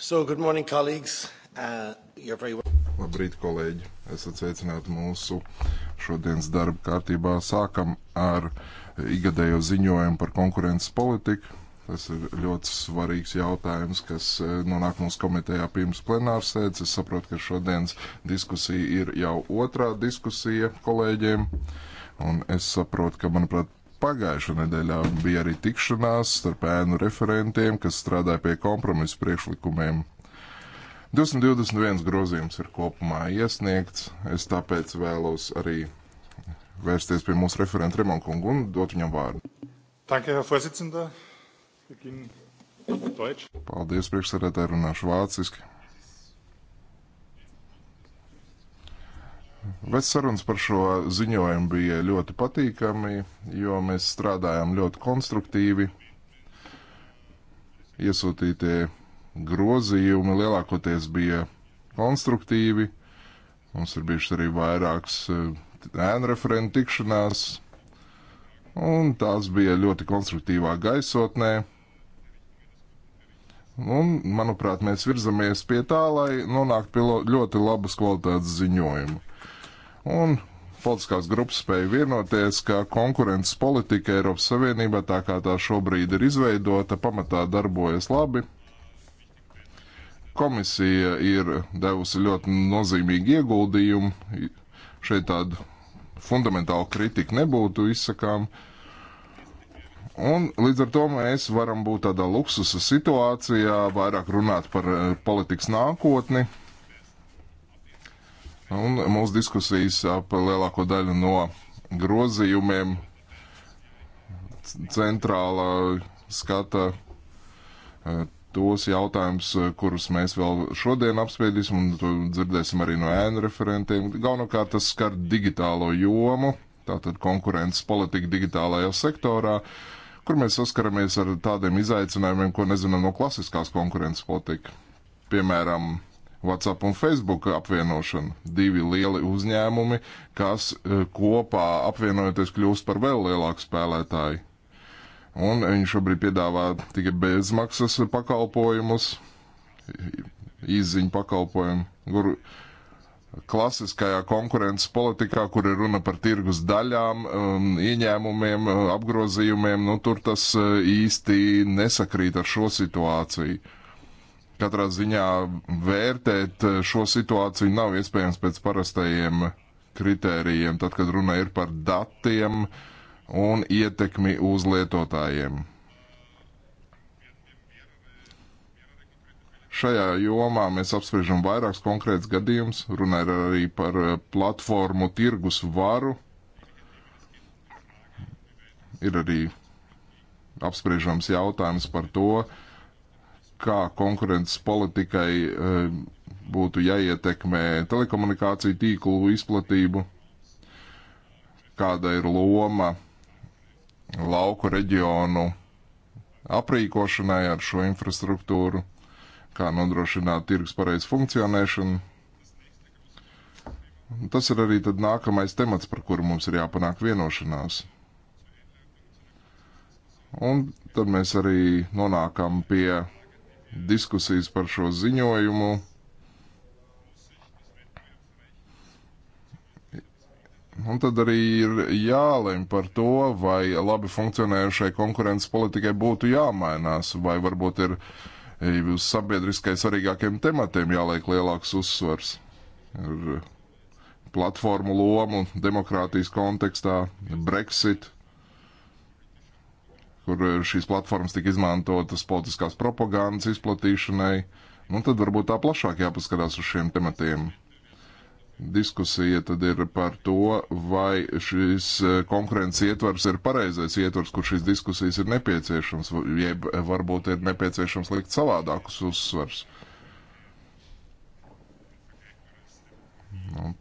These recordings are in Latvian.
So, good morning, colleagues. Uh, you're very well. Labrīt, kolēģi! Esat sveicināti mūsu šodienas darba kārtībā. Sākam ar ikgadējo ziņojumu par konkurences politiku. Tas ir ļoti svarīgs jautājums, kas eh, nonāk mūsu komitejā pirms plenārsēdes. Es saprotu, ka šodienas diskusija ir jau otrā diskusija kolēģiem. Un es saprotu, ka, manuprāt, Pagājušā nedēļā bija arī tikšanās starp ēnu referentiem, kas strādāja pie kompromisu priekšlikumiem. 221 grozījums ir kopumā iesniegts, es tāpēc vēlos arī vērsties pie mūsu referenta Remonkungu un dot viņam vārdu. Danke, Herr Vorsitzender. Paldies, priekšsēdētāji, runāšu vāciski. Bet sarunas par šo ziņojumu bija ļoti patīkami, jo mēs strādājām ļoti konstruktīvi. Iesūtītie grozījumi lielākoties bija konstruktīvi. Mums ir bijušas arī vairākas eh, ēnreferentu tikšanās, un tās bija ļoti konstruktīvā gaisotnē. Un, manuprāt, mēs virzamies pie tā, lai nonāktu pie ļoti labas kvalitātes ziņojumu un politiskās grupas spēja vienoties, ka konkurences politika Eiropas Savienībā, tā kā tā šobrīd ir izveidota, pamatā darbojas labi. Komisija ir devusi ļoti nozīmīgu ieguldījumu. Šeit tāda fundamentāla kritika nebūtu izsakām. Un līdz ar to mēs varam būt tādā luksusa situācijā, vairāk runāt par eh, politikas nākotni Un mūsu diskusijas ap lielāko daļu no grozījumiem centrālā skata e, tos jautājumus, e, kurus mēs vēl šodien apspriedīsim, un to dzirdēsim arī no ēnu referentiem. Galvenokārt tas skar digitālo jomu, tātad konkurences politika digitālajā sektorā, kur mēs saskaramies ar tādiem izaicinājumiem, ko nezinām no klasiskās konkurences politika. Piemēram, WhatsApp un Facebook apvienošana. Divi lieli uzņēmumi, kas e, kopā apvienojoties kļūst par vēl lielāku spēlētāju. Un viņi šobrīd piedāvā tikai bezmaksas pakalpojumus, izziņu pakalpojumu, kur klasiskajā konkurences politikā, kur ir runa par tirgus daļām, um, ieņēmumiem, uh, apgrozījumiem, nu tur tas uh, īsti nesakrīt ar šo situāciju Katrā ziņā vērtēt eh, šo situāciju nav iespējams pēc parastajiem kritērijiem, tad, kad runa ir par datiem un ietekmi uz lietotājiem. Šajā jomā mēs apspriežam vairākus konkrētus gadījumus. Runa ir arī par eh, platformu tirgus varu. Ir arī apspriežams jautājums par to, uh, kā konkurences politikai eh, būtu jāietekmē telekomunikāciju tīklu izplatību, kāda ir loma lauku reģionu aprīkošanai ar šo infrastruktūru, kā nodrošināt tirgus pareizu funkcionēšanu. Tas ir arī tad nākamais temats, par kuru mums ir jāpanāk vienošanās. Un tad mēs arī nonākam pie diskusijas par šo ziņojumu. Un tad arī ir jālem par to, vai labi funkcionējušai konkurences politikai būtu jāmainās, vai varbūt ir uz sabiedriskai svarīgākiem tematiem jāliek lielāks uzsvars. Ir platformu lomu demokrātijas kontekstā, Brexit kur eh, šīs platformas tika izmantotas politiskās propagandas izplatīšanai. Nu, tad varbūt tā plašāk jāpaskatās uz šiem tematiem. Diskusija tad ir par to, vai šis eh, konkurences ietvars ir pareizais ietvars, kur šīs diskusijas ir nepieciešams, jeb varbūt ir nepieciešams likt savādākus uzsvars. Nu,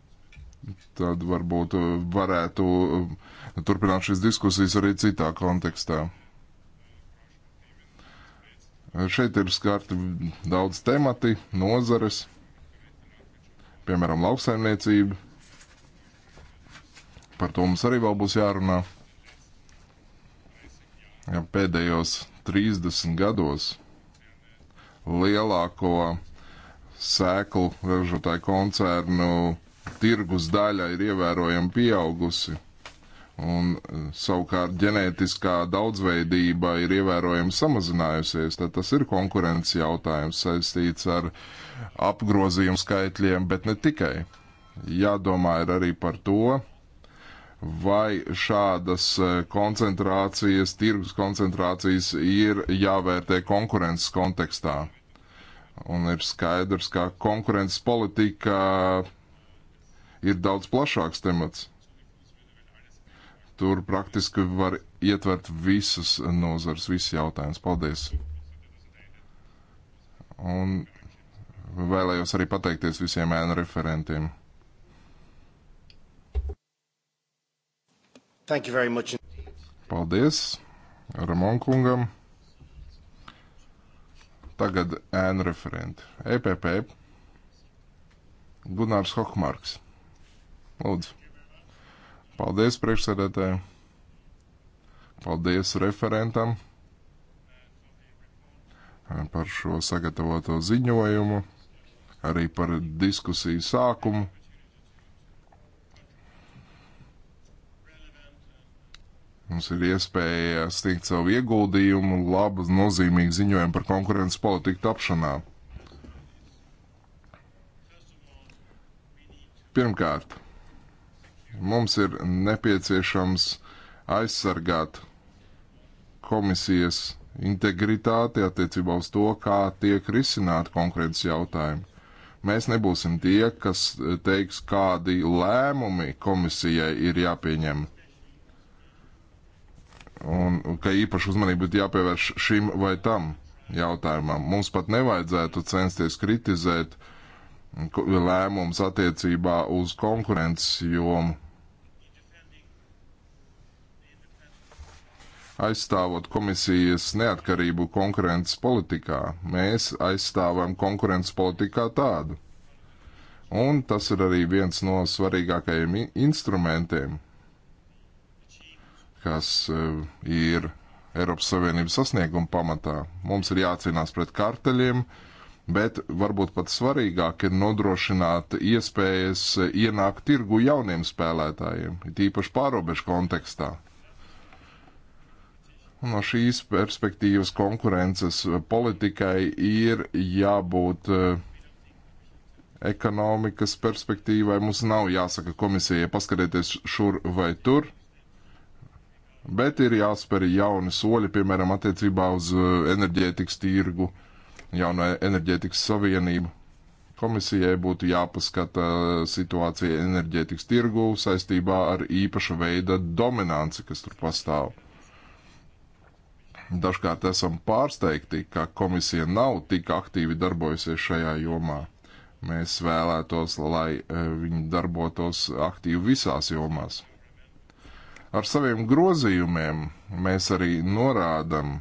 tad varbūt eh, varētu turpināt šīs diskusijas arī citā kontekstā. Šeit ir skarti daudz temati, nozares, piemēram, lauksaimniecība. Par to mums arī vēl būs jārunā. Ja pēdējos 30 gados lielāko sēklu ražotāju koncernu tirgus daļa ir ievērojami pieaugusi un eh, savukārt ģenētiskā daudzveidība ir ievērojami samazinājusies, tad tas ir konkurences jautājums saistīts ar apgrozījumu skaitļiem, bet ne tikai. Jādomā ir arī par to, vai šādas eh, koncentrācijas, tirgus koncentrācijas ir jāvērtē konkurences kontekstā. Un ir skaidrs, ka konkurences politika ir daudz plašāks temats Tur praktiski var ietvert visas nozars, visas jautājumas. Paldies! Un vēlējos arī pateikties visiem ēnu referentiem. Thank you very much. Paldies Ramon kungam. Tagad ēnu referenti. EPP. Gunārs Hokmarks. Lūdzu. Paldies priekšsēdētāji. Paldies referentam eh, par šo sagatavoto ziņojumu, arī par diskusiju sākumu. Mums ir iespēja sniegt savu ieguldījumu, labu, nozīmīgu ziņojumu par konkurences politiku tapšanā. Pirmkārt, Mums ir nepieciešams aizsargāt komisijas integritāti attiecībā uz to, kā tiek risināti konkrētas jautājumi. Mēs nebūsim tie, kas teiks, kādi lēmumi komisijai ir jāpieņem. Un ka īpaši uzmanība būtu jāpievērš šim vai tam jautājumam. Mums pat nevajadzētu censties kritizēt uh, lēmums attiecībā uz konkurences jomu. Aizstāvot komisijas neatkarību konkurences politikā, mēs aizstāvam konkurences politikā tādu. Un tas ir arī viens no svarīgākajiem instrumentiem, kas eh, ir Eiropas Savienības sasnieguma pamatā. Mums ir jācīnās pret karteļiem, uh, bet varbūt pat svarīgāk ir nodrošināt iespējas ienākt tirgu jauniem spēlētājiem, tīpaši pārobežu kontekstā. No šīs perspektīvas konkurences politikai ir jābūt eh, ekonomikas perspektīvai. Mums nav jāsaka komisijai paskatieties šur vai tur, bet ir jāspēr jauni soļi, piemēram, attiecībā uz eh, enerģētikas tirgu. Uh, jauno enerģētikas savienību. Komisijai būtu jāpaskata situācija enerģētikas tirgū saistībā ar īpaša veida dominanci, kas tur pastāv. Dažkārt esam pārsteigti, ka komisija nav tik aktīvi darbojusies šajā jomā. Mēs vēlētos, lai e, viņi darbotos aktīvi visās jomās. Ar saviem grozījumiem mēs arī norādam,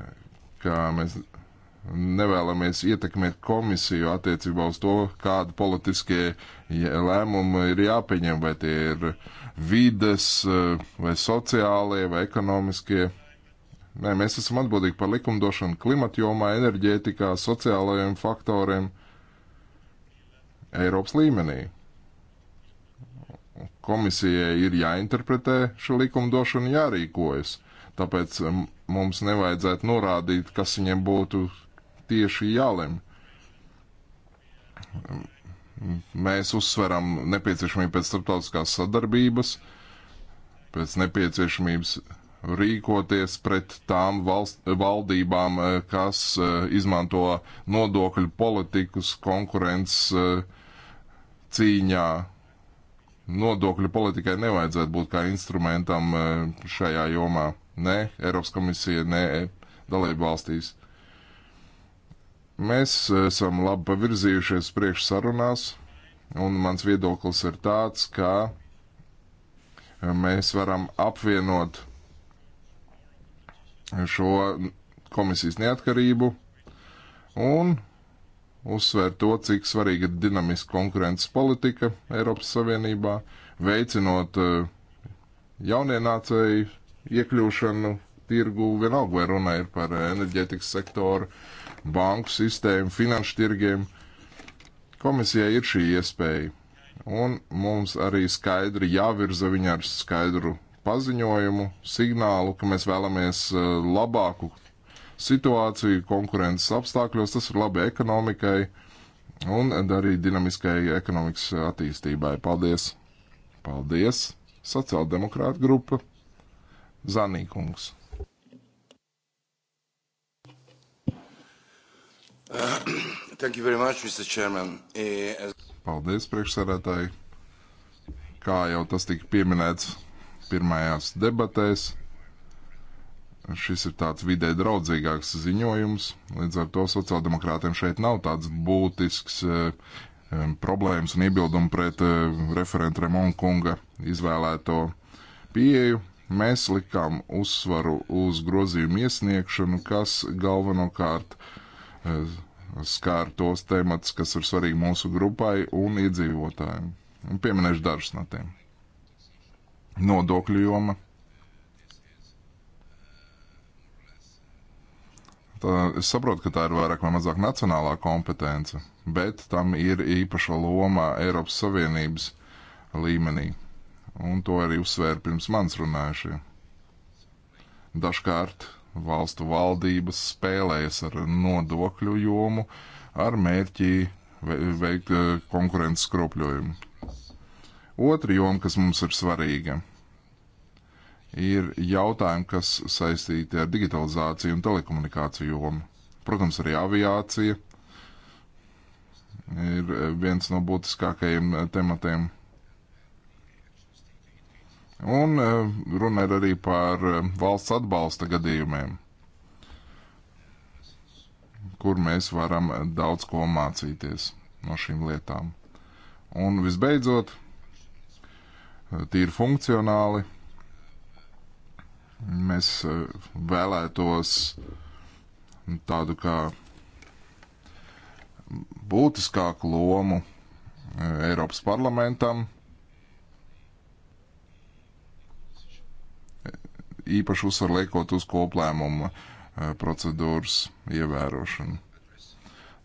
e, ka mēs nevēlamies ietekmēt komisiju attiecībā uz to, kāda politiskie lēmumi ir jāpieņem, vai tie ir vides, eh, vai sociālie, vai ekonomiskie. Nē, mēs esam atbildīgi par likumdošanu klimata jomā, enerģētikā, sociālajiem faktoriem Eiropas līmenī. Komisijai ir jāinterpretē šo likumdošanu, jārīkojas. Tāpēc mums nevajadzētu norādīt, kas viņiem būtu tieši jālem. Mēs uzsveram nepieciešamību pēc starptautiskās sadarbības, pēc nepieciešamības rīkoties pret tām valst, valdībām, eh, kas eh, izmanto nodokļu politikas konkurences eh, cīņā. Nodokļu politikai nevajadzētu būt kā instrumentam šajā jomā. Ne Eiropas komisija, ne dalību valstīs. Mēs esam labi pavirzījušies priekš sarunās, un mans viedoklis ir tāds, ka mēs varam apvienot šo komisijas neatkarību un uzsver to, cik svarīga ir dinamiska konkurences politika Eiropas Savienībā, veicinot eh, jaunienācēju iekļūšanu tirgu, vienalga vai runa ir par enerģētikas sektoru banku sistēmu, finanšu tirgiem. Komisijai ir šī iespēja, un mums arī skaidri jāvirza viņa ar skaidru paziņojumu, signālu, ka mēs vēlamies uh, labāku situāciju konkurences apstākļos. Tas ir labi ekonomikai un arī dinamiskai ekonomikas attīstībai. Paldies! Paldies! Sociāldemokrāta grupa Zanīkungs. Uh, uh, Paldies, priekšsēdētāji. Kā jau tas tika pieminēts pirmajās debatēs, šis ir tāds vidē draudzīgāks ziņojums. Līdz ar to sociāldemokrātiem šeit nav tāds būtisks uh, um, problēmas un iebildumu pret referentu Remonkunga izvēlēto pieeju. Mēs likām uzsvaru uz grozījumu iesniegšanu, kas galvenokārt skār tos temats, kas ir svarīgi mūsu grupai un iedzīvotājiem. Pieminēšu dažus no tiem. Nodokļu joma. Tā, es saprotu, ka tā ir vairāk vai mazāk nacionālā kompetence, bet tam ir īpaša loma Eiropas Savienības līmenī. Un to arī uzsvēra pirms manis runājušie. Dažkārt valstu valdības spēlējas ar nodokļu jomu ar mērķi veikt eh, konkurences skropļojumu. Otra joma, kas mums ir svarīga, ir jautājumi, kas saistīti ar digitalizāciju un telekomunikāciju jomu. Protams, arī aviācija ir eh, viens no būtiskākajiem eh, tematiem Un eh, runa ir arī par eh, valsts atbalsta gadījumiem, kur mēs varam eh, daudz ko mācīties no šīm lietām. Un visbeidzot, tīri funkcionāli, mēs vēlētos tādu kā būtiskāku lomu Eiropas parlamentam īpaši uzsver liekot uz koplēmumu eh, procedūras ievērošanu.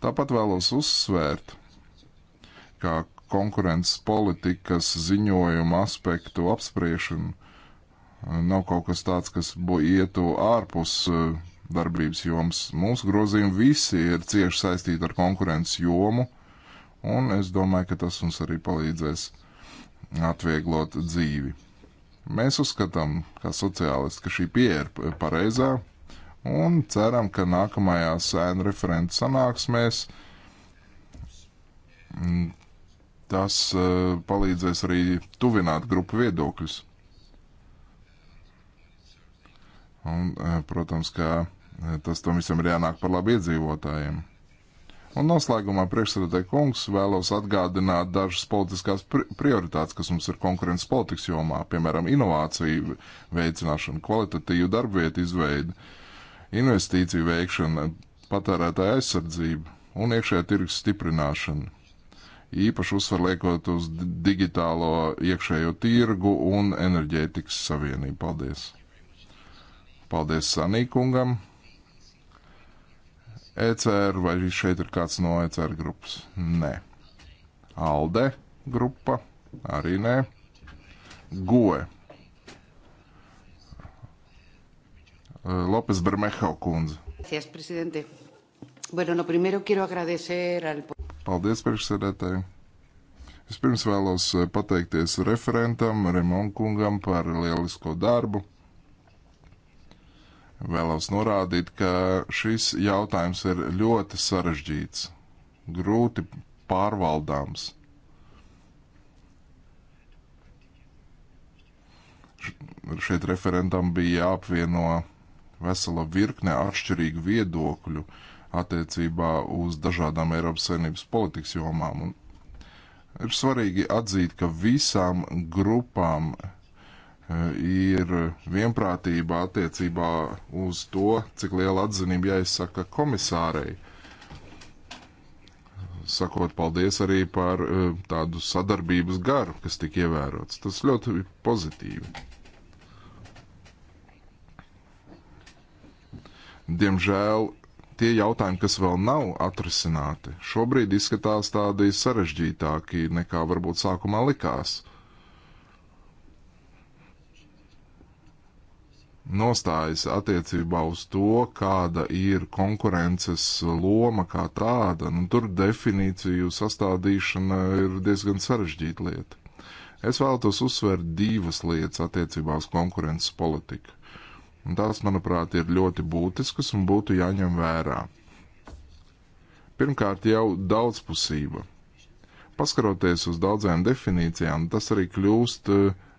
Tāpat vēlos uzsvērt, ka konkurences politikas ziņojumu aspektu apspriešana eh, nav kaut kas tāds, kas ietu ārpus eh, darbības jomas. Mūsu grozījumi visi ir cieši saistīti ar konkurences jomu, un es domāju, ka tas mums arī palīdzēs atvieglot dzīvi. Mēs uzskatām, kā sociālisti, ka šī pieeja ir pareizā un ceram, ka nākamajā sēnu referentu sanāksmēs mm, tas e, palīdzēs arī tuvināt grupu viedokļus. Un, e, protams, ka e, tas tam visam ir jānāk par labu iedzīvotājiem. Un noslēgumā priekšsēdētāji kungs vēlos atgādināt dažas politiskās pri prioritātes, kas mums ir konkurences politikas jomā, piemēram, inovāciju veicināšana, kvalitatīvu darbvietu izveidi, investīciju veikšana, patērētāja aizsardzība un iekšējā tirgus stiprināšana. Īpaši uzsver liekot uz digitālo iekšējo tirgu un enerģētikas savienību. Paldies! Paldies Sanīkungam! ECR vai šeit ir kāds no ECR grupas? Nē. Alde grupa? Arī nē. Goe. Lopes Bermejo kundze. Gracias, presidente. Bueno, lo primero quiero agradecer al... Paldies, priekšsēdētāji. Vispirms vēlos eh, pateikties referentam Remon kungam par lielisko darbu. Vēlos norādīt, ka šis jautājums ir ļoti sarežģīts, grūti pārvaldāms. Šeit referentam bija jāapvieno vesela virkne atšķirīgu viedokļu attiecībā uz dažādām Eiropas Savienības politikas jomām. Un ir svarīgi atzīt, ka visām grupām Eh, ir vienprātība attiecībā uz to, cik liela atzinība jāizsaka komisārei. Sakot paldies arī par eh, tādu sadarbības garu, kas tika ievērots. Tas ļoti pozitīvi. Diemžēl tie jautājumi, kas vēl nav atrisināti, šobrīd izskatās tādi sarežģītāki nekā varbūt sākumā likās. nostājas attiecībā uz to, kāda ir konkurences loma kā tāda, nu, tur definīciju sastādīšana ir diezgan sarežģīta lieta. Es vēlētos uzsvērt divas lietas attiecībā uz konkurences politiku. Un tās, manuprāt, ir ļoti būtiskas un būtu jāņem vērā. Pirmkārt, jau daudzpusība. Paskaroties uz daudzām definīcijām, tas arī kļūst eh,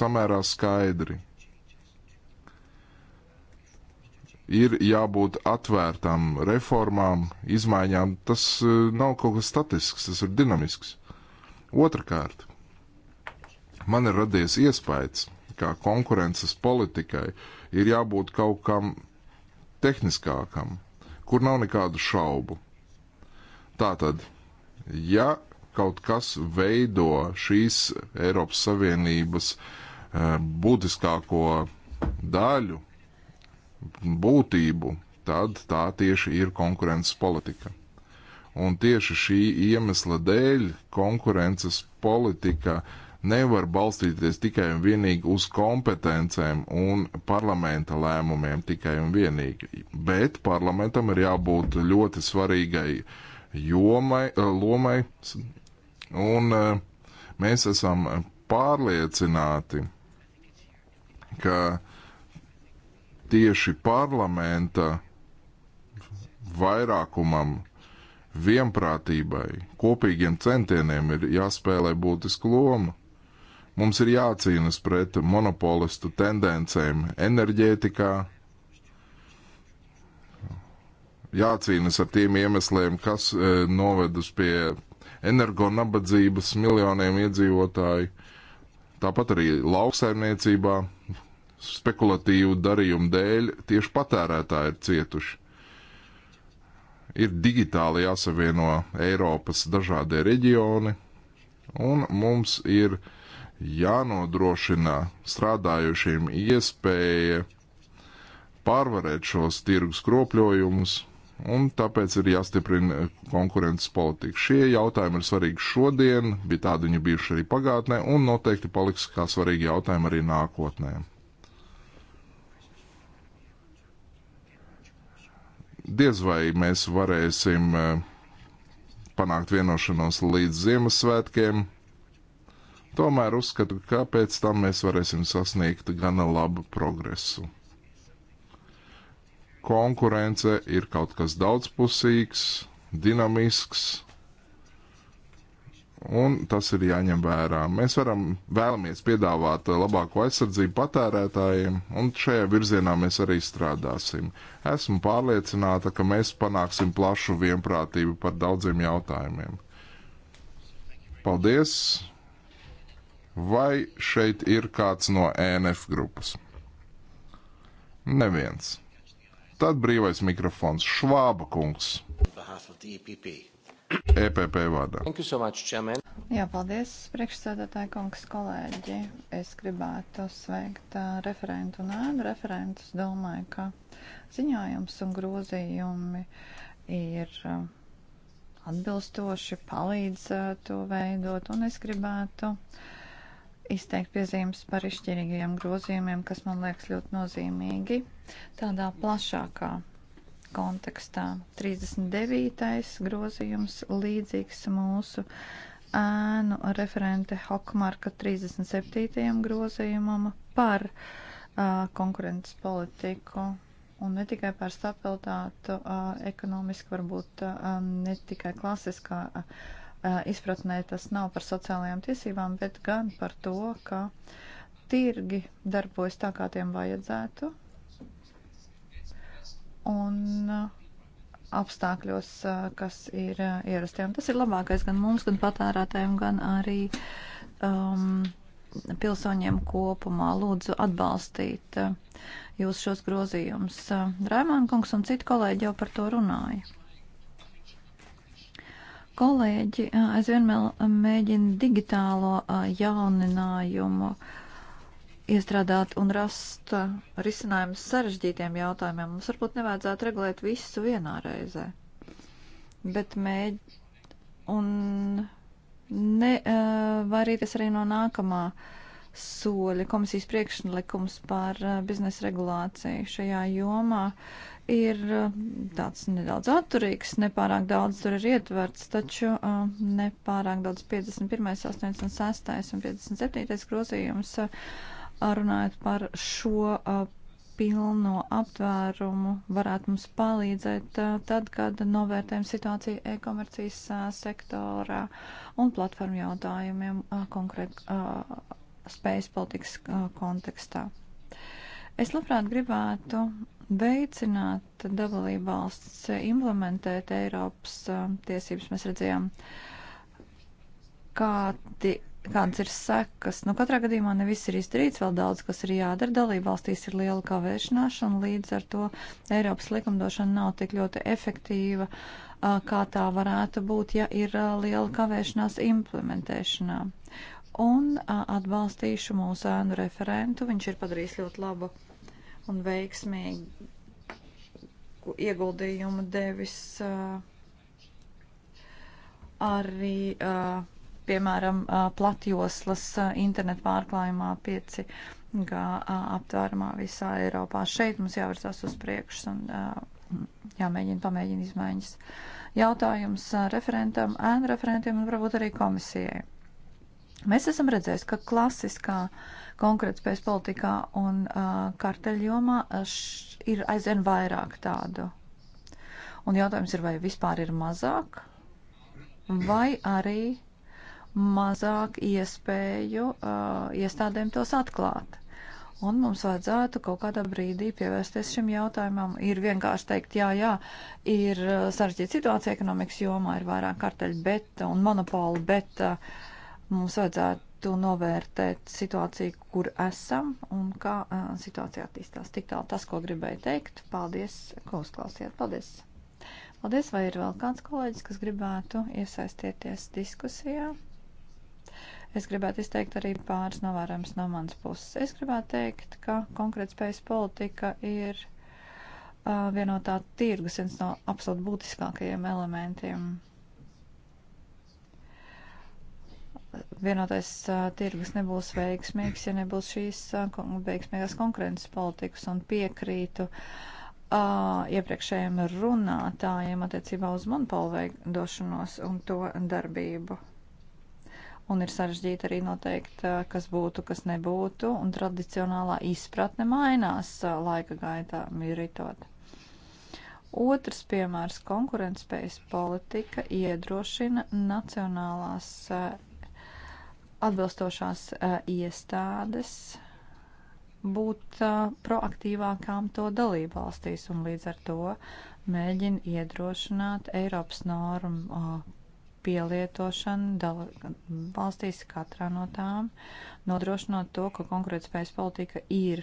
samērā skaidri ir jābūt atvērtām reformām, izmaiņām. Tas eh, nav kaut kas statisks, tas ir dinamisks. Otrakārt, man ir radies iespējas, ka konkurences politikai ir jābūt kaut kam tehniskākam, kur nav nekādu šaubu. Tātad, ja kaut kas veido šīs Eiropas Savienības eh, būtiskāko daļu, būtību, tad tā tieši ir konkurences politika. Un tieši šī iemesla dēļ konkurences politika nevar balstīties tikai un vienīgi uz kompetencēm un parlamenta lēmumiem tikai un vienīgi. Bet parlamentam ir jābūt ļoti svarīgai jomai, eh, lomai, un eh, mēs esam pārliecināti, ka uh, tieši parlamenta vairākumam, vienprātībai, kopīgiem centieniem ir jāspēlē būtiska loma. Mums ir jācīnas pret monopolistu tendencēm enerģētikā, jācīnas ar tiem iemesliem, kas e, novedus pie energonabadzības miljoniem iedzīvotāju, tāpat arī lauksaimniecībā spekulatīvu darījumu dēļ tieši patērētāji ir cietuši. Ir digitāli jāsavieno Eiropas dažādie reģioni, un mums ir jānodrošina strādājušiem iespēja pārvarēt šos tirgus kropļojumus, un tāpēc ir jāstiprina konkurences politika. Šie jautājumi ir svarīgi šodien, bija tādi viņi bijuši arī pagātnē, un noteikti paliks kā svarīgi jautājumi arī nākotnē. diez vai mēs varēsim eh, panākt vienošanos līdz Ziemassvētkiem. Tomēr uzskatu, ka pēc tam mēs varēsim sasniegt gana labu progresu. Konkurence ir kaut kas daudzpusīgs, dinamisks, un tas ir jāņem vērā. Mēs varam vēlamies piedāvāt labāko aizsardzību patērētājiem, un šajā virzienā mēs arī strādāsim. Esmu pārliecināta, ka mēs panāksim plašu vienprātību par daudziem jautājumiem. Paldies! Vai šeit ir kāds no ENF grupas? Neviens. Tad brīvais mikrofons Švāba kungs. On behalf of the EPP. EPP vārdā. So much, chairman. Jā, paldies, priekšsēdētāji kungs, kolēģi. Es gribētu sveikt referentu un ēnu referentus. Domāju, ka ziņājums un grozījumi ir atbilstoši, palīdz to veidot, un es gribētu izteikt piezīmes par izšķirīgajiem grozījumiem, kas man liekas ļoti nozīmīgi tādā plašākā kontekstā. 39. grozījums līdzīgs mūsu ēnu referente Hokmarka 37. grozījumam par uh, konkurences politiku. Un ne tikai par stabilitātu, uh, ekonomiski varbūt uh, ne tikai klasiskā uh, izpratnē tas nav par sociālajām tiesībām, bet gan par to, ka tirgi darbojas tā, kā tiem vajadzētu, un uh, apstākļos, uh, kas ir uh, ierastie. Un tas ir labākais gan mums, gan patērētājiem, gan arī um, pilsoņiem kopumā. Lūdzu atbalstīt jūs šos grozījumus. Raimankungs un citi kolēģi jau par to runāja kolēģi aizvien mēģina digitālo jauninājumu uh, iestrādāt un rast risinājumus sarežģītiem jautājumiem. Mums varbūt nevajadzētu regulēt visu vienā reizē, bet mēģ... un ne, uh, varīties arī no nākamā soļa komisijas priekšlikums par uh, biznesa regulāciju šajā jomā ir tāds nedaudz atturīgs, nepārāk daudz tur ir ietverts, taču uh, nepārāk daudz 51., 86. un 57. grozījums. Uh, runājot par šo uh, pilno aptvērumu, varētu mums palīdzēt uh, tad, kad novērtējam situāciju e-komercijas uh, sektorā un platformu jautājumiem konkrēti spējas politikas kontekstā. Es labprāt gribētu veicināt dalību valsts implementēt Eiropas tiesības. Mēs redzējām, kādi kāds ir sekas. Nu, katrā gadījumā ne viss ir izdarīts, vēl daudz, kas ir jādara. Dalība valstīs ir liela kavēšanāšana, līdz ar to Eiropas likumdošana nav tik ļoti efektīva, kā tā varētu būt, ja ir liela kavēšanās implementēšanā. Un atbalstīšu mūsu ēnu referentu. Viņš ir padarījis ļoti labu un veiksmīgu ieguldījumu devis arī uh, piemēram, platjoslas internetu pārklājumā 5G aptvērumā visā Eiropā. Šeit mums jāvirzās uz priekšu un jāmēģina pamēģina izmaiņas. Jautājums referentam, ēnu referentiem un varbūt arī komisijai. Mēs esam redzējuši, ka klasiskā konkrētspējas politikā un uh, karteļjomā ir aizvien vairāk tādu. Un jautājums ir, vai vispār ir mazāk, vai arī mazāk iespēju uh, iestādēm tos atklāt. Un mums vajadzētu kaut kādā brīdī pievērsties šim jautājumam. Ir vienkārši teikt, jā, jā, ir uh, sarežģīta situācija ekonomikas jomā, ir vairāk karteļu bet, un monopoli, bet uh, mums vajadzētu novērtēt situāciju, kur esam un kā uh, situācija attīstās. Tik tālu tas, ko gribēju teikt. Paldies, ko uzklausījāt. Paldies! Paldies, vai ir vēl kāds kolēģis, kas gribētu iesaistīties diskusijā? Es gribētu izteikt arī pāris novērojums no manas puses. Es gribētu teikt, ka konkrēta spējas politika ir uh, vienotā tirgus viens no absolūti būtiskākajiem elementiem. Vienotais uh, tirgus nebūs veiksmīgs, ja nebūs šīs uh, veiksmīgās konkurences politikas un piekrītu. Uh, Uh, iepriekšējiem runātājiem attiecībā uz monopolu veidošanos un to darbību un ir sarežģīti arī noteikt, kas būtu, kas nebūtu, un tradicionālā izpratne mainās laika gaitā, miritot. Otrs piemērs - konkurentspējas politika iedrošina nacionālās atbilstošās iestādes būt proaktīvākām to dalību valstīs un līdz ar to mēģina iedrošināt Eiropas normu pielietošanu valstīs katrā no tām, nodrošinot to, ka konkurētspējas politika ir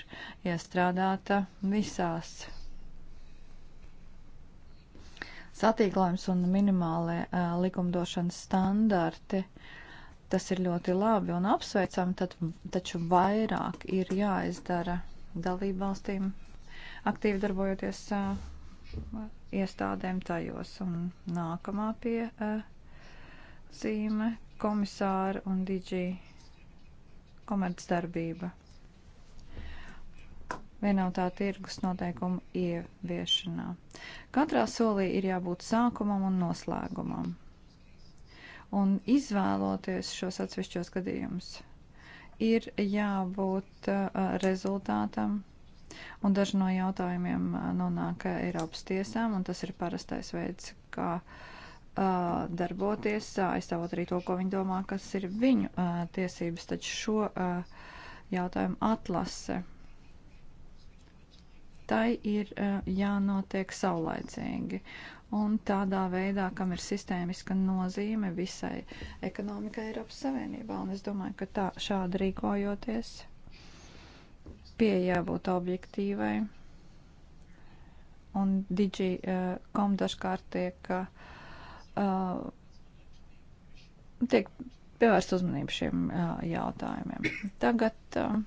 iestrādāta visās. Satīklājums un minimālie uh, likumdošanas standarti, tas ir ļoti labi un apsveicami, tad, taču vairāk ir jāizdara dalību valstīm aktīvi darbojoties uh, iestādēm tajos. Un nākamā pie uh, zīme, komisāra un DG komercdarbība. Vienotā tirgus noteikuma ieviešanā. Katrā solī ir jābūt sākumam un noslēgumam. Un izvēloties šos atsevišķos gadījumus, ir jābūt uh, rezultātam. Un daži no jautājumiem uh, nonāk uh, Eiropas tiesām, un tas ir parastais veids, kā uh, uh, darboties, uh, aizstāvot arī to, ko viņi domā, kas ir viņu uh, tiesības. Taču šo uh, jautājumu atlase, tai ir uh, jānotiek saulaicīgi. Un tādā veidā, kam ir sistēmiska nozīme visai ekonomikai Eiropas Savienībā. Un es domāju, ka tā, šādi rīkojoties, pieejā būt objektīvai. Un Digi.com uh, dažkārt tiek uh, uh, tiek pievērst uzmanību šiem uh, jautājumiem. Tagad uh,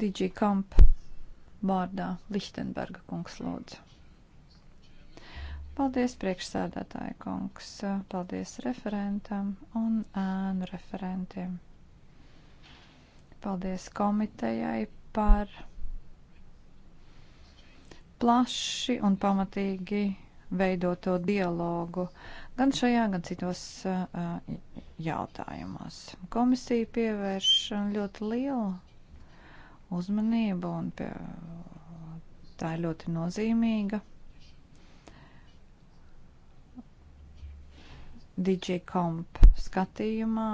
DG Kamp vārdā Lichtenberga kungs lūdzu. Paldies priekšsēdētāja kungs, paldies referentam un ēnu referentiem. Paldies komitejai par plaši un pamatīgi veidoto dialogu gan šajā, gan citos jautājumos. Komisija pievērš ļoti lielu uzmanību un pie, tā ir ļoti nozīmīga. DigiComp skatījumā,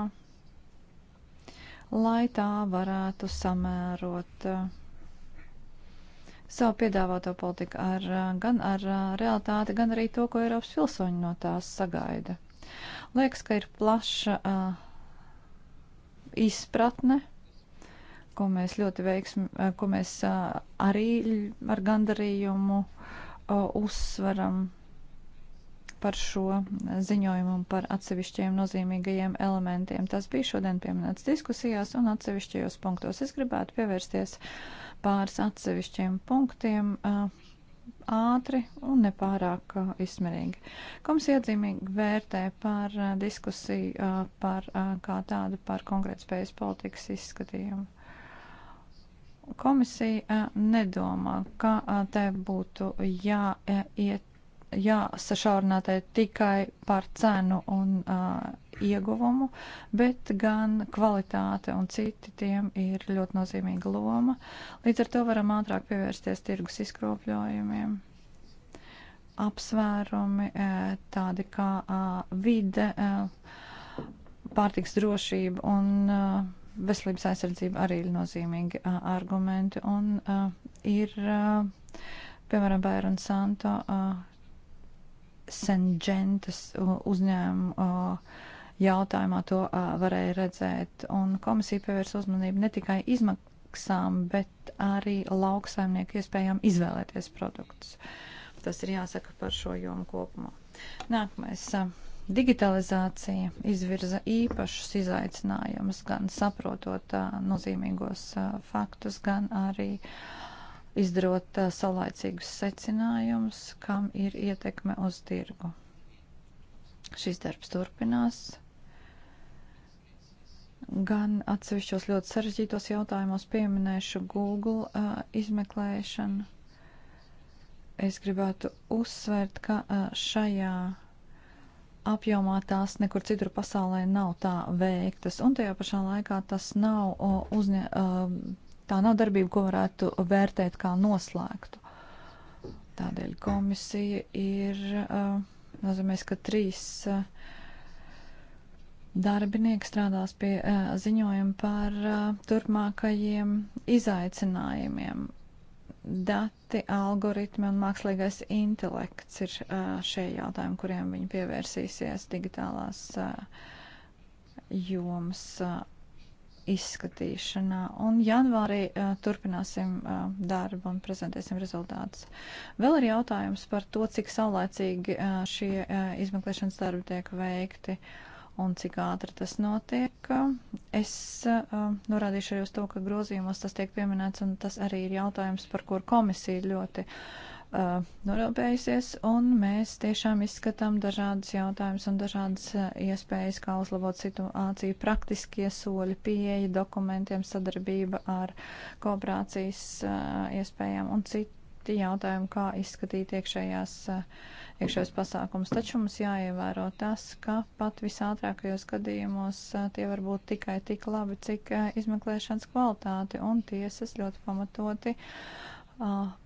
lai tā varētu samērot uh, savu piedāvāto politiku ar, eh, gan ar eh, realitāti, gan arī to, ko Eiropas pilsoņi no tās sagaida. Liekas, ka ir plaša uh, izpratne ko mēs ļoti veiksim, ko mēs arī ar gandarījumu uzsveram par šo ziņojumu un par atsevišķiem nozīmīgajiem elementiem. Tas bija šodien pieminēts diskusijās un atsevišķajos punktos. Es gribētu pievērsties uh, pāris atsevišķiem punktiem ātri un nepārāk izsmerīgi. Komisija atzīmīgi vērtē par diskusiju par kā tādu par konkrētu spējas politikas izskatījumu. Komisija nedomā, ka te būtu jāiet jāsašaurināt tikai par cenu un uh, ieguvumu, bet gan kvalitāte un citi tiem ir ļoti nozīmīga loma. Līdz ar to varam ātrāk pievērsties tirgus izkropļojumiem. Apsvērumi tādi kā vide, pārtiks drošība un veselības aizsardzība arī ir nozīmīgi argumenti un ir, piemēram, Bērns Santo Sengentas uzņēmumu jautājumā to varēja redzēt. Un komisija pievērs uzmanību ne tikai izmaksām, bet arī lauksaimnieku iespējām izvēlēties produktus. Tas ir jāsaka par šo jomu kopumā. Nākamais. Digitalizācija izvirza īpašus izaicinājumus, gan saprotot nozīmīgos faktus, gan arī uh, izdarot uh, saulaicīgus secinājumus, kam ir ietekme uz tirgu. Šis darbs turpinās. Gan atsevišķos ļoti sarežģītos jautājumos pieminēšu Google uh, izmeklēšanu. Es gribētu uzsvērt, ka uh, šajā apjomā tās nekur citur pasaulē nav tā veiktas, un tajā pašā laikā tas nav uzņē, tā nav darbība, ko varētu vērtēt kā noslēgtu. Tādēļ komisija ir, uh, nozīmēs, ka trīs uh, darbinieki strādās pie uh, ziņojuma par turpmākajiem izaicinājumiem. Dati, algoritmi un mākslīgais intelekts ir šie jautājumi, kuriem viņi pievērsīsies digitālās jomas izskatīšanā. Un janvārī uh, turpināsim uh, darbu un prezentēsim rezultātus. Vēl ir jautājums par to, cik saulēcīgi uh, šie uh, izmeklēšanas darbi tiek veikti un cik ātri tas notiek. Es uh, norādīšu arī uz to, ka grozījumos tas tiek pieminēts, un tas arī ir jautājums, par kur komisija ļoti uh, uh, norūpējusies, un mēs tiešām izskatām dažādas jautājumas un dažādas uh, iespējas, kā uzlabot situāciju, praktiskie soļi, pieeja dokumentiem, sadarbība ar kooperācijas uh, iespējām un citi jautājumi, kā izskatīt iekšējās, uh, iekšējos pasākums. Taču mums jāievēro tas, ka pat visātrākajos gadījumos uh, tie var būt tikai tik labi, cik uh, izmeklēšanas kvalitāti, un tiesas ļoti pamatoti. Uh,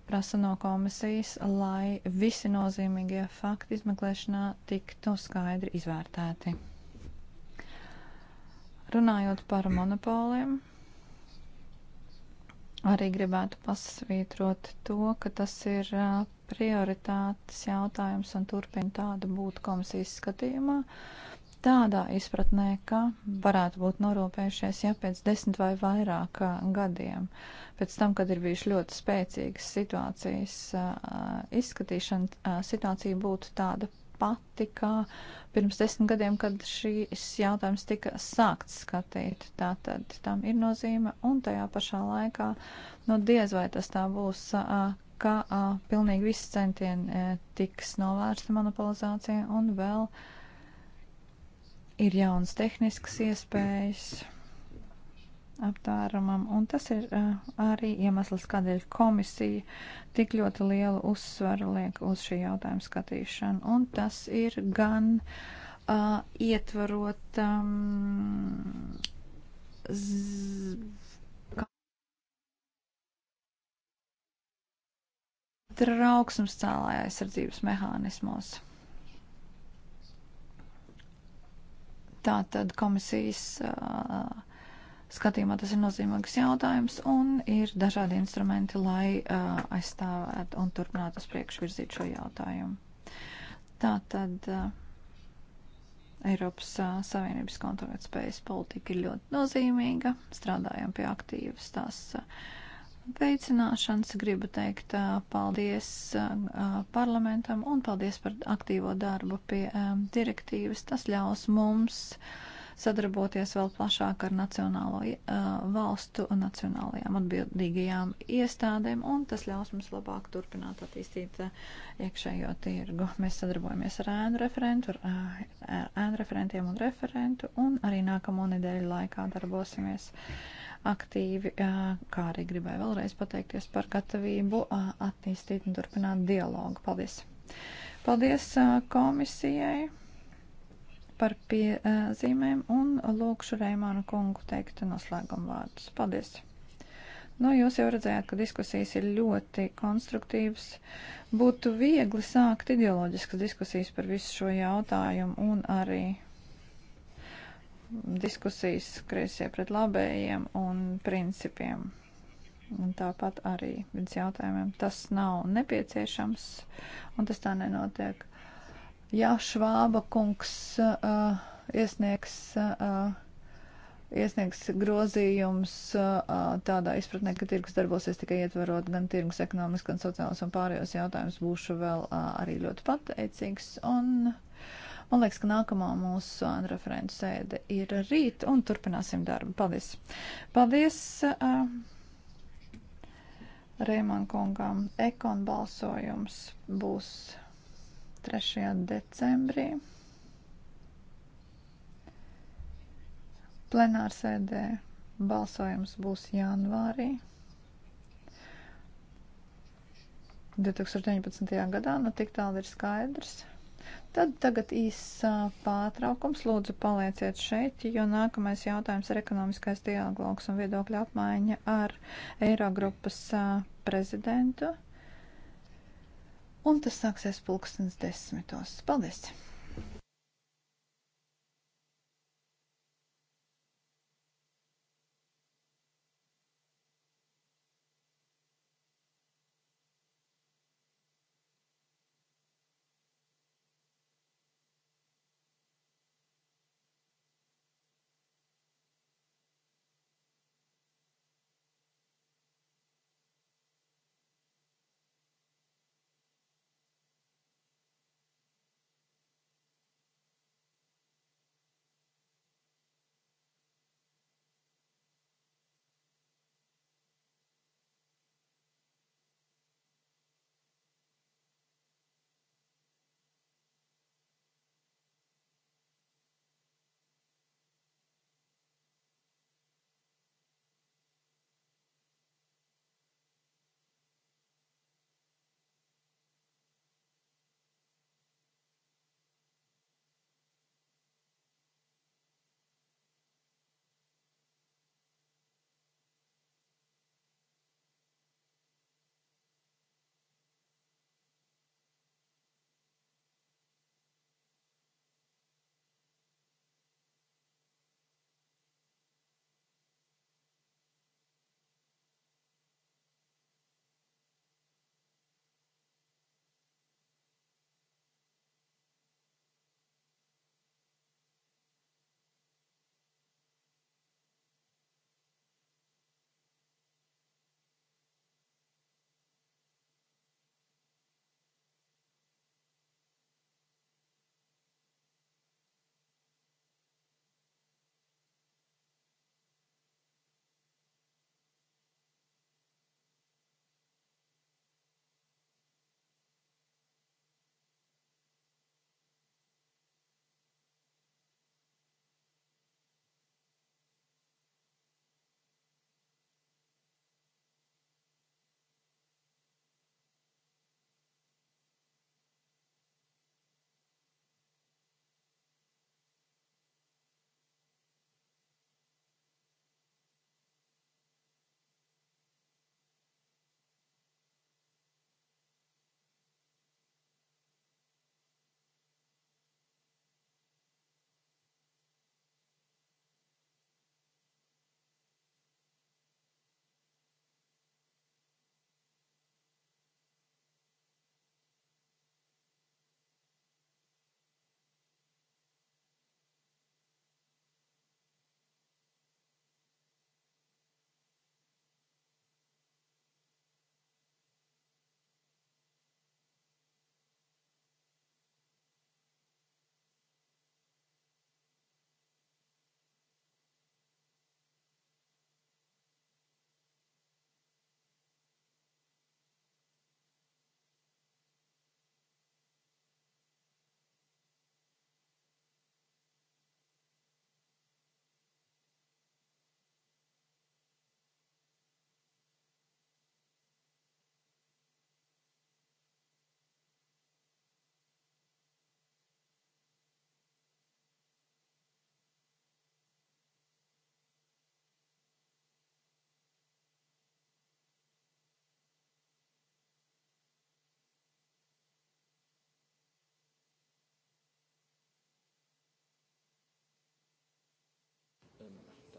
prasa no komisijas, lai visi nozīmīgie fakti izmeklēšanā tiktu skaidri izvērtēti. Runājot par monopoliem, arī gribētu pasvītrot to, ka tas ir prioritātes jautājums un turpina tādu būt komisijas skatījumā. Uh, tādā izpratnē, ka varētu būt norūpējušies, ja pēc desmit vai vairāk gadiem, pēc tam, kad ir bijuši ļoti spēcīgas situācijas izskatīšana, situācija būtu tāda pati kā pirms desmit gadiem, kad šīs jautājums tika sākts skatīt. Tātad tam ir nozīme, un tajā pašā laikā, nu diez vai tas tā būs, ka pilnīgi viss centieni e, tiks novērsta monopolizācija un vēl. Uh, ir jaunas tehniskas iespējas aptārumam, un tas ir uh, arī iemesls, kādēļ komisija tik ļoti lielu uzsvaru liek uz šī jautājuma skatīšanu, un tas ir gan uh, ietvarot um, z, trauksmes cēlāja aizsardzības mehānismos. Tātad komisijas uh, skatījumā tas ir nozīmīgs jautājums un ir dažādi instrumenti, lai uh, aizstāvētu un turpinātu uz priekšu virzīt šo jautājumu. Tātad uh, Eiropas uh, Savienības kontrolētspējas politika ir ļoti nozīmīga. Strādājam pie aktīvas tās. Uh, veicināšanas gribu teikt paldies parlamentam un paldies par aktīvo darbu pie direktīvas. Tas ļaus mums sadarboties vēl plašāk ar nacionālo valstu un nacionālajām atbildīgajām iestādēm, un tas ļaus mums labāk turpināt attīstīt iekšējo tirgu. Mēs sadarbojamies ar ēnu referentu, ar ēnu referentiem un referentu, un arī nākamo nedēļu laikā darbosimies. Uh, aktīvi, kā arī gribēju vēlreiz pateikties par gatavību attīstīt un turpināt dialogu. Paldies! Paldies komisijai par piezīmēm un lūkšu Reimānu kungu teikt noslēgumu vārdus. Paldies! Nu, jūs jau redzējāt, ka diskusijas ir ļoti konstruktīvas. Būtu viegli sākt ideoloģiskas diskusijas par visu šo jautājumu un arī diskusijas kreisie pret labējiem un principiem. Un tāpat arī viens jautājumiem tas nav nepieciešams, un tas tā nenotiek. Ja Švāba kungs uh, iesniegs uh, iesniegs grozījums uh, tādā izpratnē, ka tirgus darbosies tikai ietvarot gan tirgus ekonomiski, gan sociālos un pārējos jautājumus, būšu vēl uh, arī ļoti pateicīgs. Un Man liekas, ka nākamā mūsu referentu sēde ir rīt un turpināsim darbu. Paldies! Paldies! Uh, Reiman kungām ekon balsojums būs 3. decembrī. Plenārsēdē balsojums būs janvārī 2019. gadā, nu tik tālu ir skaidrs. Tad tagad īss pārtraukums. Lūdzu, palieciet šeit, jo nākamais jautājums ir ekonomiskais dialogs un viedokļa apmaiņa ar Eirogrupas prezidentu. Un tas sāksies pulkstens desmitos. Paldies!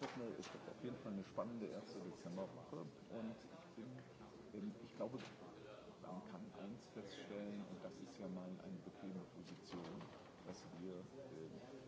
Football ist das auf jeden Fall eine spannende erste Dezemberwoche und in, in, ich glaube, man kann eins feststellen, und das ist ja mal eine bequeme Position, dass wir äh,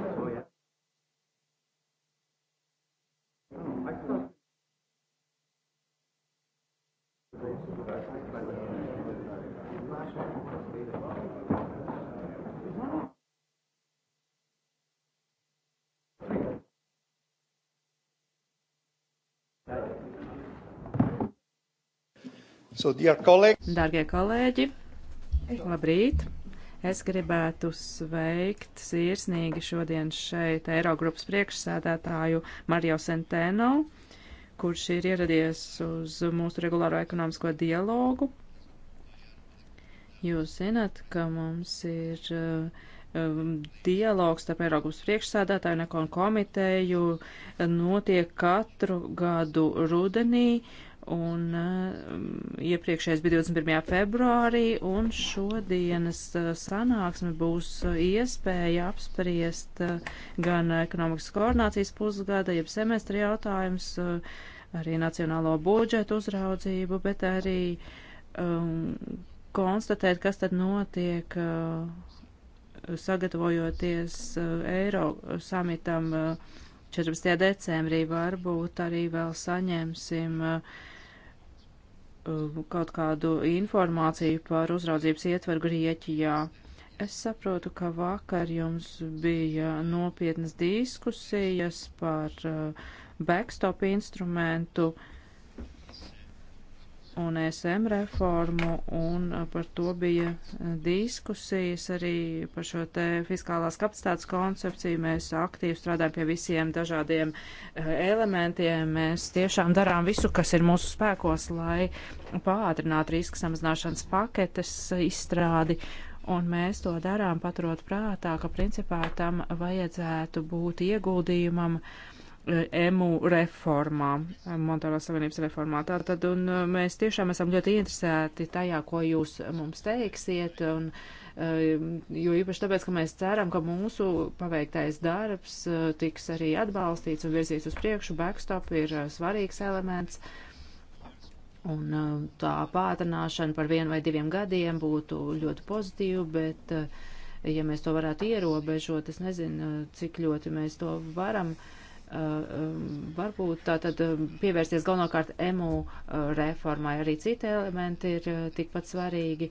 Oh, oh, so, Darbie kolēģi, labrīt! Es gribētu sveikt sirsnīgi šodien šeit Eirogrupas priekšsēdētāju Mario Centeno, kurš ir ieradies uz mūsu regulāro ekonomisko dialogu. Jūs zināt, ka mums ir um, dialogs starp Eirogrupas priekšsēdētāju un ekonu komiteju notiek katru gadu rudenī, un eh, iepriekšējais bija 21. februārī, un šodienas eh, sanāksme būs eh, iespēja apspriest gan ekonomikas koordinācijas pusgada, jeb semestra jautājums, arī nacionālo budžetu uzraudzību, bet arī um, konstatēt, kas tad notiek uh, sagatavojoties uh, Eiro samitam. Uh, 14. decembrī varbūt arī vēl saņemsim uh, Uh, kaut kādu informāciju par uzraudzības ietvaru Grieķijā. Es saprotu, ka vakar jums bija nopietnas diskusijas par uh, backstop instrumentu. Uh, un ESM reformu, un uh, par to bija uh, diskusijas arī par šo te fiskālās kapacitātes koncepciju. Mēs aktīvi strādājam pie visiem dažādiem uh, elementiem. Mēs tiešām darām visu, kas ir mūsu spēkos, lai pātrinātu riska samazināšanas paketes izstrādi. Un mēs to darām paturot prātā, ka principā tam vajadzētu būt ieguldījumam uh, EMU reformā, Montoro Savienības reformā. Tātad, un uh, mēs tiešām esam ļoti interesēti tajā, ko jūs mums teiksiet, un, uh, jo īpaši tāpēc, ka mēs ceram, ka mūsu paveiktais darbs uh, tiks arī atbalstīts un virzīts uz priekšu. Backstop ir svarīgs elements. Un tā pātrināšana par vienu vai diviem gadiem būtu ļoti pozitīva, bet, ja mēs to varētu ierobežot, es nezinu, cik ļoti mēs to varam. Uh, Ehm, varbūt tātad ehm, pievērsties galvenokārt emu eh, reformai. Arī citi elementi ir eh, tikpat svarīgi.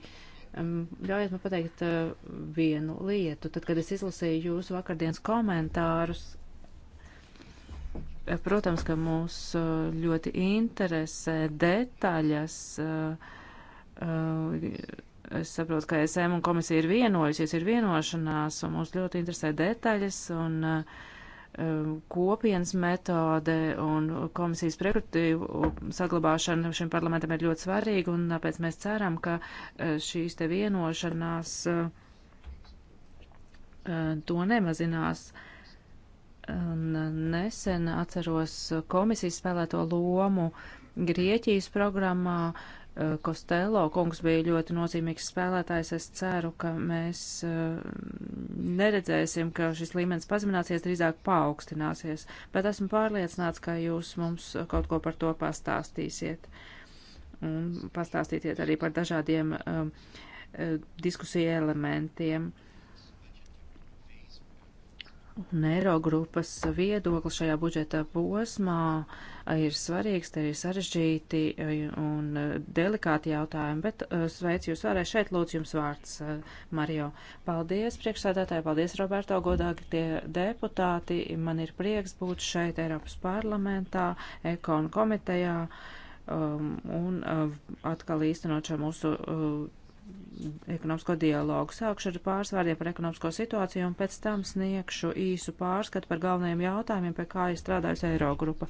Ehm, ļaujiet man pateikt eh, vienu lietu. Tad, kad es izlasīju jūsu vakardienas komentārus, protams, ka mūs ļoti interesē detaļas. Es saprotu, ka SM un komisija ir vienojusies, ir vienošanās, un mūs ļoti interesē detaļas. Un, uh, Um, kopienas metode un komisijas prerogatīvu saglabāšana šim parlamentam ir ļoti svarīga, un tāpēc mēs ceram, ka uh, šīs te vienošanās uh, uh, to nemazinās. Nesen atceros komisijas spēlēto lomu Grieķijas programmā, uh, Eh, Kostelo kungs bija ļoti nozīmīgs spēlētājs. Es ceru, ka mēs eh, neredzēsim, ka šis līmenis pazemināsies, drīzāk paaugstināsies, bet esmu pārliecināts, ka jūs mums kaut ko par to pastāstīsiet. Un pastāstīsiet arī par dažādiem um, diskusiju elementiem. Uh, Un Eirogrupas viedokli šajā budžeta posmā ir svarīgs, te ir sarežģīti e, un e, delikāti jautājumi, bet e, sveic jūs vēlreiz šeit, lūdzu jums vārds, Mario. Paldies, priekšsādātāji, paldies, Roberto, godāki tie deputāti. Man ir prieks būt šeit Eiropas parlamentā, ekonu komitejā um, un uh, atkal īstenot šo mūsu. Uh, ekonomisko dialogu. Sākšu ar pārsvārdiem par ekonomisko situāciju un pēc tam sniegšu īsu pārskatu par galvenajiem jautājumiem, pie kā ir strādājusi Eirogrupa.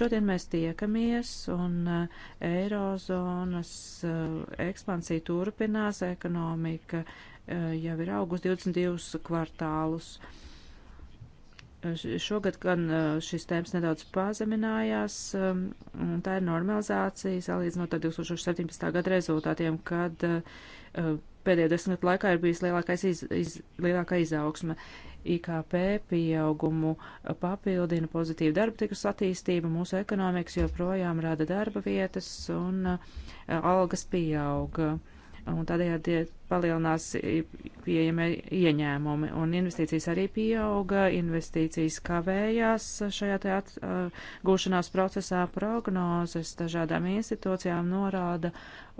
Šodien mēs tiekamies un eh, Eirozonas eh, ekspansija turpinās, ekonomika eh, jau ir augus 22 kvartālus. Uh, Šogad gan šis temps nedaudz pazeminājās, un tā ir normalizācija salīdzinot ar 2017. gada rezultātiem, kad pēdējo desmit gadu laikā ir bijis lielākais iz, iz, lielākā izaugsme. IKP pieaugumu papildina pozitīva darba tirkus attīstība, mūsu ekonomikas joprojām rada darba vietas un algas pieauga. Un tādējādi palielinās pieejamie ieņēmumi, un investīcijas arī pieauga, investīcijas kavējās šajā te atgūšanās procesā prognozes dažādām institūcijām norāda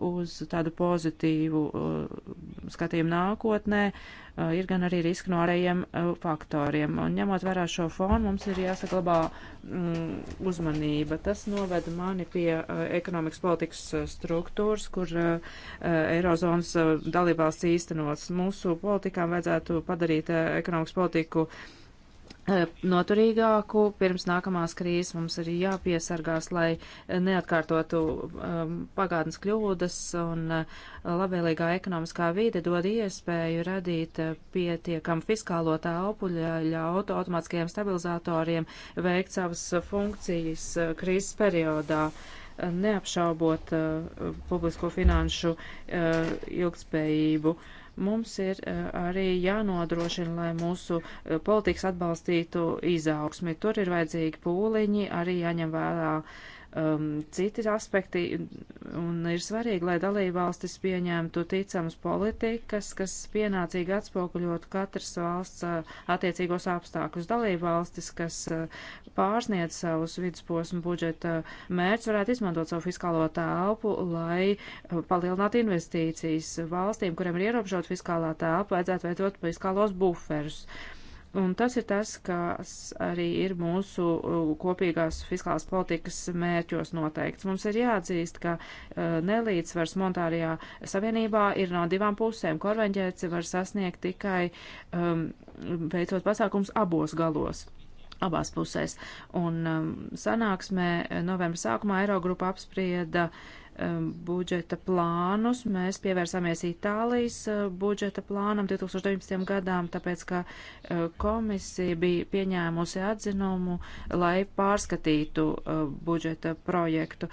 uz tādu pozitīvu uh, skatījumu nākotnē, uh, ir gan arī riski no ārējiem uh, faktoriem, un ņemot vērā šo fonu, mums ir jāsaglabā mm, uzmanība. Tas noveda mani pie ekonomikas politikas struktūras, kur Eirozonas dalība dalībvalsts īstenots. Mūsu politikām vajadzētu padarīt eh, ekonomikas politiku eh, noturīgāku. Pirms nākamās krīzes mums ir jāpiesargās, lai neatkārtotu um, pagātnes kļūdas, un uh, labvēlīgā ekonomiskā vīde dod iespēju radīt uh, pietiekam fiskālo telpu, ļaut automātiskajiem stabilizatoriem veikt savas funkcijas uh, krīzes periodā. Uh, neapšaubot eh, publisko finanšu eh, ilgspējību mums ir eh, arī jānodrošina, lai mūsu politikas atbalstītu izaugsmi. Tur ir vajadzīgi pūliņi, arī jāņem vērā um, citi aspekti, un ir svarīgi, lai dalībvalstis pieņemtu ticamas politikas, kas pienācīgi atspoguļotu katras valsts uh, attiecīgos apstākļus. Dalībvalstis, kas uh, pārsniedz savus vidusposmu budžeta mērķus, varētu izmantot savu fiskālo telpu, lai uh, palielinātu investīcijas valstīm, kuriem ir ierobežota fiskālā telpa, vajadzētu veidot fiskālos buferus. Uh, Un tas ir tas, kas arī ir mūsu uh, kopīgās fiskālās politikas mērķos noteikts. Mums ir jāatzīst, ka uh, nelīdzsvars monetārajā savienībā ir no divām pusēm. Korvenģēci var sasniegt tikai um, veicot pasākums abos galos. Abās pusēs. Un um, sanāksmē novembra sākumā Eirogrupa apsprieda uh, Um, budžeta plānus. Mēs pievērsāmies Itālijas uh, budžeta plānam 2019. gadām, tāpēc, ka uh, komisija bija pieņēmusi atzinumu, lai pārskatītu uh, budžeta projektu.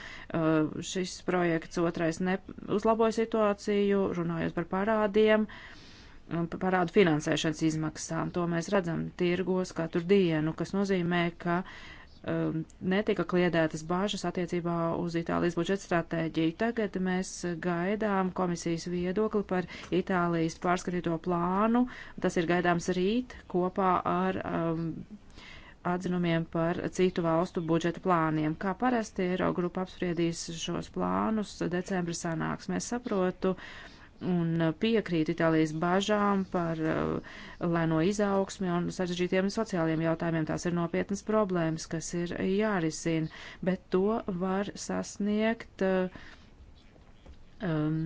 Šis projekts otrais uzlaboja situāciju, runājot par parādiem um, parādu finansēšanas izmaksām. To mēs redzam tirgos katru dienu, kas nozīmē, ka uh, um, netika kliedētas bāžas attiecībā uz Itālijas budžeta stratēģiju. Tagad mēs gaidām komisijas viedokli par Itālijas pārskatīto plānu. Tas ir gaidāms rīt kopā ar. Um, atzinumiem par citu valstu budžeta plāniem. Kā parasti Eirogrupa apspriedīs šos plānus decembra sanāksmēs. Saprotu, uh, un piekrīt Itālijas bažām par uh, lēno izaugsmi un sarežģītiem sociāliem jautājumiem. Tās ir nopietnas problēmas, kas ir jārisina, bet to var sasniegt uh, um,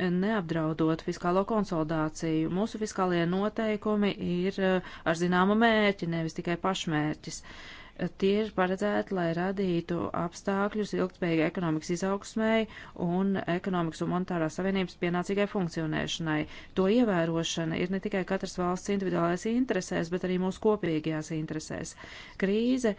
neapdraudot fiskālo konsolidāciju. Mūsu fiskālie noteikumi ir uh, ar zināmu mērķi, nevis tikai pašmērķis. Uh, tie ir paredzēti, lai radītu apstākļus ilgtspējīgai ekonomikas izaugsmēji un ekonomikas un monetārās savienības pienācīgai funkcionēšanai. To ievērošana ir ne tikai katras valsts individuālais interesēs, bet arī mūsu kopīgajās interesēs. Krīze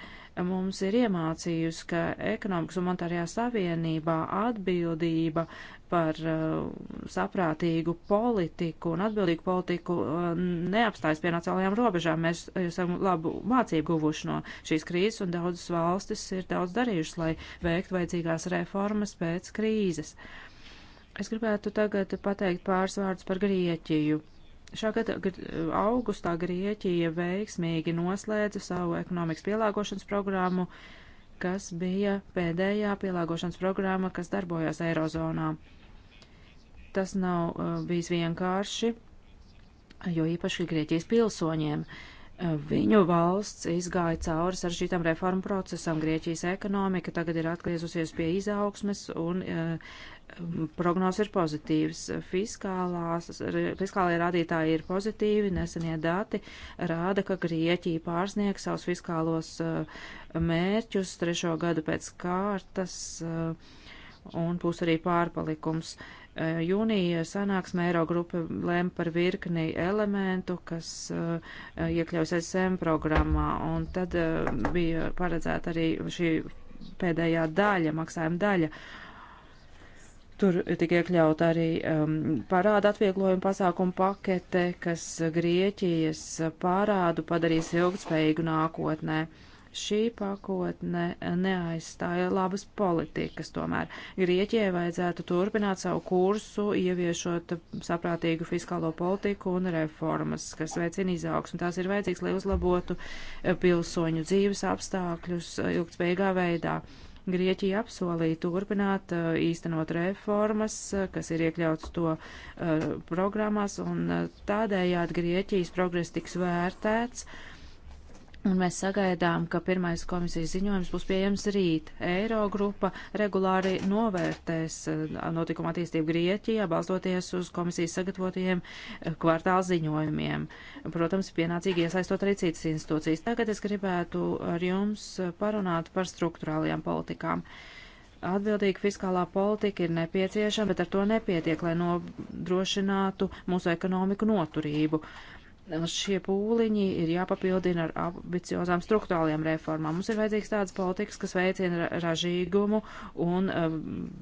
mums ir iemācījusi, ka ekonomikas un monetārajā savienībā atbildība par uh, saprātīgu politiku un atbildīgu politiku uh, neapstājas pie nacionālajām robežām. Mēs uh, esam labu mācību guvuši no šīs krīzes, un daudzas valstis ir daudz darījušas, lai veikt vajadzīgās reformas pēc krīzes. Es gribētu tagad pateikt pāris vārdus par Grieķiju. Šā gada augustā Grieķija veiksmīgi noslēdza savu ekonomikas pielāgošanas programmu, kas bija pēdējā pielāgošanas programma, kas darbojās Eirozonā. Tas nav uh, bijis vienkārši, jo īpaši Grieķijas pilsoņiem. Uh, viņu valsts izgāja cauri saržģītam reformu procesam. Grieķijas ekonomika tagad ir atgriezusies pie izaugsmes un uh, prognozes ir pozitīvas. Fiskālās, fiskālajie rādītāji ir pozitīvi, nesenie dati rāda, ka Grieķija pārsniegs savus fiskālos uh, mērķus trešo gadu pēc kārtas uh, un būs arī pārpalikums. Uh, Eh, Jūnija eh, sanāksmē Eirogrupa lēma par virkni elementu, kas eh, iekļaus SM programmā, un tad bija paredzēta arī šī pēdējā daļa, maksājuma daļa. Tur tika iekļauta arī um, parāda atvieglojuma pasākuma pakete, kas Grieķijas parādu padarīs ilgtspējīgu nākotnē. Uh, Šī pakotne neaizstāja labas politikas tomēr. Grieķijai vajadzētu turpināt savu kursu, ieviešot saprātīgu fiskālo politiku un reformas, kas veicina izaugsmu. Tās ir vajadzīgs, lai uzlabotu eh, pilsoņu dzīves apstākļus eh, ilgspējīgā veidā. Grieķija apsolīja turpināt eh, īstenot reformas, kas ir iekļauts to programmās, un tādējādi Grieķijas progress tiks vērtēts Un mēs sagaidām, ka pirmais komisijas ziņojums būs pieejams rīt. Eirogrupa regulāri novērtēs eh, notikuma attīstību Grieķijā, balstoties uz komisijas sagatavotajiem eh, kvartāla ziņojumiem. Protams, pienācīgi iesaistot arī citas institūcijas. Tagad es gribētu ar jums parunāt par struktūrālajām politikām. Atbildīga fiskālā politika ir nepieciešama, bet ar to nepietiek, lai nodrošinātu mūsu ekonomiku noturību. Uh, šie pūliņi ir jāpapildina ar ambiciozām struktūrālajām reformām. Mums ir vajadzīgs tādas politikas, kas veicina ražīgumu un um,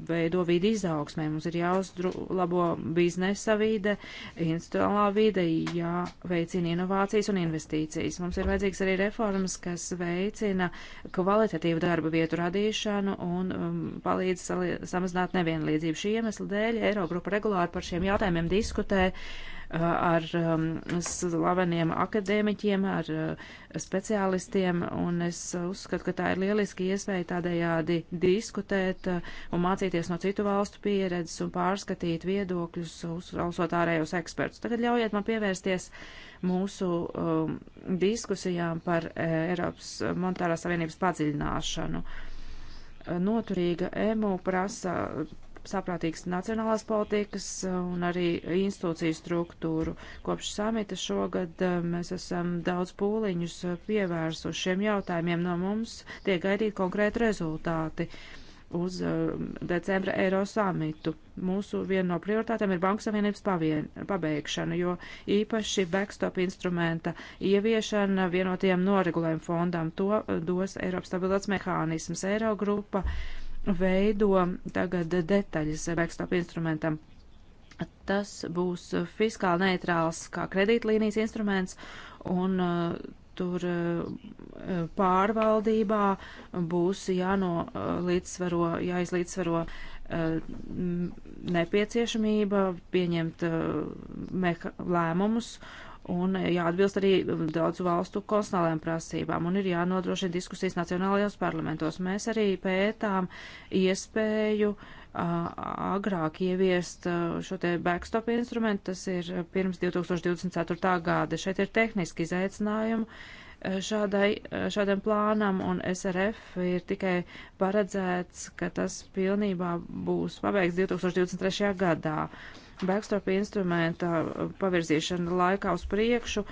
veido vidi izaugsmē. Mums ir jāuzlabo biznesa vide, institucionālā vide, jāveicina inovācijas un investīcijas. Mums ir vajadzīgs arī reformas, kas veicina kvalitatīvu darba vietu radīšanu un um, palīdz samazināt nevienlīdzību. Šī iemesla dēļ Eirogrupa regulāri par šiem jautājumiem diskutē. Uh, ar um, slaveniem akadēmiķiem, ar uh, speciālistiem, un es uzskatu, ka tā ir lieliski iespēja tādējādi diskutēt uh, un mācīties no citu valstu pieredzes un pārskatīt viedokļus, uzklausot ārējos ekspertus. Tagad ļaujiet man pievērsties mūsu um, diskusijām par uh, Eiropas monetārās savienības padziļināšanu. Noturīga emu prasa saprātīgas nacionālās politikas un arī institūciju struktūru. Kopš samita šogad eh, mēs esam daudz pūliņus eh, pievērsuši šiem jautājumiem. No mums tiek gaidīt konkrēti rezultāti uz eh, decembra eiro samitu. Mūsu viena no prioritātēm ir Banku Savienības pavien, pabeigšana, jo īpaši backstop instrumenta ieviešana vienotiem noregulējumu fondam to dos Eiropas stabilitātes mehānisms, Eirogrupa. grupa veido tagad detaļas backstop instrumentam. Tas būs fiskāli neitrāls kā kredītlīnijas instruments, un uh, tur uh, pārvaldībā būs jānolīdzsvaro, uh, jāizlīdzsvaro uh, nepieciešamība pieņemt uh, lēmumus un jāatbilst arī daudzu valstu konstitucionālajām prasībām, un ir jānodrošina diskusijas nacionālajos parlamentos. Mēs arī pētām iespēju agrāk ieviest šo te backstop instrumentu, tas ir pirms 2024. gada. Šeit ir tehniski izaicinājumi šādai, šādam plānam, un SRF ir tikai paredzēts, ka tas pilnībā būs pabeigts 2023. gadā backstop instrumenta uh, pavirzīšana laikā uz priekšu.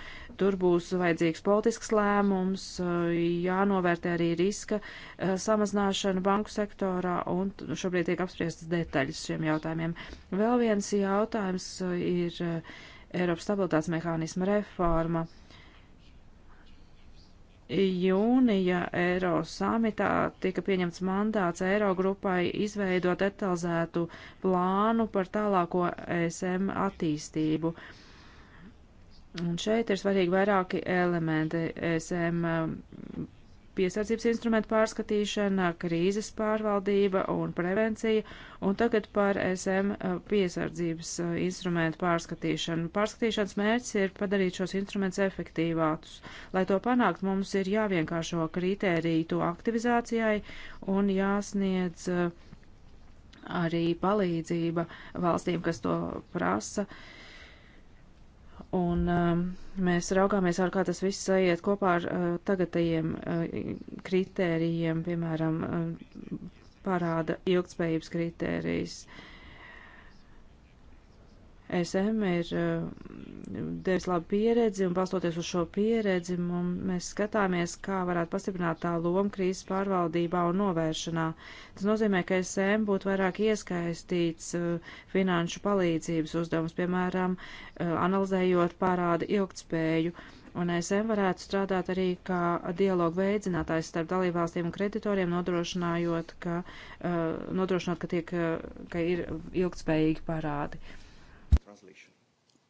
Tur būs vajadzīgs politisks lēmums, uh, jānovērtē arī riska uh, samazināšana banku sektorā, un šobrīd tiek apspriestas detaļas šiem jautājumiem. Vēl viens jautājums ir Eiropas stabilitātes mehānisma reforma jūnija Eiro samitā tika pieņemts mandāts Eiro grupai izveidot detalizētu plānu par tālāko ESM attīstību. Un šeit ir svarīgi vairāki elementi ESM piesardzības instrumentu pārskatīšana, krīzes pārvaldība un prevencija, un tagad par SM eh, piesardzības eh, instrumentu pārskatīšanu. Pārskatīšanas mērķis ir padarīt šos instrumentus efektīvātus. Lai to panākt, mums ir jāvienkāršo kritēriju to aktivizācijai un jāsniedz eh, arī palīdzība valstīm, kas to prasa. Uh, un um, mēs raugāmies, ar kā tas viss aiziet kopā ar uh, tagadējiem uh, kritērijiem, piemēram, uh, parāda ilgtspējības kritērijas. Uh, ESM ir eh, devis labu pieredzi, un balstoties uz šo pieredzi, mēs skatāmies, kā varētu pastiprināt tā loma krīzes pārvaldībā un novēršanā. Tas nozīmē, ka ESM būtu vairāk iesaistīts eh, finanšu palīdzības uzdevums, piemēram, eh, analizējot pārādi ilgtspēju. Un ESM varētu strādāt arī kā dialogu veidzinātājs starp dalībvalstīm un kreditoriem, nodrošinājot, ka, nodrošinot, ka, tiek, ka ir ilgtspējīgi parādi. Uh,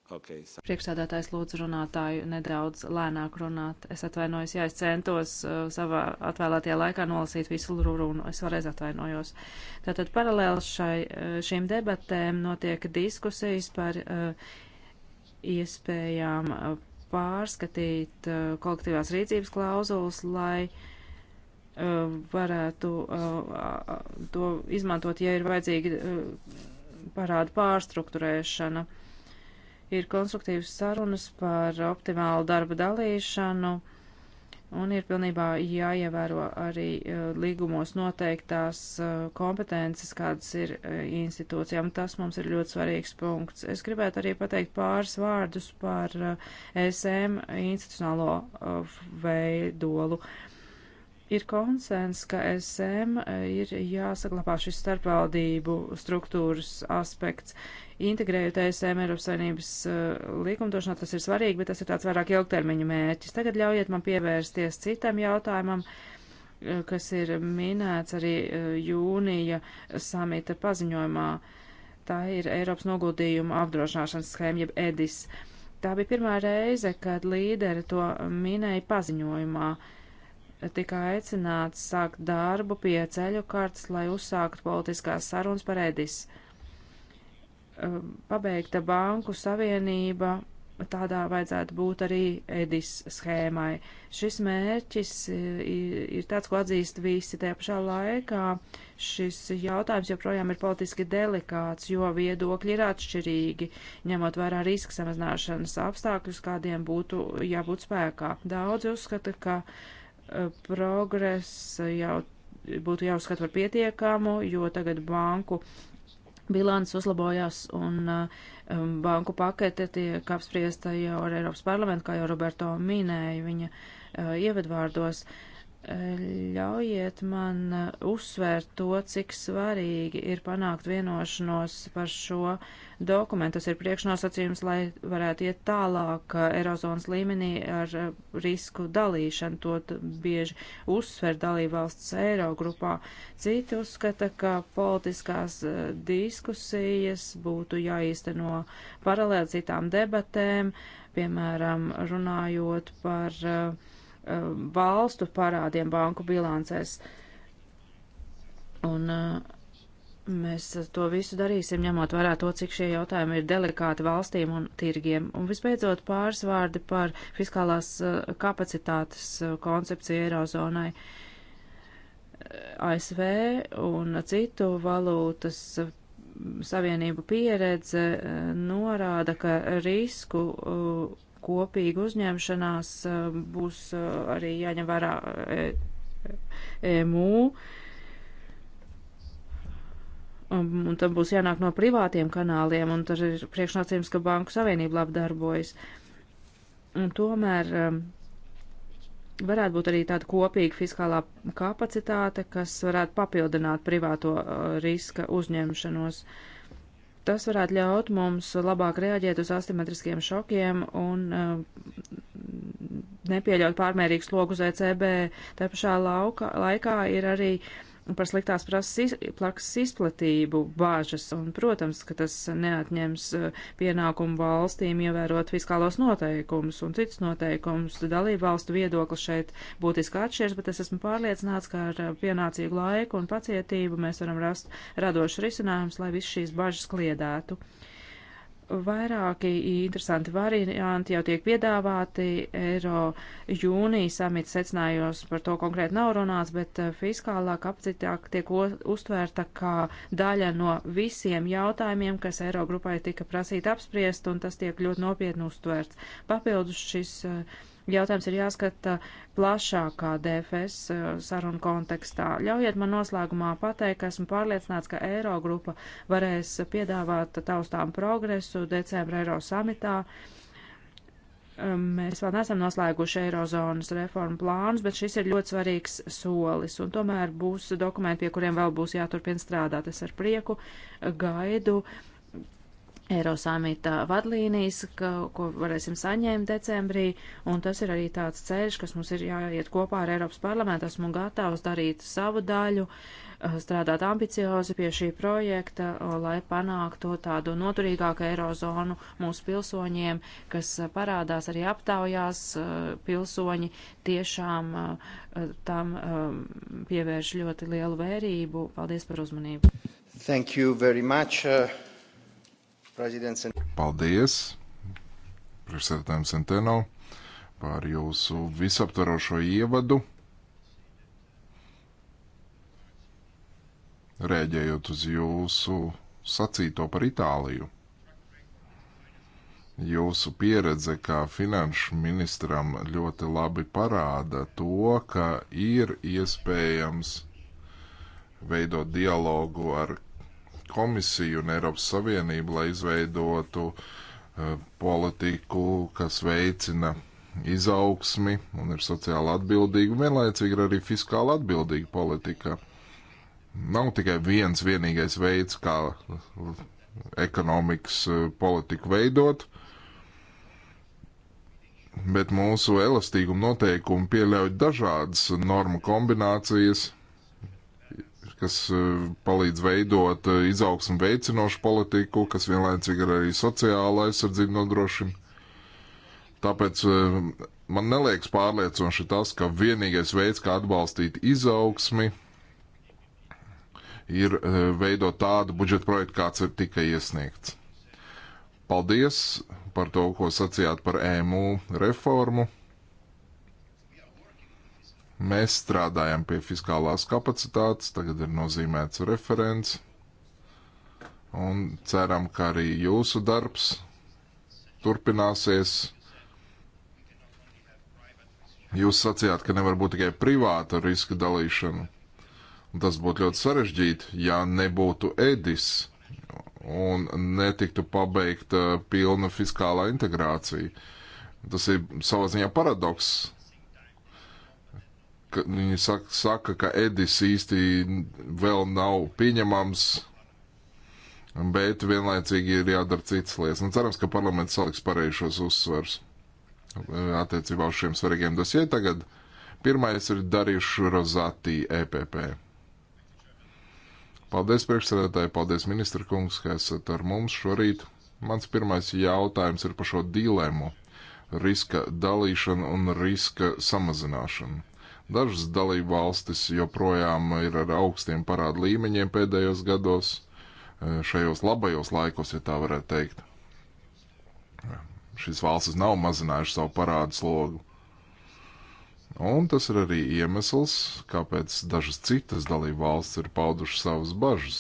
Okay, so... Priekšsēdētājs lūdzu runātāju nedaudz lēnāk runāt. Es atvainojos, ja es centos uh, savā atvēlētajā laikā nolasīt visu runu, es vēlreiz atvainojos. Tātad paralēli šai, uh, šīm debatēm notiek diskusijas par uh, iespējām uh, pārskatīt uh, kolektīvās rīcības klauzulas, lai uh, varētu uh, to izmantot, ja ir vajadzīgi. Uh, parāda pārstruktūrēšana. Ir konstruktīvas sarunas par optimālu darba dalīšanu un ir pilnībā jāievēro arī uh, līgumos noteiktās uh, kompetences, kādas ir uh, institūcijām. Tas mums ir ļoti svarīgs punkts. Es gribētu arī pateikt pāris vārdus par SM institucionālo veidolu. Uh, ir konsens, ka SM ir jāsaglabā šis starpvaldību struktūras aspekts. Integrējot SM Eiropas Savienības uh, likumdošanā, tas ir svarīgi, bet tas ir tāds vairāk ilgtermiņu mērķis. Tagad ļaujiet man pievērsties citam jautājumam, uh, kas ir minēts arī uh, jūnija samita paziņojumā. Tā ir Eiropas noguldījuma apdrošināšanas schēma, jeb EDIS. Tā bija pirmā reize, kad līderi to minēja paziņojumā. Uh, tika aicināts sākt darbu pie ceļu kārtas, lai uzsākt politiskās sarunas par Edis. Ehm, pabeigta banku savienība, tādā vajadzētu būt arī Edis schēmai. Šis mērķis e, ir tāds, ko atzīst visi. Tajā pašā laikā šis jautājums joprojām ir politiski delikāts, jo viedokļi ir atšķirīgi, ņemot vērā riska samazināšanas apstākļus, kādiem būtu jābūt spēkā. Daudzi uzskata, ka uh, Eh, progress jau būtu jāuzskata par pietiekamu, jo tagad banku bilants uzlabojās un eh, um, banku pakete tiek apspriesta jau ar Eiropas parlamentu, kā jau Roberto minēja viņa eh, ievadvārdos. Uh, ļaujiet man uh, uzsvērt to, cik svarīgi ir panākt vienošanos par šo dokumentu. Tas ir priekšnosacījums, lai varētu iet tālāk uh, Eirozonas līmenī ar uh, risku dalīšanu. To bieži uzsver dalībvalsts Eirogrupā. Citi uzskata, ka politiskās diskusijas būtu jāīsteno paralēli citām debatēm, piemēram, runājot par uh, Um, valstu parādiem banku bilancēs. Un uh, mēs to visu darīsim, ņemot vērā to, cik šie jautājumi ir delikāti valstīm un tirgiem. Un visbeidzot pāris vārdi par fiskālās uh, kapacitātes uh, koncepciju Eirozonai. ASV un citu valūtas savienību pieredze norāda, ka risku kopīga uzņemšanās eh, būs eh, arī jāņem vērā eh, EMU. Um, un, un tam būs jānāk no privātiem kanāliem, un tad ir priekšnācījums, ka Banku Savienība labi darbojas. Un tomēr um, varētu būt arī tāda kopīga fiskālā kapacitāte, kas varētu papildināt privāto riska uzņemšanos. Uh, Tas varētu ļaut mums labāk reaģēt uz astimetriskiem šokiem un uh, nepieļaut pārmērīgu slogu uz ECB. Tā pašā lauka, laikā ir arī uh, par sliktās prakses izplatību bāžas, un, protams, ka tas neatņems eh, pienākumu valstīm ievērot fiskālos noteikumus un citus noteikumus. Dalību valstu viedokli šeit būtiski atšķirs, bet es esmu pārliecināts, ka ar eh, pienācīgu laiku un pacietību mēs varam rast radošu risinājumus, lai viss šīs bāžas kliedētu. Uh, Vairāki interesanti varianti jau tiek piedāvāti. Eiro jūnija samits secinājos par to konkrēti nav runāts, bet eh, fiskālā kapacitāte tiek uztvērta kā daļa no visiem jautājumiem, kas Eiro grupai tika prasīti apspriest, un tas tiek ļoti nopietni uztvērts. Papildus šis uh, jautājums ir jāskata plašākā DFS eh, sarunu kontekstā. Ļaujiet man noslēgumā pateikt, ka esmu pārliecināts, ka Eirogrupa varēs piedāvāt taustām progresu decembra Eiro samitā. Mēs vēl neesam noslēguši Eirozonas reformu plānus, bet šis ir ļoti svarīgs solis, un tomēr būs dokumenti, pie kuriem vēl būs jāturpina strādāt. Es ar prieku gaidu uh, Eirosamīta vadlīnijas, ka, ko varēsim saņēmt decembrī, un tas ir arī tāds ceļš, kas mums ir jāiet kopā ar Eiropas parlamentu. Esmu gatavs darīt savu daļu, eh, strādāt ambiciozi pie šī projekta, lai panāktu tādu noturīgāku eirozonu mūsu pilsoņiem, kas eh, parādās arī aptaujās. Eh, pilsoņi tiešām tam pievērš ļoti lielu vērību. Paldies par uzmanību. Thank you very much. Uh... Paldies, priekšsēdētājiem Centeno, par jūsu visaptvarošo ievadu. Rēģējot uz jūsu sacīto par Itāliju jūsu pieredze kā finanšu ministram ļoti labi parāda to, ka ir iespējams veidot dialogu ar komisiju un Eiropas Savienību, lai izveidotu eh, politiku, kas veicina izaugsmi un ir sociāli atbildīga, un vienlaicīgi ir arī fiskāli atbildīga politika. Nav tikai viens vienīgais veids, kā ekonomikas eh, politiku veidot, bet mūsu elastīguma noteikumi pieļauj dažādas normu kombinācijas, kas eh, palīdz veidot eh, izaugsmu veicinošu politiku, kas vienlaicīgi ir arī sociāla aizsardzība nodrošina. Tāpēc eh, man neliekas pārliecinoši tas, ka vienīgais veids, kā atbalstīt izaugsmi, ir veidot tādu budžeta projektu, kāds ir tikai iesniegts. Paldies par to, ko sacījāt par EMU reformu. Mēs strādājam pie fiskālās kapacitātes, tagad ir nozīmēts referents, un ceram, ka arī jūsu darbs turpināsies. Jūs sacījāt, ka nevar būt tikai privāta riska dalīšana, un tas būtu ļoti sarežģīti, ja nebūtu edis un netiktu pabeigta pilna fiskālā integrācija. Tas ir savā ziņā paradoks, ka viņi saka, saka, ka Edis īsti vēl nav pieņemams, bet vienlaicīgi ir jādara citas lietas. Nu, cerams, ka parlaments saliks pareizos uzsvers e, attiecībā uz šiem svarīgiem dosie tagad. Pirmais ir darījuši Rozatī EPP. Paldies priekšsēdētāji, paldies ministra kungs, ka esat ar mums šorīt. Mans pirmais jautājums ir par šo dilemu - riska dalīšanu un riska samazināšanu. Dažas dalību valstis joprojām ir ar augstiem parādu līmeņiem pēdējos gados, e, šajos labajos laikos, ja tā varētu teikt. Šīs valstis nav mazinājušas savu parādu slogu. Un tas ir arī iemesls, kāpēc dažas citas dalību valstis ir paudušas savas bažas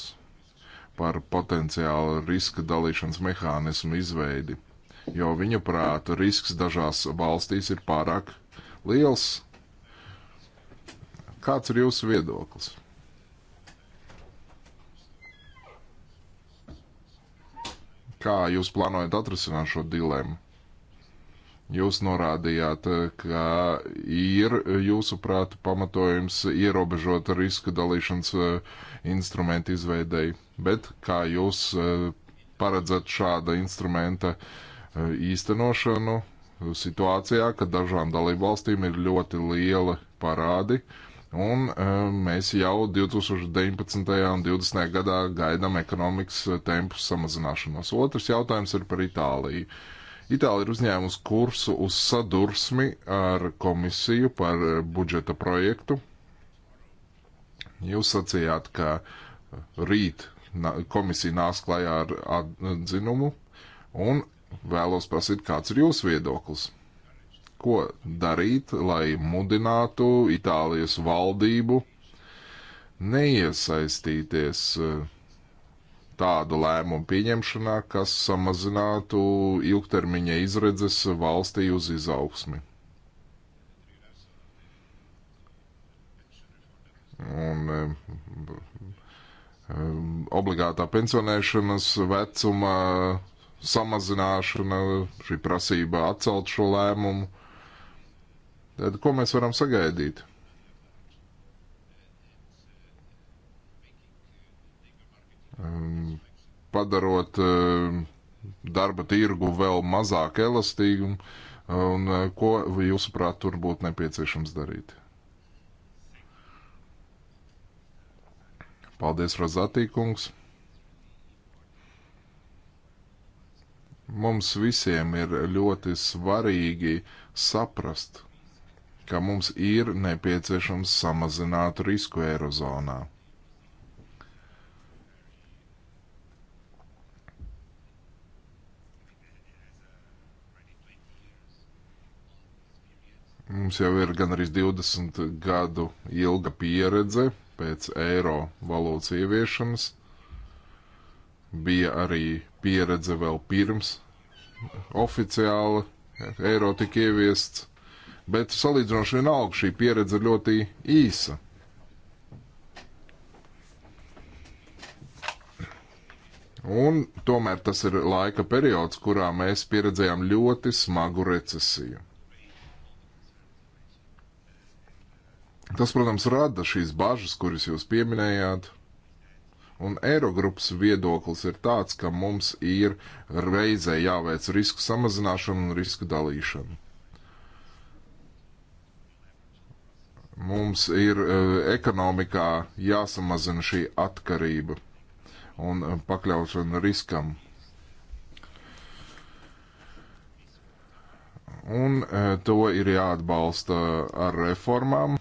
par potenciālu riska dalīšanas mehānismu izveidi, jo viņu prātu risks dažās valstīs ir pārāk liels Kāds ir jūsu viedoklis? Kā jūs plānojat atrisināt šo dilemmu? Jūs norādījāt, ka ir jūsuprāt pamatojums ierobežot riska dalīšanas e, instrumentu izveidēji, bet kā jūs e, paredzat šāda instrumenta e, īstenošanu situācijā, kad dažām dalībvalstīm ir ļoti liela parādi, uh, Un eh, mēs jau 2019. un 2020. gadā gaidām ekonomikas tempu samazināšanos. Otrs jautājums ir par Itāliju. Itālija ir uzņēmusi kursu uz sadursmi ar komisiju par budžeta projektu. Jūs sacījāt, ka rīt komisija nāks klajā ar atzinumu, un vēlos prasīt, kāds ir jūsu viedoklis ko darīt, lai mudinātu Itālijas valdību neiesaistīties eh, tādu lēmumu pieņemšanā, kas samazinātu ilgtermiņa izredzes valstī uz izaugsmi. Un eh, obligātā pensionēšanas vecuma samazināšana, šī prasība atcelt šo lēmumu. Tad ko mēs varam sagaidīt? Ehm, padarot ehm, darba tirgu vēl mazāk elastīgu, un e, ko jūsuprāt tur būtu nepieciešams darīt? Paldies, Razatī kungs! Mums visiem ir ļoti svarīgi saprast, ka mums ir nepieciešams samazināt risku Eirozonā. Mums jau ir gan arī 20 gadu ilga pieredze pēc eiro valūtas ieviešanas. Bija arī pieredze vēl pirms oficiāli eiro tika ieviests bet salīdzinoši vienalga šī pieredze ir ļoti īsa. Un tomēr tas ir laika periods, kurā mēs pieredzējām ļoti smagu recesiju. Tas, protams, rada šīs bažas, kuras jūs pieminējāt. Un Eirogrupas viedoklis ir tāds, ka mums ir reizē jāveic risku samazināšana un risku dalīšana. Mums ir e, ekonomikā jāsamazina šī atkarība un e, pakļaušana riskam. Un e, to ir jāatbalsta ar reformām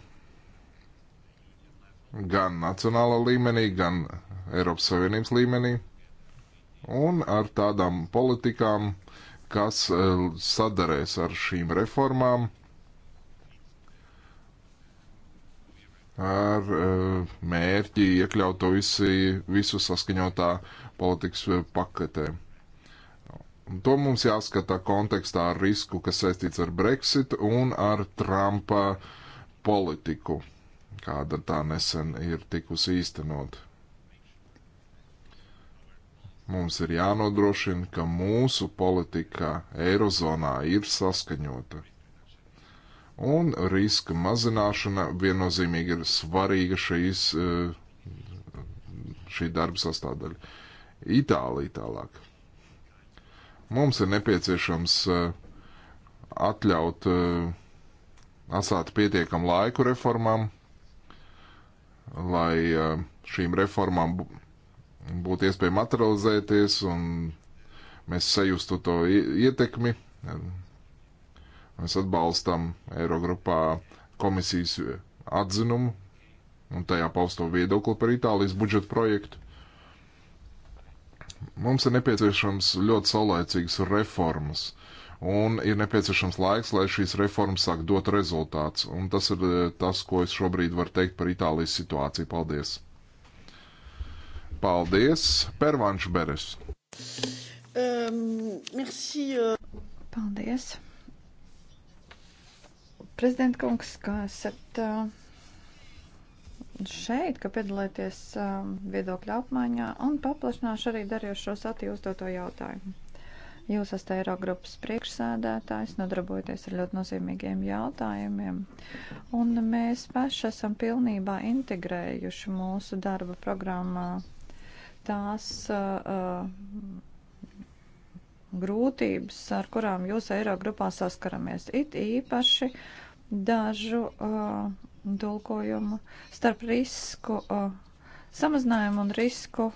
gan nacionālā līmenī, gan Eiropas Savienības līmenī un ar tādām politikām, kas sadarēs ar šīm reformām ar eh, mērķi iekļaut to visi, visu saskaņotā politikas eh, paketē. To mums jāskatā kontekstā ar risku, kas saistīts ar Brexit un ar Trumpa politiku, kāda tā nesen ir tikusi īstenot. Mums ir jānodrošina, ka mūsu politika Eirozonā ir saskaņota un riska mazināšana viennozīmīgi ir svarīga šīs, eh, šī darba sastāvdaļa. Itālija tālāk. Mums ir nepieciešams eh, atļaut eh, atstāt pietiekam laiku reformām, lai šīm reformām būtu iespēja materializēties un mēs sajustu to ietekmi Mēs atbalstam Eirogrupā komisijas atzinumu un tajā pausto viedokli par Itālijas budžeta projektu. Mums ir nepieciešams ļoti saulēcīgas reformas, un ir nepieciešams laiks, lai šīs reformas sāk dot rezultāts. Un tas ir eh, tas, ko es šobrīd varu teikt par Itālijas situāciju. Paldies! Paldies, Pervanš Beres! Um, merci, uh... Paldies! Prezidenta kungs, kā esat uh, šeit, ka piedalieties um, viedokļu apmaiņā un paplašināšu arī darījušo satī uzdoto jautājumu. Jūs esat Eirogrupas priekšsēdētājs, nodarbojaties ar ļoti nozīmīgiem jautājumiem, un mēs paši esam pilnībā integrējuši mūsu darba programmā tās uh, uh grūtības, ar kurām jūs Eirogrupā saskaramies. It īpaši uh, dažu uh, tulkojumu starp risku uh, samazinājumu un risku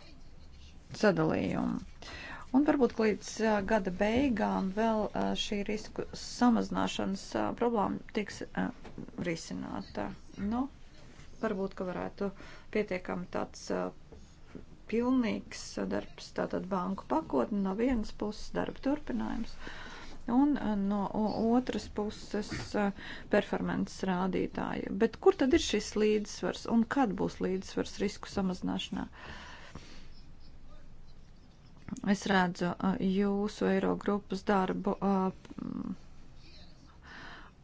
sadalījumu. Un varbūt līdz uh, gada beigām vēl uh, šī risku samazināšanas uh, problēma tiks uh, risināta. Nu, varbūt, ka varētu pietiekami tāds uh, pilnīgs darbs, tātad banku pakotne no vienas puses, darba turpinājums. Uh, un eh, no otras puses eh, performances rādītāji. Bet kur tad ir šis līdzsvars un kad būs līdzsvars risku samazināšanā? Es redzu eh, jūsu Eiro grupas darbu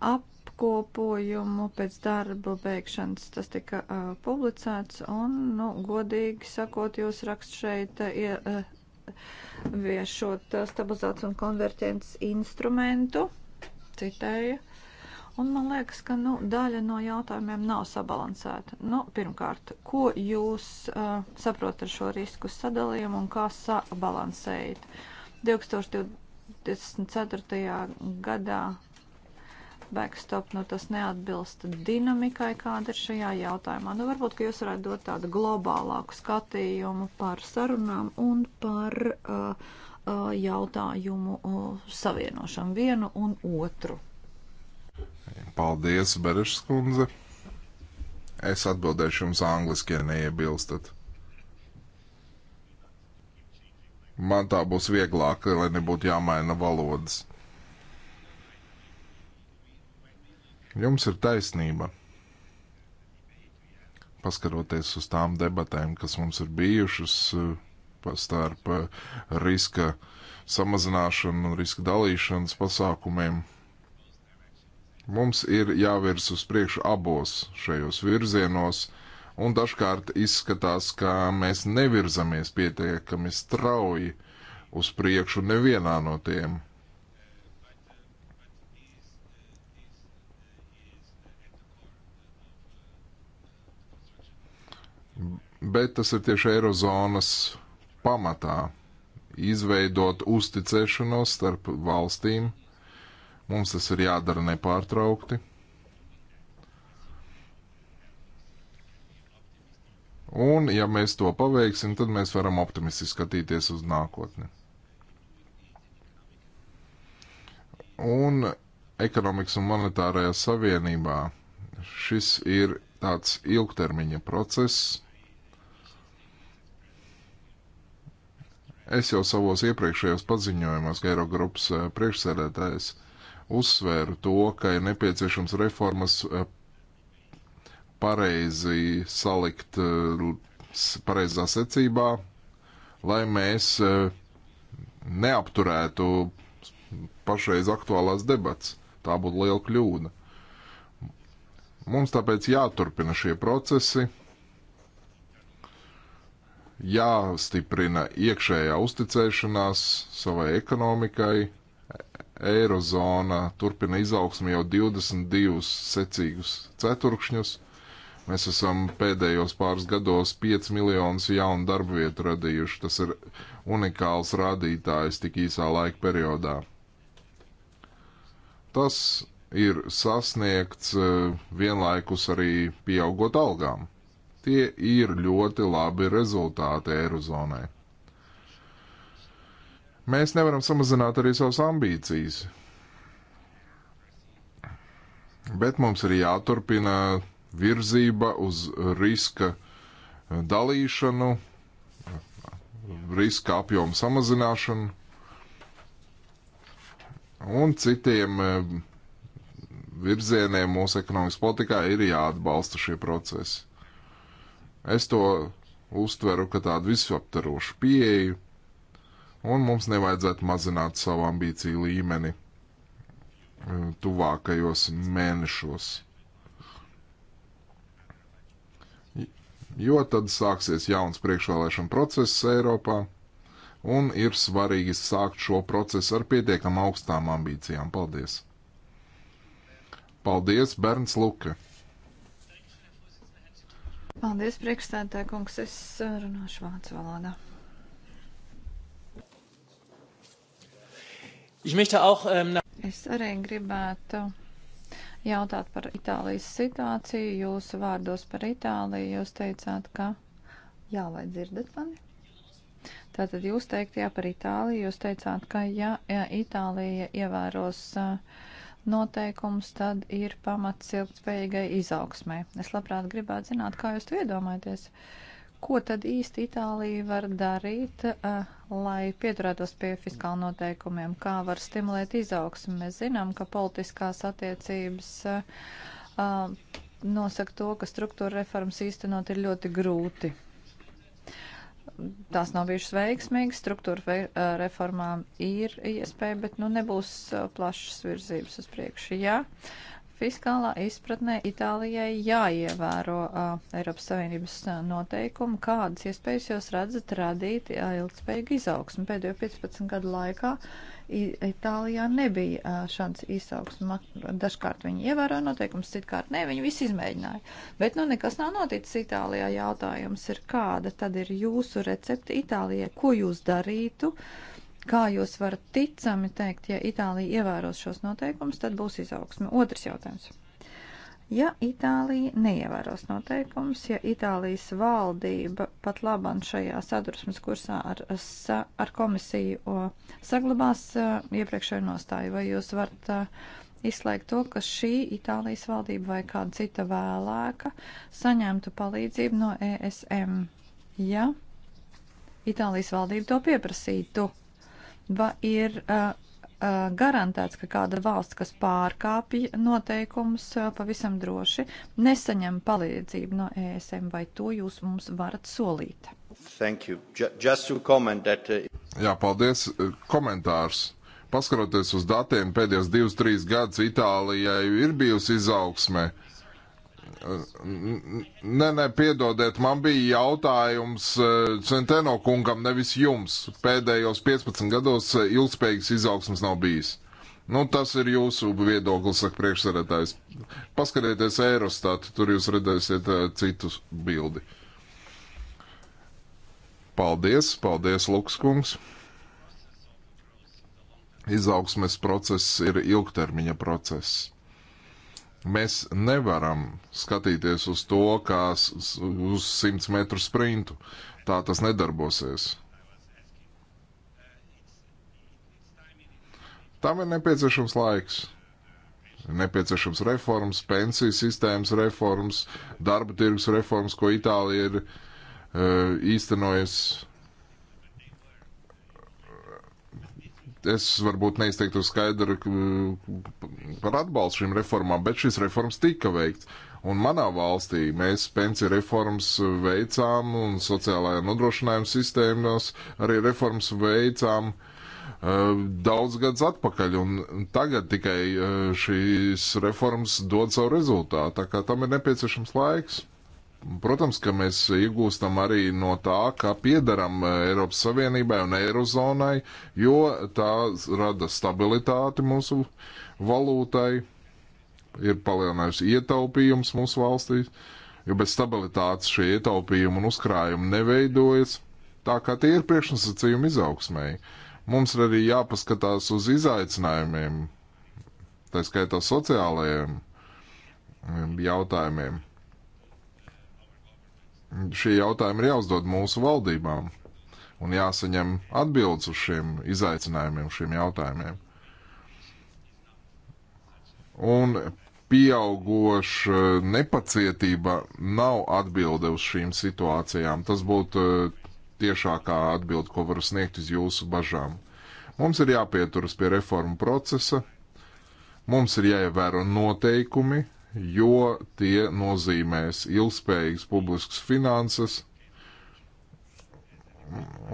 apkopojumu pēc darba beigšanas. Tas tika publicēts un, nu, godīgi sakot, jūs rakst šeit. Ja, ieviešot stabilizācijas un konverģences instrumentu. Citēju. Un man liekas, ka nu, daļa no jautājumiem nav sabalansēta. Nu, pirmkārt, ko jūs uh, saprotat ar šo risku sadalījumu un kā sabalansējat? 2024. gadā backstop, nu tas neatbilst dinamikai, kāda ir šajā jautājumā. Nu varbūt, ka jūs varētu dot tādu globālāku skatījumu par sarunām un par uh, uh, jautājumu uh, savienošanu vienu un otru. Paldies, Berešs kundze. Es atbildēšu jums angliski, ja neiebilstat. Man tā būs vieglāk, lai nebūtu jāmaina valodas. Jums ir taisnība. Paskaroties uz tām debatēm, kas mums ir bijušas starp eh, riska samazināšanu un riska dalīšanas pasākumiem, mums ir jāvirs uz priekšu abos šajos virzienos, un dažkārt izskatās, ka mēs nevirzamies pietiekami strauji uz priekšu nevienā no tiem. bet tas ir tieši Eirozonas pamatā izveidot uzticēšanos starp valstīm. Mums tas ir jādara nepārtraukti. Un, ja mēs to paveiksim, tad mēs varam optimistiski skatīties uz nākotni. Un ekonomikas un monetārajā savienībā šis ir tāds ilgtermiņa process, Es jau savos iepriekšējos paziņojumos, kā Eirogrupas eh, priekšsēdētājs, uzsvēru to, ka ir nepieciešams reformas eh, pareizi salikt eh, pareizā secībā, lai mēs neapturētu pašreiz aktuālās debats. Tā būtu liela kļūda. Mums tāpēc jāturpina šie procesi jāstiprina iekšējā uzticēšanās savai ekonomikai. Eirozona turpina izaugsmi jau 22 secīgus ceturkšņus. Mēs esam pēdējos pāris gados 5 miljonus jaunu darba vietu radījuši. Tas ir unikāls rādītājs tik īsā laika periodā. Tas ir sasniegts eh, vienlaikus arī pieaugot algām. Tie ir ļoti labi rezultāti Eirozonai. Mēs nevaram samazināt arī savas ambīcijas, bet mums ir jāturpina virzība uz riska dalīšanu, riska apjomu samazināšanu un citiem eh, virzieniem mūsu ekonomikas politikā ir jāatbalsta šie procesi. Es to uztveru kā tādu visaptverošu pieeju, un mums nevajadzētu mazināt savu ambīciju līmeni eh, tuvākajos mēnešos. Jo tad sāksies jauns priekšvēlēšana process Eiropā, un ir svarīgi sākt šo procesu ar pietiekam augstām ambīcijām. Paldies! Paldies, Bernds Luke! Paldies, priekšstādātāja kungs. Es uh, runāšu vācu valodā. Ähm, es arī gribētu jautāt par Itālijas situāciju. Jūsu vārdos par Itāliju jūs teicāt, ka jā, vai dzirdat mani? Tātad jūs teikt jā par Itāliju, jūs teicāt, ka ja, ja Itālija ievēros uh, noteikumus, tad ir pamats ilgspējīgai izaugsmai. Es labprāt gribētu zināt, kā jūs to iedomājaties. Ko tad īsti Itālija var darīt, uh, lai pieturētos pie fiskāla noteikumiem? Kā var stimulēt izaugsmu? Mēs zinām, ka politiskās attiecības uh, nosaka to, ka struktūra reformas īstenot ir ļoti grūti tās nav bijušas veiksmīgas, struktūra reformām ir iespēja, bet nu nebūs plašas virzības uz priekšu. Ja Fiskālā izpratnē Itālijai jāievēro uh, Eiropas Savienības noteikumi, kādas iespējas jūs redzat radīt uh, ilgspējīgu izaugsmu. Pēdējo 15 gadu laikā Itālijā nebija uh, šāds izaugsmu. Dažkārt viņi ievēroja noteikumus, citkārt ne, viņi visi izmēģināja. Bet nu nekas nav noticis Itālijā. Jautājums ir, kāda tad ir jūsu recepte Itālijai? Ko jūs darītu? Uh, Kā jūs varat ticami teikt, ja Itālija ievēros šos noteikumus, tad būs izaugsme? Otrs jautājums. Ja Itālija neievēros noteikumus, ja Itālijas valdība pat labam šajā sadursmes kursā ar, ar komisiju saglabās iepriekšēju nostāju, vai jūs varat izslēgt to, ka šī Itālijas valdība vai kāda cita vēlāka saņemtu palīdzību no ESM, ja Itālijas valdība to pieprasītu? Vai ir uh, uh, garantēts, ka kāda valsts, kas pārkāpja noteikumus uh, pavisam droši, nesaņem palīdzību no ESM, vai to jūs mums varat solīt? That... Uh, Jā, paldies. Komentārs. Paskaroties uz datiem, pēdējos divus, trīs gadus Itālijai ir bijusi izaugsme. Uh, Nē, nē, piedodiet, man bija jautājums eh, Centeno kungam, nevis jums. Pēdējos 15 gados eh, ilgspējīgas izaugsmas nav bijis. Nu, tas ir jūsu viedoklis, saka priekšsarētājs. Paskatieties Eirostatu, tur jūs redzēsiet eh, citus bildi. Paldies, paldies, Lukskungs. Izaugsmes process ir ilgtermiņa process Mēs nevaram skatīties uz to, kā uz 100 metru sprintu. Tā tas nedarbosies. Tam ir nepieciešams laiks. Ir nepieciešams reformas, pensiju sistēmas reformas, darba tirgus reformas, ko Itālija ir uh, īstenojusi Es varbūt neizteiktu skaidru par atbalstu šīm reformām, bet šīs reformas tika veikts. Un manā valstī mēs pensiju reformas veicām un sociālajā nodrošinājuma sistēmās arī reformas veicām uh, daudz gadus atpakaļ, un tagad tikai uh, šīs reformas dod savu rezultātu, tā kā tam ir nepieciešams laiks. Protams, ka mēs iegūstam arī no tā, ka piedaram e, Eiropas Savienībai un Eirozonai, jo tā rada stabilitāti mūsu valūtai, ir palielinājusi ietaupījums mūsu valstīs, jo bez stabilitātes šie ietaupījumi un uzkrājumi neveidojas. Tā kā tie ir priekšnosacījumi izaugsmēji. Mums ir arī jāpaskatās uz izaicinājumiem, tā skaitā sociālajiem mm, jautājumiem šie jautājumi ir jāuzdod mūsu valdībām un jāsaņem atbildes uz šiem izaicinājumiem, šiem jautājumiem. Un pieaugoša nepacietība nav atbilde uz šīm situācijām. Tas būtu eh, tiešākā atbilde, ko varu sniegt uz jūsu bažām. Mums ir jāpieturas pie reformu procesa, mums ir jāievēro noteikumi, jo tie nozīmēs ilgspējīgas publiskas finanses.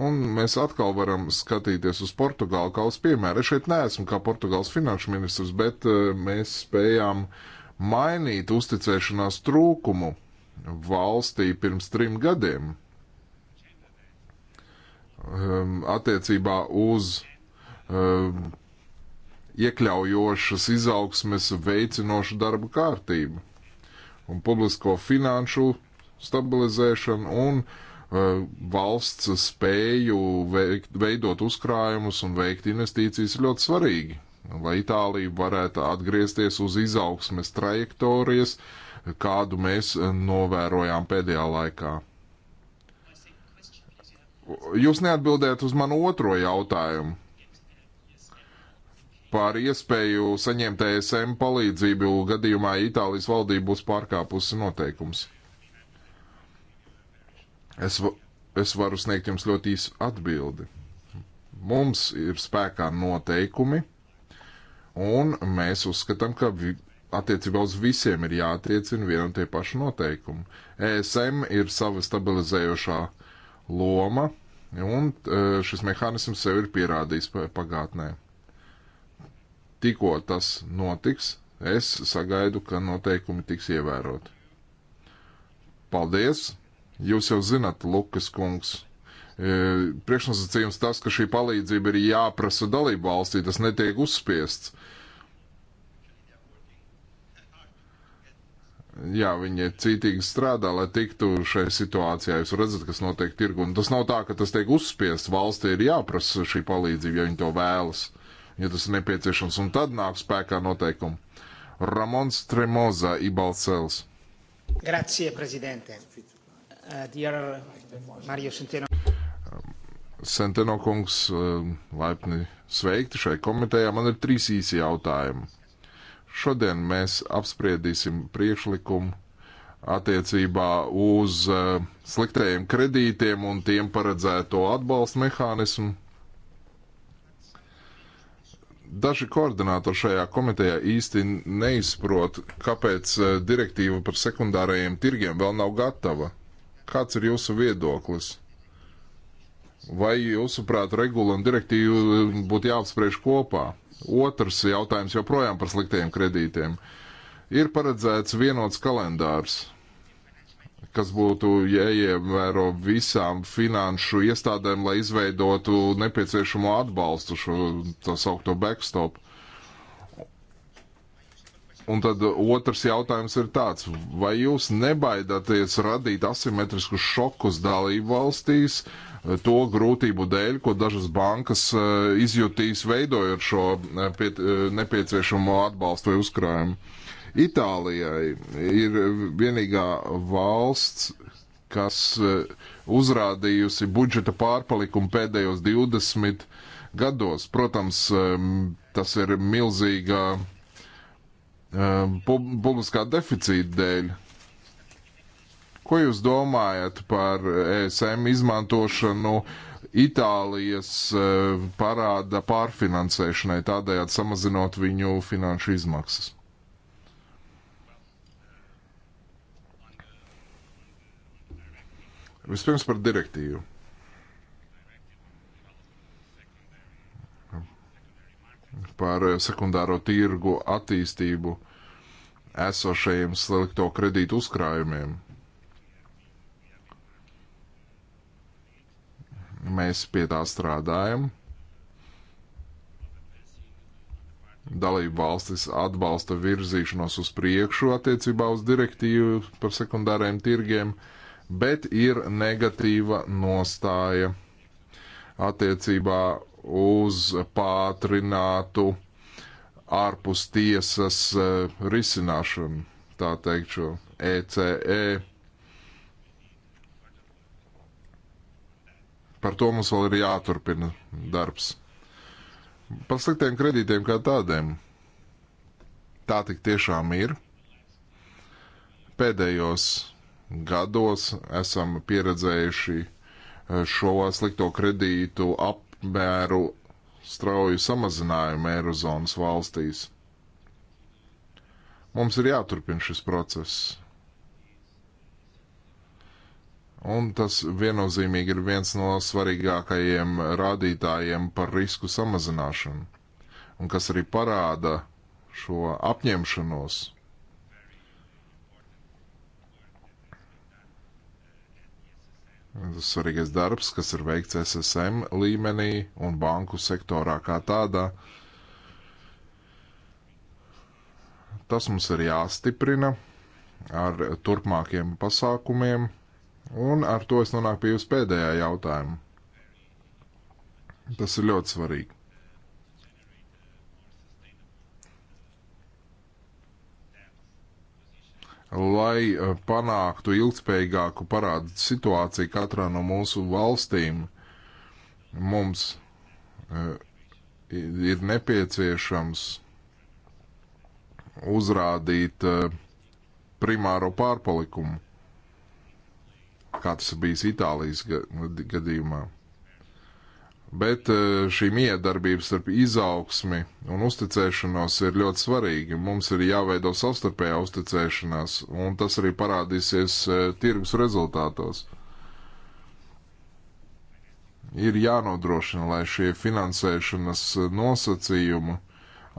Un mēs atkal varam skatīties uz Portugālu kā uz piemēru. Es šeit neesmu kā Portugāles finanšu ministrs, bet eh, mēs spējām mainīt uzticēšanās trūkumu valstī pirms trim gadiem ehm, attiecībā uz ehm, iekļaujošas izaugsmes veicinošu darbu kārtību un publisko finanšu stabilizēšanu un uh, valsts spēju veikt, veidot uzkrājumus un veikt investīcijas ir ļoti svarīgi, lai Itālija varētu atgriezties uz izaugsmes trajektorijas, kādu mēs novērojām pēdējā laikā. Jūs neatbildējat uz manu otro jautājumu par iespēju saņemt ESM palīdzību gadījumā Itālijas valdība būs pārkāpusi noteikums? Es, es varu sniegt jums ļoti īsu atbildi. Mums ir spēkā noteikumi, un mēs uzskatām, ka vi, attiecībā uz visiem ir jātiecina viena un tie paši noteikumi. ESM ir sava stabilizējošā loma, un e, šis mehānisms sev ir pierādījis pagātnē tikko tas notiks, es sagaidu, ka noteikumi tiks ievēroti. Paldies! Jūs jau zinat, Lukas kungs, e, priekšnosacījums tas, ka šī palīdzība ir jāprasa dalību valstī, tas netiek uzspiests. Jā, viņi cītīgi strādā, lai tiktu šajā situācijā. Jūs redzat, kas notiek tirgu. Un tas nav tā, ka tas tiek uzspiests. Valstī ir jāprasa šī palīdzība, ja viņi to vēlas. Uh, ja tas ir nepieciešams, un tad nāk spēkā noteikumi. Ramons Tremoza Ibalcels. Grazie, prezidente. Uh, eh, dear Mario Centeno. Senteno kungs, eh, laipni sveikti šai komitejā. Man ir trīs īsi jautājumi. Šodien mēs apspriedīsim priekšlikumu attiecībā uz eh, sliktējiem kredītiem un tiem paredzēto atbalstu mehānismu. Daži koordinātori šajā komitejā īsti neizprot, kāpēc eh, direktīva par sekundārajiem tirgiem vēl nav gatava. Kāds ir jūsu viedoklis? Vai jūsuprāt, regula un direktīva eh, būtu jāapspriež kopā? Otrs jautājums joprojām par sliktajiem kredītiem. Ir paredzēts vienots kalendārs kas būtu jāievēro visām finanšu iestādēm, lai izveidotu nepieciešamo atbalstu šo tā saukto backstop. Un tad otrs jautājums ir tāds, vai jūs nebaidāties radīt asimetriskus šokus dalību valstīs to grūtību dēļ, ko dažas bankas e, izjutīs veidojot šo nepie, e, nepieciešamo atbalstu vai uzkrājumu? Itālijai ir vienīgā valsts, kas e, uzrādījusi budžeta pārpalikumu pēdējos 20 gados. Protams, e, tas ir milzīga e, publiskā deficīta dēļ. Ko jūs domājat par ESM izmantošanu Itālijas parāda pārfinansēšanai, tādējādi samazinot viņu finanšu izmaksas? Vispirms par direktīvu. Par sekundāro tirgu attīstību esošajiem slikto kredītu uzkrājumiem. Mēs pie tā strādājam. dalību valstis atbalsta virzīšanos uz priekšu attiecībā uz direktīvu par sekundāriem tirgiem. Uh, bet ir negatīva nostāja attiecībā uz pātrinātu ārpus tiesas e, risināšanu, tā teikt, šo ECE. E. Par to mums vēl ir jāturpina darbs. Par sliktiem kredītiem kā tādiem. Tā tik tiešām ir. Pēdējos gados esam pieredzējuši eh, šo slikto kredītu apmēru strauju samazinājumu Eirozonas valstīs. Mums ir jāturpina šis process. Un tas viennozīmīgi ir viens no svarīgākajiem rādītājiem par risku samazināšanu, un kas arī parāda šo apņemšanos svarīgais darbs, kas ir veikts SSM līmenī un banku sektorā kā tādā. Tas mums ir jāstiprina ar turpmākiem pasākumiem, un ar to es nonāku pie jūsu pēdējā jautājuma. Tas ir ļoti svarīgi. lai eh, panāktu ilgspējīgāku parādu situāciju katrā no mūsu valstīm, mums eh, ir nepieciešams uzrādīt eh, primāro pārpalikumu, kā tas bijis Itālijas gadījumā. Bet eh, šī miedarbība starp izaugsmi un uzticēšanos ir ļoti svarīga. Mums ir jāveido savstarpējā uzticēšanās, un tas arī parādīsies eh, tirgus rezultātos. Ir jānodrošina, lai šie finansēšanas eh, nosacījumi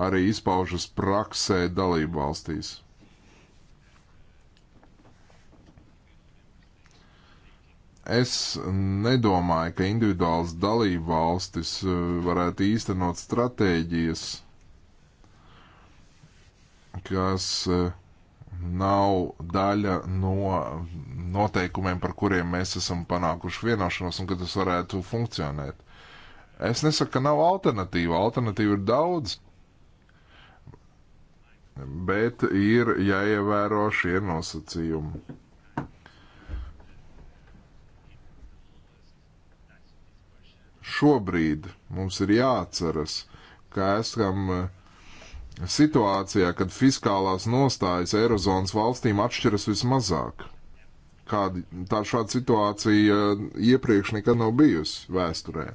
arī izpaužas praksē dalību valstīs. Es nedomāju, ka individuāls dalību valstis eh, varētu īstenot stratēģijas, kas eh, nav daļa no noteikumiem, par kuriem mēs esam panākuši vienošanos un ka tas varētu funkcionēt. Es nesaku, ka nav alternatīva. Alternatīva ir daudz, bet ir jāievēro šie nosacījumi. šobrīd mums ir jāatceras, ka esam eh, situācijā, kad fiskālās nostājas Eirozonas valstīm atšķiras vismazāk. Kāda tā šāda situācija eh, iepriekš nekad nav bijusi vēsturē.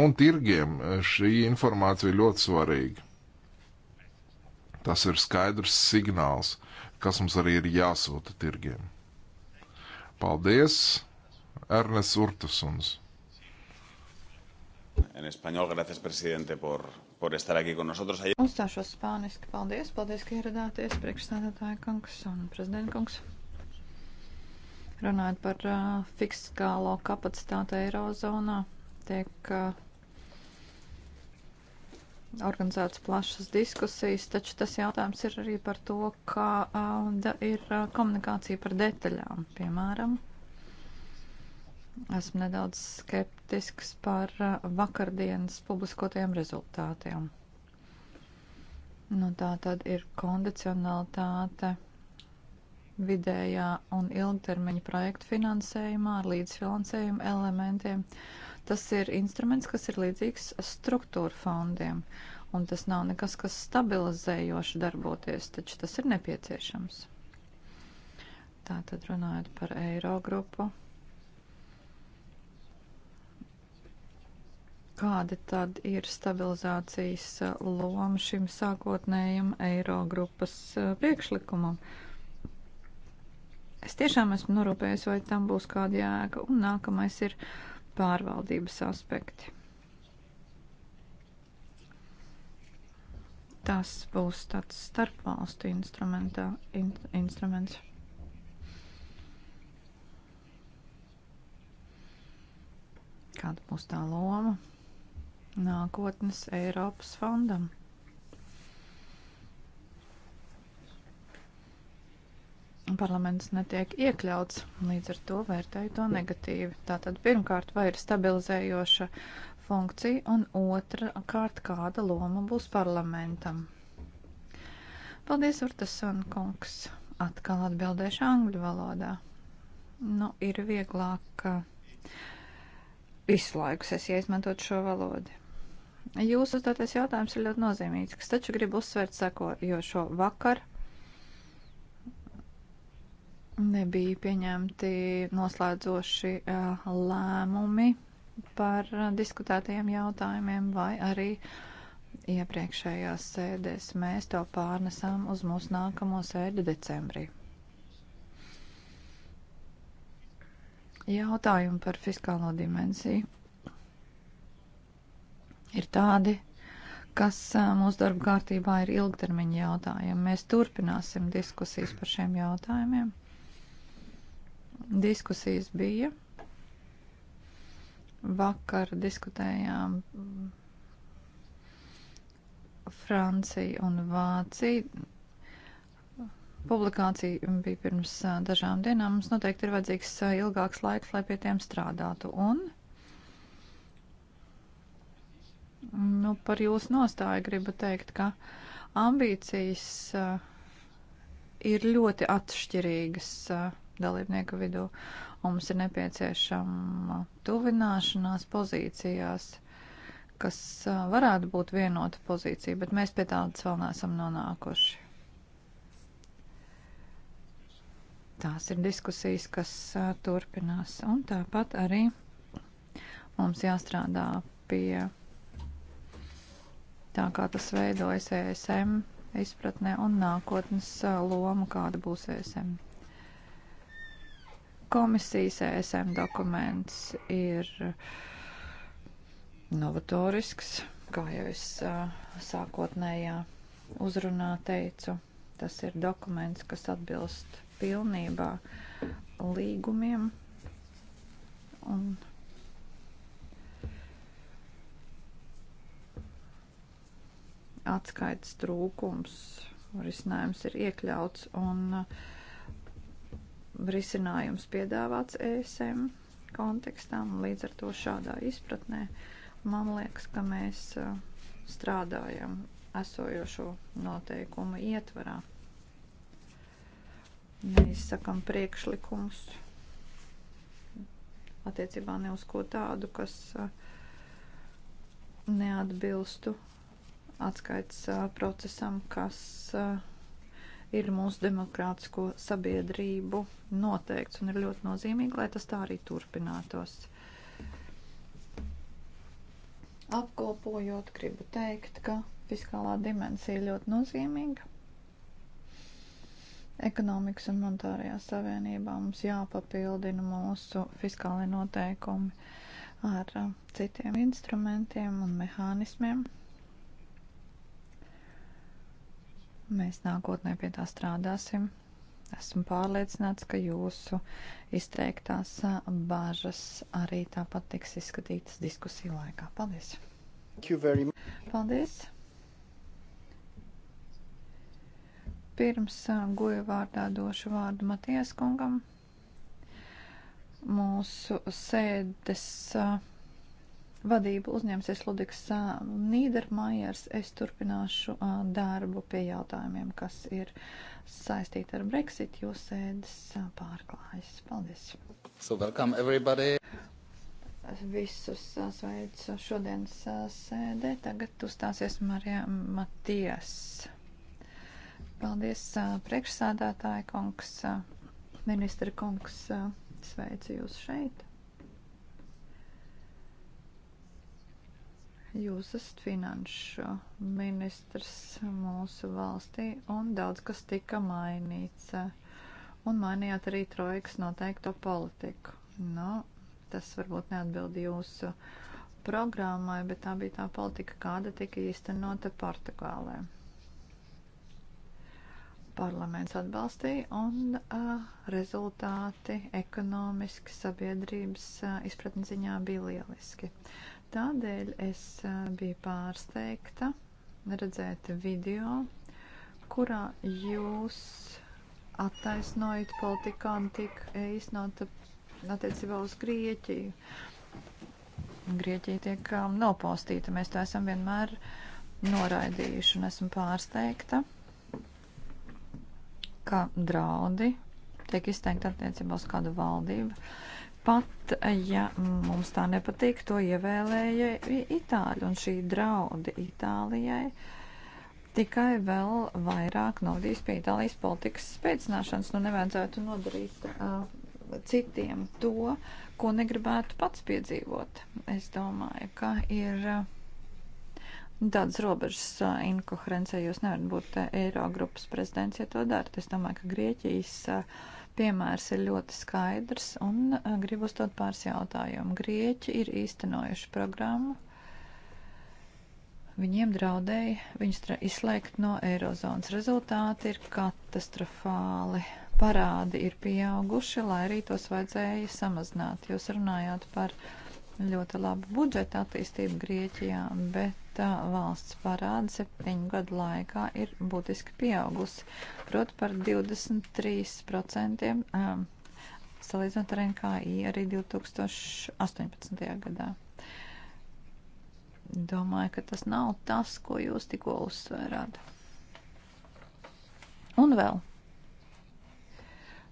Un tirgiem eh, šī informācija ļoti svarīga. Tas ir skaidrs signāls, kas mums arī ir jāsūta tirgiem. Paldies, Ernests Urtasuns! En español, gracias, presidente, por, por estar aquí con nosotros. Uzstāšos spāniski. Paldies, paldies, ka ieradāties, priekšstādātāja kungs un prezidenta kungs. Runājot par uh, fiskālo kapacitāti Eirozonā, tiek uh, organizētas plašas diskusijas, taču tas jautājums ir arī par to, kāda uh, ir uh, komunikācija par detaļām, piemēram Esmu nedaudz skeptisks par eh, vakardienas publiskotajiem rezultātiem. Nu, tā tad ir kondicionalitāte vidējā un ilgtermiņa projektu finansējumā ar līdzfinansējumu elementiem. Tas ir instruments, kas ir līdzīgs struktūra fondiem, un tas nav nekas, kas stabilizējoši darboties, taču tas ir nepieciešams. Tātad runājot par Eirogrupu, kāda tad ir stabilizācijas loma šim sākotnējam Eirogrupas priekšlikumam. Es tiešām esmu norūpējis, vai tam būs kāda jēga, un nākamais ir pārvaldības aspekti. Tas būs tāds starpvalstu in, instruments. Kāda būs tā loma? nākotnes Eiropas fondam. Parlaments netiek iekļauts, līdz ar to vērtēju to negatīvi. Tātad pirmkārt, vai ir stabilizējoša funkcija, un otra kārt, kāda loma būs parlamentam. Paldies, Urtasun kungs. Atkal atbildēšu angļu valodā. Nu, ir vieglāk visu laiku es izmantot šo valodu. Jūsu uzdotais jautājums ir ļoti nozīmīgs, kas taču grib uzsvērt sako, jo šo vakar nebija pieņemti noslēdzoši eh, lēmumi par diskutētajiem jautājumiem vai arī iepriekšējās sēdēs. Mēs to pārnesām uz mūsu nākamo sēdi decembrī. Jautājumu par fiskālo dimensiju ir tādi, kas mūsu darba kārtībā ir ilgtermiņa jautājumi. Mēs turpināsim diskusijas par šiem jautājumiem. Diskusijas bija. Vakar diskutējām Franciju un Vāciju. Publikācija bija pirms dažām dienām. Mums noteikti ir vajadzīgs ilgāks laiks, lai pie tiem strādātu. Un Nu, par jūsu nostāju gribu teikt, ka ambīcijas uh, ir ļoti atšķirīgas uh, dalībnieku vidū. Un mums ir nepieciešama tuvināšanās pozīcijās, kas uh, varētu būt vienota pozīcija, bet mēs pie tādas vēl neesam nonākuši. Tās ir diskusijas, kas uh, turpinās. Un tāpat arī mums jāstrādā pie tā kā tas veidojas ESM izpratnē un nākotnes loma, kāda būs ESM. Komisijas ESM dokuments ir novatorisks, kā jau es sākotnējā uzrunā teicu. Tas ir dokuments, kas atbilst pilnībā līgumiem un atskaites trūkums, risinājums ir iekļauts un uh, risinājums piedāvāts ESM kontekstam. Līdz ar to šādā izpratnē man liekas, ka mēs uh, strādājam esojošo noteikumu ietvarā. Mēs sakam priekšlikumus attiecībā ne uz ko tādu, kas uh, neatbilstu atskaits procesam, kas ir mūsu demokrātisko sabiedrību noteikts un ir ļoti nozīmīgi, lai tas tā arī turpinātos. Apkopojot, gribu teikt, ka fiskālā dimensija ļoti nozīmīga. Ekonomikas un monetārajā savienībā mums jāpapildina mūsu fiskālai noteikumi ar citiem instrumentiem un mehānismiem, Mēs nākotnē pie tā strādāsim. Esmu pārliecināts, ka jūsu izteiktās bažas arī tāpat tiks izskatītas diskusiju laikā. Paldies! Paldies! Pirms goja vārdā došu vārdu Matijas kungam. Mūsu sēdes. Uh, vadību uzņemsies Ludiks Nīdermājers. Es turpināšu darbu pie jautājumiem, kas ir saistīti ar Brexit. Jūs sēdes pārklājas. Paldies! So welcome everybody! Visus sveicu šodienas sēdē. Tagad uzstāsies Marija Matijas. Paldies, priekšsādātāja kungs, ministra kungs, sveicu jūs šeit. Jūs esat finanšu ministrs mūsu valstī un daudz kas tika mainīts. Un mainījāt arī trojkas noteikto politiku. Nu, tas varbūt neatbild jūsu programmai, bet tā bija tā politika, kāda tika īstenota Portugālē. Parlaments atbalstīja un uh, rezultāti ekonomiski sabiedrības uh, izpratni ziņā bija lieliski. Uh, Tādēļ es biju pārsteigta redzēt video, kurā jūs attaisnojat politikā un tik īstenota attiecībā uz Grieķiju. Grieķija tiek um, nopostīta. Mēs to esam vienmēr noraidījuši un esmu pārsteigta, ka draudi tiek izteikti attiecībā uz kādu valdību. Pat ja mums tā nepatīk, to ievēlēja Itāļi, un šī draudi Itālijai tikai vēl vairāk novadīs pie Itālijas politikas spēcināšanas. Nu, nevajadzētu nodarīt uh, citiem to, ko negribētu pats piedzīvot. Es domāju, ka ir. Uh, Tādas robežas inkoherencē jūs nevarat būt Eirogrupas prezidents, ja to darat. Es domāju, ka Grieķijas uh, Piemērs ir ļoti skaidrs un eh, gribu uzdot pāris jautājumu. Grieķi ir īstenojuši programmu. Viņiem draudēja viņus izslēgt no eirozonas. Rezultāti ir katastrofāli. Parādi ir pieauguši, lai arī tos vajadzēja samazināt. Jūs runājāt par ļoti labu budžeta attīstību Grieķijā, bet valsts parāda septiņu gadu laikā ir būtiski pieaugusi, proti par 23% um, salīdzinot ar NKI arī 2018. gadā. Domāju, ka tas nav tas, ko jūs tikko uzsvērāt. Un vēl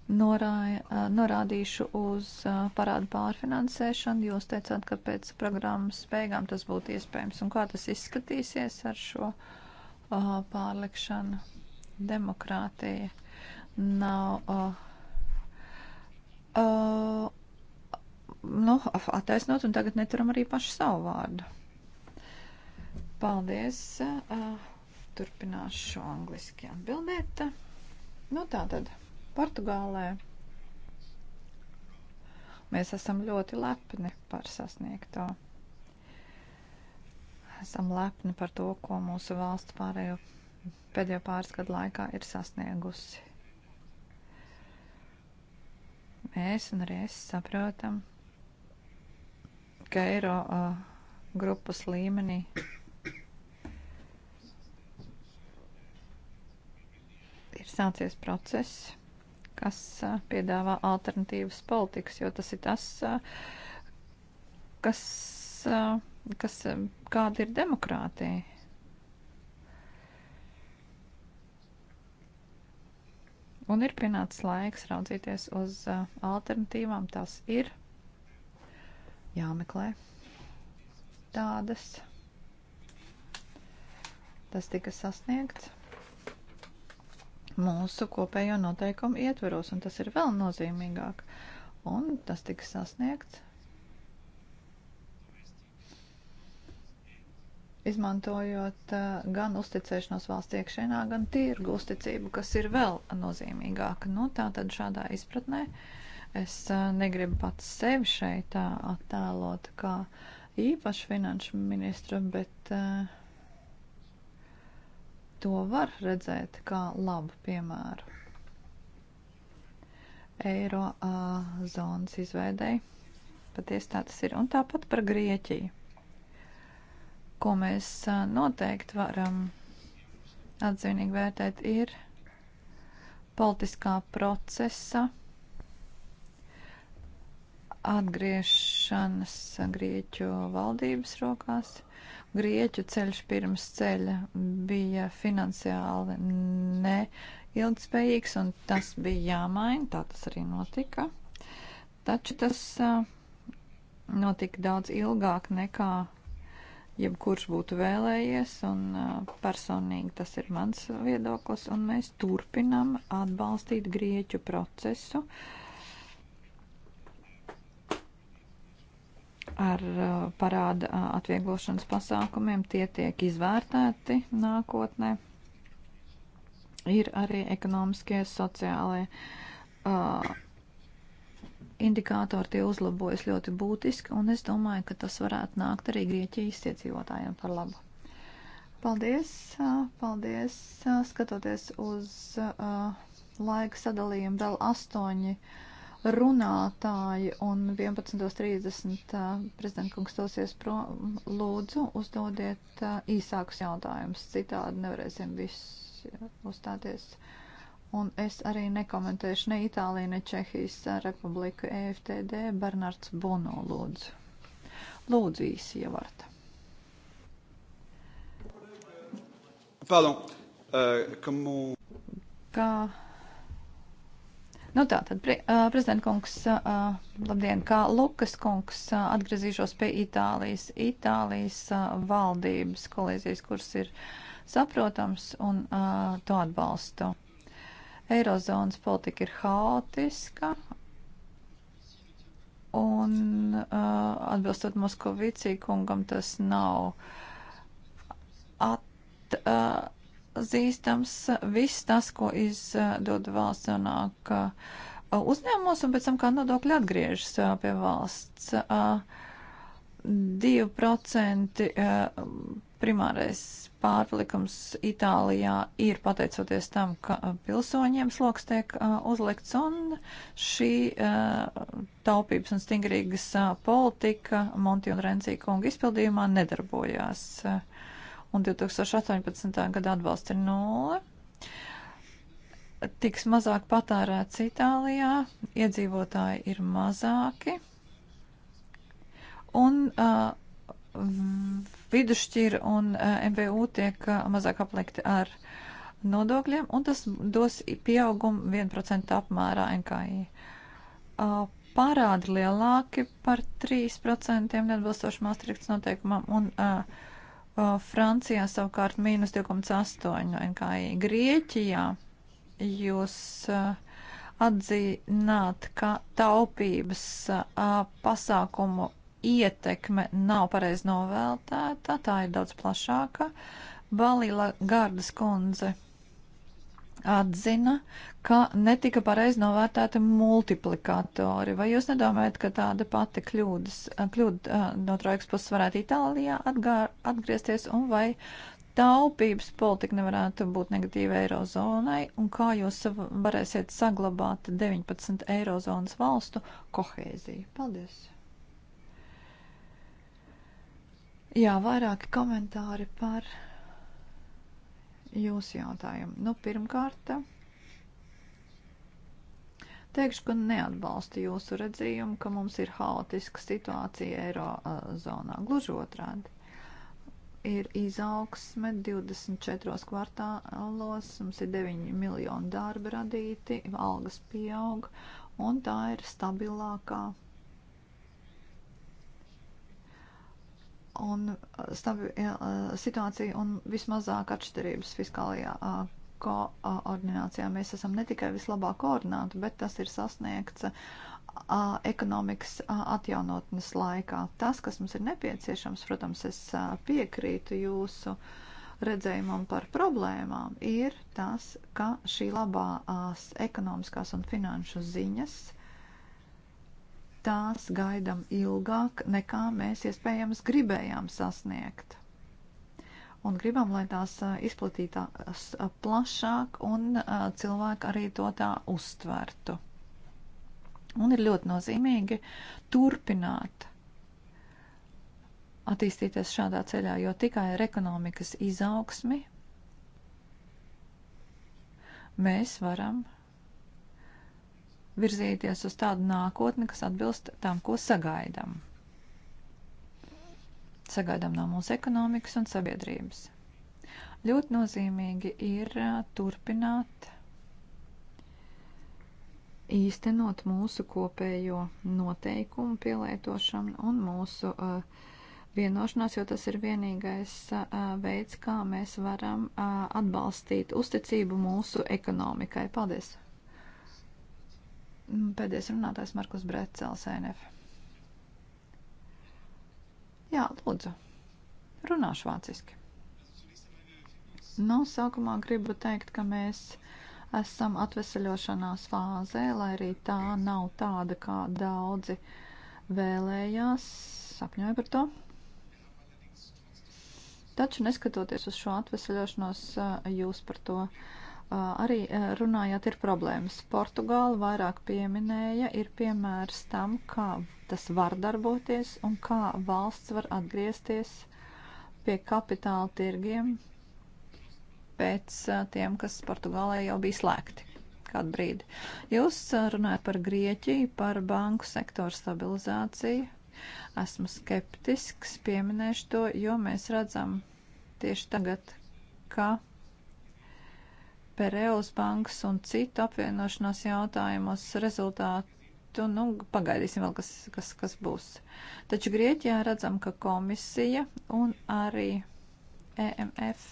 norāja, norādīšu uz parādu pārfinansēšanu. Jūs teicāt, ka pēc programmas beigām tas būtu iespējams. Un kā tas izskatīsies ar šo uh, pārlikšanu? Demokrātija nav. Uh, uh, nu, attaisnot, un tagad neturam arī pašu savu vārdu. Paldies. Uh, turpināšu angliski atbildēt. Nu, tā tad. Portugālē mēs esam ļoti lepni par sasniegto. Esam lepni par to, ko mūsu valsts pārējo pēdējo pāris gadu laikā ir sasniegusi. Mēs un arī es saprotam, ka Eiro uh, grupas līmenī ir sācies process, kas piedāvā alternatīvas politikas, jo tas ir tas, kas, kas kāda ir demokrātija. Un ir pienācis laiks raudzīties uz alternatīvām. Tās ir jāmeklē tādas. Tas tika sasniegts mūsu kopējo noteikumu ietveros, un tas ir vēl nozīmīgāk. Un tas tiks sasniegts. Izmantojot uh, gan uzticēšanos valsts iekšēnā, gan tirgu uzticību, kas ir vēl nozīmīgāka. Nu, tā tad šādā izpratnē es uh, negribu pats sevi šeit uh, attēlot kā īpašu finanšu ministru, bet uh, to var redzēt kā labu piemēru. Eiro uh, zonas izveidēji. Patiesi tā tas ir. Un tāpat par Grieķiju, ko mēs uh, noteikti varam atzīmīgi vērtēt, ir politiskā procesa atgriešanas Grieķu valdības rokās. Uh, Grieķu ceļš pirms ceļa bija finansiāli neilgtspējīgs, un tas bija jāmaina, tā tas arī notika. Taču tas notika daudz ilgāk nekā jebkurš būtu vēlējies, un personīgi tas ir mans viedoklis, un mēs turpinam atbalstīt Grieķu procesu. Uh, ar uh, parāda uh, atvieglošanas pasākumiem. Tie tiek izvērtēti nākotnē. Ir arī ekonomiskie, sociālie uh, indikātori, tie uzlabojas ļoti būtiski, un es domāju, ka tas varētu nākt arī Grieķijas iedzīvotājiem par labu. Paldies, uh, paldies, skatoties uz uh, laika sadalījumu vēl astoņi. Uh, runātāji un 11.30 prezidenta kungs dosies prom. Lūdzu, uzdodiet īsākus jautājumus, citādi nevarēsim visus uzstāties. Un es arī nekomentēšu ne Itāliju, ne Čehijas republiku EFTD. Bernards Bono, lūdzu. Lūdzu, īsi, ja varat. Pardon. Uh, comment... Kā Nu tā, tad pre, uh, prezidenta kungs, uh, labdien, kā Lukas kungs, uh, atgriezīšos pie Itālijas. Itālijas uh, valdības kolēzijas kurs ir saprotams un uh, to atbalstu. Eirozonas politika ir haotiska un uh, atbilstot Moskovici kungam tas nav at. Uh, atpazīstams viss tas, ko izdod valsts nonāk uzņēmumos un pēc tam kā nodokļi atgriežas pie valsts. 2% primārais pārpalikums Itālijā ir pateicoties tam, ka pilsoņiem sloks tiek uzlikts un šī taupības un stingrīgas politika Monti un Renzī kunga izpildījumā nedarbojās. Uh, un 2018. gada atbalsts ir nulle. Tiks mazāk patērēts Itālijā, iedzīvotāji ir mazāki, un uh, vidušķira un uh, MVU tiek uh, mazāk aplikti ar nodokļiem, un tas dos pieaugumu 1% apmērā NKI. Uh, parādi lielāki par 3% neatbilstoši Maastrichts noteikumam, un uh, Francijā savukārt mīnus 2,8 no NKI. Grieķijā jūs e, atzīnāt, ka taupības e, pasākumu ietekme nav pareizi novēltēta, tā ir daudz plašāka. Balila Gardas kundze atzina, ka netika pareizi novērtēti multiplikatori. Vai jūs nedomājat, ka tāda pati kļūdas, kļūda eh, no trojkas puses varētu Itālijā atgār, atgriezties un vai taupības politika nevarētu būt negatīva eirozonai un kā jūs varēsiet saglabāt 19 eirozonas valstu kohēziju? Paldies! Jā, vairāki komentāri par jūsu jautājumu. Nu, pirmkārt, teikšu, ka neatbalstu jūsu redzījumu, ka mums ir haotiska situācija Eirozonā. Gluži otrādi. Ir izaugsme 24 kvartālos, mums ir 9 miljoni darba radīti, algas pieaug, un tā ir stabilākā un eh, stabi, eh, eh, situāciju un vismazāk atšķirības fiskālajā koordinācijā. Mēs esam ne tikai vislabāk koordināti, bet tas ir sasniegts ekonomikas atjaunotnes laikā. Tas, kas mums ir nepieciešams, protams, es piekrītu jūsu redzējumam par problēmām, ir tas, ka šī labās ekonomiskās un finanšu ziņas tās gaidam ilgāk, nekā mēs iespējams gribējām sasniegt. Un gribam, lai tās izplatītās plašāk un cilvēki arī to tā uztvertu. Un ir ļoti nozīmīgi turpināt attīstīties šādā ceļā, jo tikai ar ekonomikas izaugsmi mēs varam virzīties uz tādu nākotni, kas atbilst tam, ko sagaidām. Sagaidām no mūsu ekonomikas un sabiedrības. Ļoti nozīmīgi ir turpināt īstenot mūsu kopējo noteikumu pielietošanu un mūsu uh, vienošanās, jo tas ir vienīgais uh, veids, kā mēs varam uh, atbalstīt uzticību mūsu ekonomikai. Paldies! Pēdējais runātājs Markus Brecels, ANF. Jā, lūdzu, runāšu vāciski. Nu, sākumā gribu teikt, ka mēs esam atvesaļošanās fāzē, lai arī tā nav tāda, kā daudzi vēlējās, sapņoja par to. Taču, neskatoties uz šo atvesaļošanos, eh, jūs par to uh, arī runājāt, ir problēmas. Portugāla vairāk pieminēja, ir piemērs tam, kā tas var darboties un kā valsts var atgriezties pie kapitāla tirgiem pēc tiem, kas Portugālē jau bija slēgti kādu brīdi. Jūs runājat par Grieķiju, par banku sektoru stabilizāciju. Esmu skeptisks, pieminēšu to, jo mēs redzam tieši tagad, ka Pereus bankas un citu apvienošanās jautājumos rezultātu, nu, pagaidīsim vēl, kas, kas, kas būs. Taču Grieķijā redzam, ka komisija un arī EMF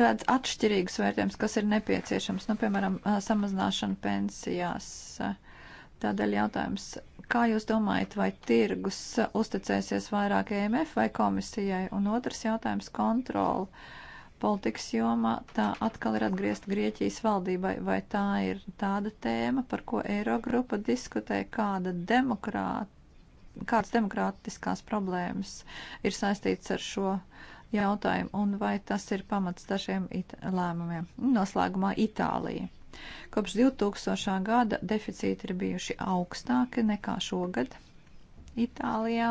redz atšķirīgus vērtējumus, kas ir nepieciešams, nu, piemēram, samazināšana pensijās. Tādēļ jautājums Kā jūs domājat, vai tirgus uzticēsies vairāk EMF vai komisijai? Un otrs jautājums - kontrola politikas jomā. Tā atkal ir atgriezt Grieķijas valdībai. Vai tā ir tāda tēma, par ko Eirogrupa diskutē, kāda demokrāta, kādas demokrātiskās problēmas ir saistīts ar šo jautājumu, un vai tas ir pamats dažiem it lēmumiem? Noslēgumā Itālija Kopš 2000. gada deficīti ir bijuši augstāki nekā šogad Itālijā.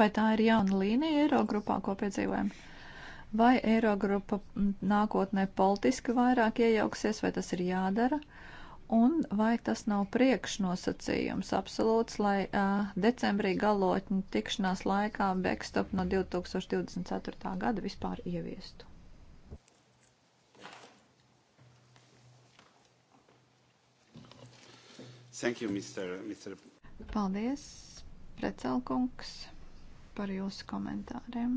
Vai tā ir jauna līnija Eirogrupā, ko piedzīvojam? Vai Eirogrupa nākotnē politiski vairāk iejauksies, vai tas ir jādara? un vai tas nav priekšnosacījums absolūts, lai uh, decembrī galotņu tikšanās laikā backstop no 2024. gada vispār ieviestu? Thank you, Mr. Mr. Paldies, Precelkungs, par jūsu komentāriem.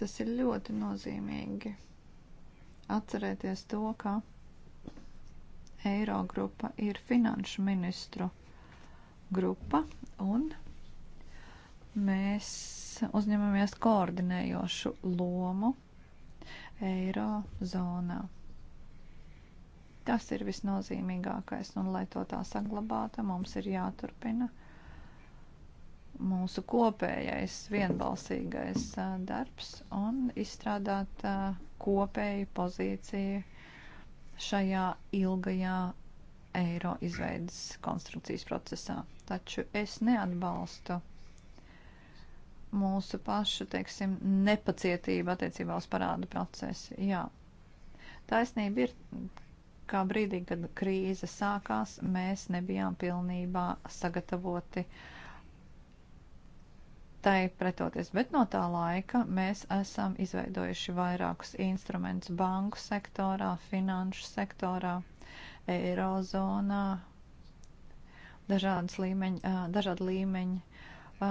Tas ir ļoti nozīmīgi atcerēties to, ka Eirogrupa ir finanšu ministru grupa un mēs uzņemamies koordinējošu lomu Eirozonā. Tas ir visnozīmīgākais, un lai to tā saglabātu, mums ir jāturpina mūsu kopējais vienbalsīgais darbs un izstrādāt kopēju pozīciju šajā ilgajā eiro izveidas konstrukcijas procesā. Taču es neatbalstu mūsu pašu, teiksim, nepacietību attiecībā uz parādu procesu. Jā, taisnība ir, ka brīdī, kad krīze sākās, mēs nebijām pilnībā sagatavoti tai pretoties, bet no tā laika mēs esam izveidojuši vairākus instrumentus banku sektorā, finanšu sektorā, eirozonā, dažādas līmeņa, dažāda līmeņa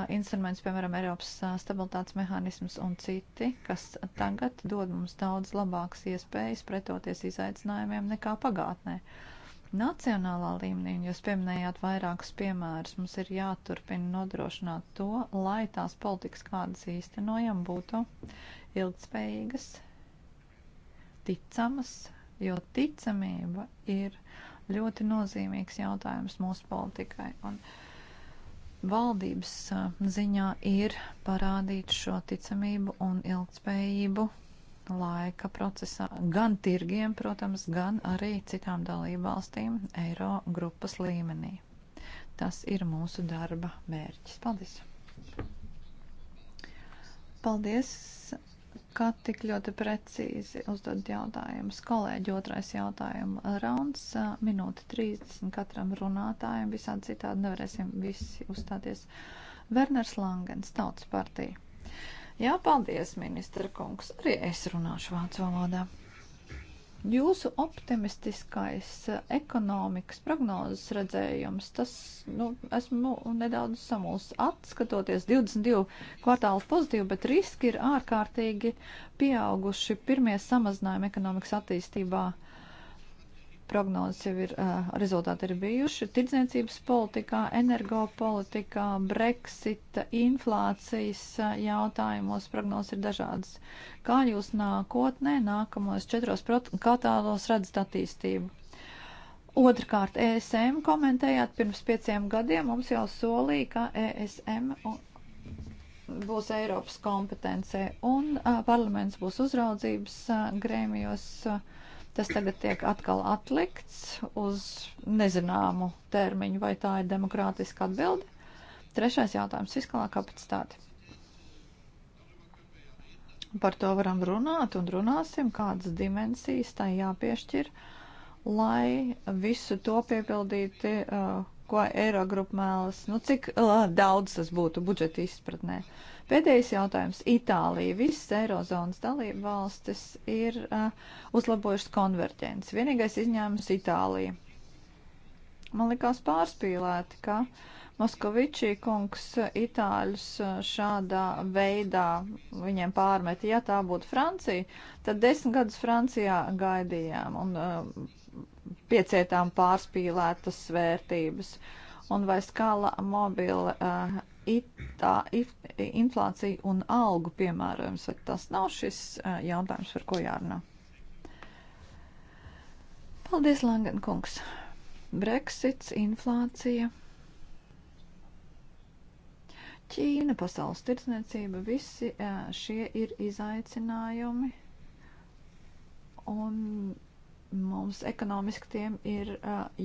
instruments, piemēram, Eiropas stabilitātes mehānisms un citi, kas tagad dod mums daudz labākas iespējas pretoties izaicinājumiem nekā pagātnē. Nacionālā līmenī, un jūs pieminējāt vairākus piemērus, mums ir jāturpina nodrošināt to, lai tās politikas, kādas īstenojam, būtu ilgspējīgas, ticamas, jo ticamība ir ļoti nozīmīgs jautājums mūsu politikai. Un, uh, valdības ziņā ir parādīt šo ticamību un ilgspējību laika procesā gan tirgiem, protams, gan arī citām dalībvalstīm eiro grupas līmenī. Tas ir mūsu darba mērķis. Paldies! Paldies! ka tik ļoti precīzi uzdod jautājumus. Kolēģi, otrais jautājuma rauns, minūte 30 katram runātājam, visādi citādi nevarēsim visi uzstāties. Werners Langens, Tautas partija. Jā, paldies, ministra kungs. Arī es runāšu vācu valodā. Jūsu optimistiskais eh, ekonomikas prognozes redzējums, tas, nu, esmu nedaudz samuls. Atskatoties 22 kvartālu pozitīvi, bet riski ir ārkārtīgi pieauguši pirmie samazinājumi ekonomikas attīstībā. Uh, prognozes jau ir, eh, rezultāti ir bijuši tirdzniecības politikā, energopolitikā, Brexita, inflācijas eh, jautājumos prognozes ir dažādas. Kā jūs nākotnē, nākamos četros katālos redzat attīstību? Otrkārt, ESM komentējāt pirms pieciem gadiem, mums jau solīja, ka ESM būs Eiropas kompetencē un a, eh, parlaments būs uzraudzības a, grēmijos. A, Tas tagad tiek atkal atlikts uz nezināmu termiņu, vai tā ir demokrātiska atbilde. Trešais jautājums - fiskālā kapacitāte. Par to varam runāt un runāsim, kādas dimensijas tai jāpiešķir, lai visu to piepildītu, eh, ko Eirogrupa mēlas. Nu, cik eh, daudz tas būtu budžeta izpratnē? Uh, Pēdējais jautājums. Itālija, visas Eirozonas dalība valstis ir uh, uzlabojušas konverģents. Vienīgais izņēmums Itālija. Man likās pārspīlēti, ka Moskovičī kungs Itāļus eh, šādā veidā viņiem pārmet. Ja tā būtu Francija, tad desmit gadus Francijā gaidījām un uh, piecietām pārspīlētas svērtības. Un vai skala mobila uh, itā, if, inflācija un algu piemērojums, vai tas nav šis jautājums, par ko jārunā? Paldies, Langen kungs. Brexits, inflācija. Ķīna, pasaules tirdzniecība, visi šie ir izaicinājumi. Un mums ekonomiski tiem ir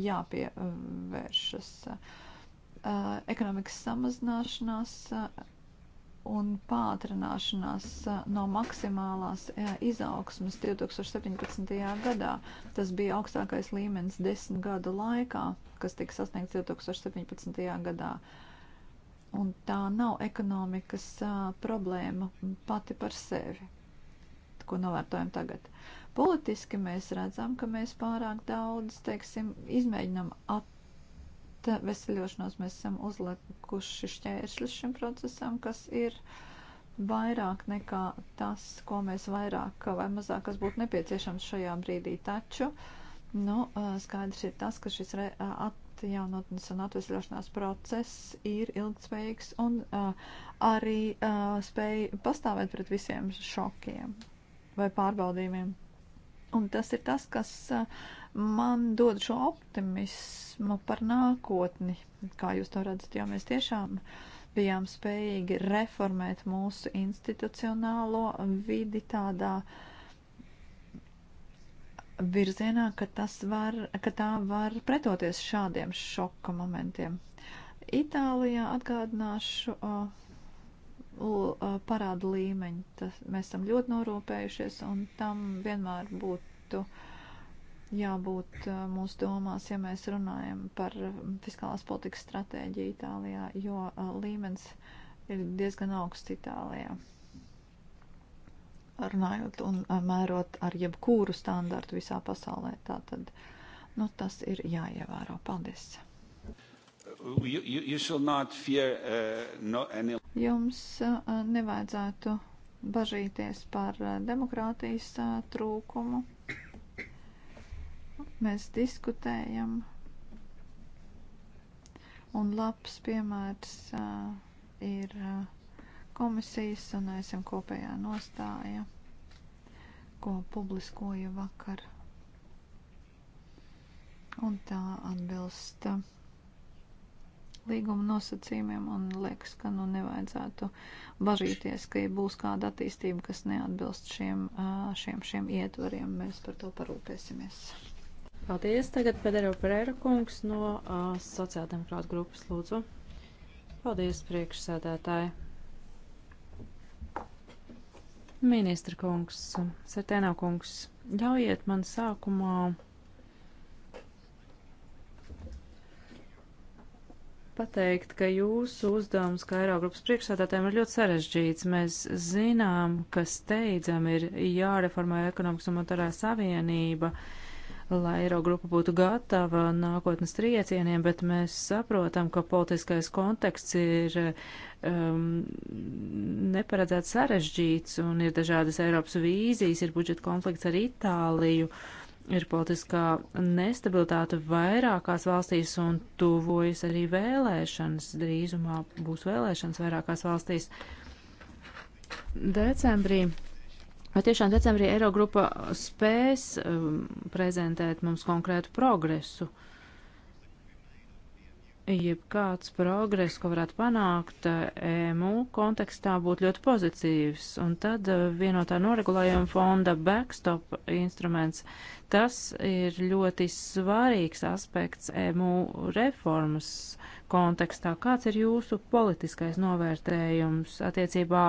jāpievēršas. Uh, uh, ekonomikas samazināšanās uh, un pātrināšanās no maksimālās izaugsmas 2017. gadā. Tas bija augstākais līmenis desmit gadu laikā, kas tika sasniegts 2017. gadā. Un tā nav ekonomikas problēma pati par sevi, ko novērtojam tagad. Politiski mēs redzam, ka mēs pārāk daudz, teiksim, izmēģinam attīstīt Eh, veseļošanos mēs esam uzlikuši šķēršļus šim procesam, kas ir vairāk nekā tas, ko mēs vairāk vai mazāk, kas būtu nepieciešams šajā brīdī. Taču, nu, eh, skaidrs ir tas, ka šis re, at, eh, atjaunotnes un atvesļošanās process ir ilgspējīgs un uh, arī uh, spēj pastāvēt pret visiem šokiem vai pārbaudījumiem. Un tas ir tas, kas man dod šo optimismu par nākotni. Kā jūs to redzat, jo mēs tiešām bijām spējīgi reformēt mūsu institucionālo vidi tādā virzienā, ka, var, ka tā var pretoties šādiem šoka momentiem. Itālijā atgādināšu. Uh, parādu līmeņi. Tas, mēs tam ļoti norūpējušies, un tam vienmēr būtu jābūt mūsu domās, ja mēs runājam par fiskālās politikas stratēģiju Itālijā, jo līmenis ir diezgan augsts Itālijā. Runājot un mērot ar jebkuru standartu visā pasaulē, tā tad nu, tas ir jāievēro. Paldies! You, you, you fear, uh, no any... Jums uh, nevajadzētu bažīties par uh, demokrātijas uh, trūkumu. Mēs diskutējam. Un labs piemērs uh, ir uh, komisijas un esam kopējā nostāja, ko publiskoja vakar. Un tā atbilst. Uh, līguma nosacījumiem, un liekas, ka nu nevajadzētu bažīties, ka ja būs kāda attīstība, kas neatbilst šiem, šiem, šiem ietvariem. Mēs par to parūpēsimies. Paldies. Tagad Pedro Pereira kungs no uh, sociāldemokrāta grupas lūdzu. Paldies, priekšsēdētāji. Ministra kungs, Sertēnā kungs, ļaujiet man sākumā pateikt, ka jūsu uzdevums, kā Eirogrupas priekšsādātājiem, ir ļoti sarežģīts. Mēs zinām, ka steidzam ir jāreformē ekonomikas un monetārā savienība, lai Eirogrupa būtu gatava nākotnes triecieniem, bet mēs saprotam, ka politiskais konteksts ir um, neparedzēts sarežģīts un ir dažādas Eiropas vīzijas, ir budžeta konflikts ar Itāliju. Uh, ir politiskā nestabilitāte vairākās valstīs un tuvojas arī vēlēšanas. Drīzumā būs vēlēšanas vairākās valstīs. Decembrī, vai tiešām decembrī Eirogrupa spēs um, prezentēt mums konkrētu progresu? Uh, jebkāds progress, ko varētu panākt eh, EMU kontekstā, būtu ļoti pozitīvs. Un tad eh, vienotā noregulējuma fonda backstop instruments, tas ir ļoti svarīgs aspekts EMU reformas kontekstā. Kāds ir jūsu politiskais novērtējums attiecībā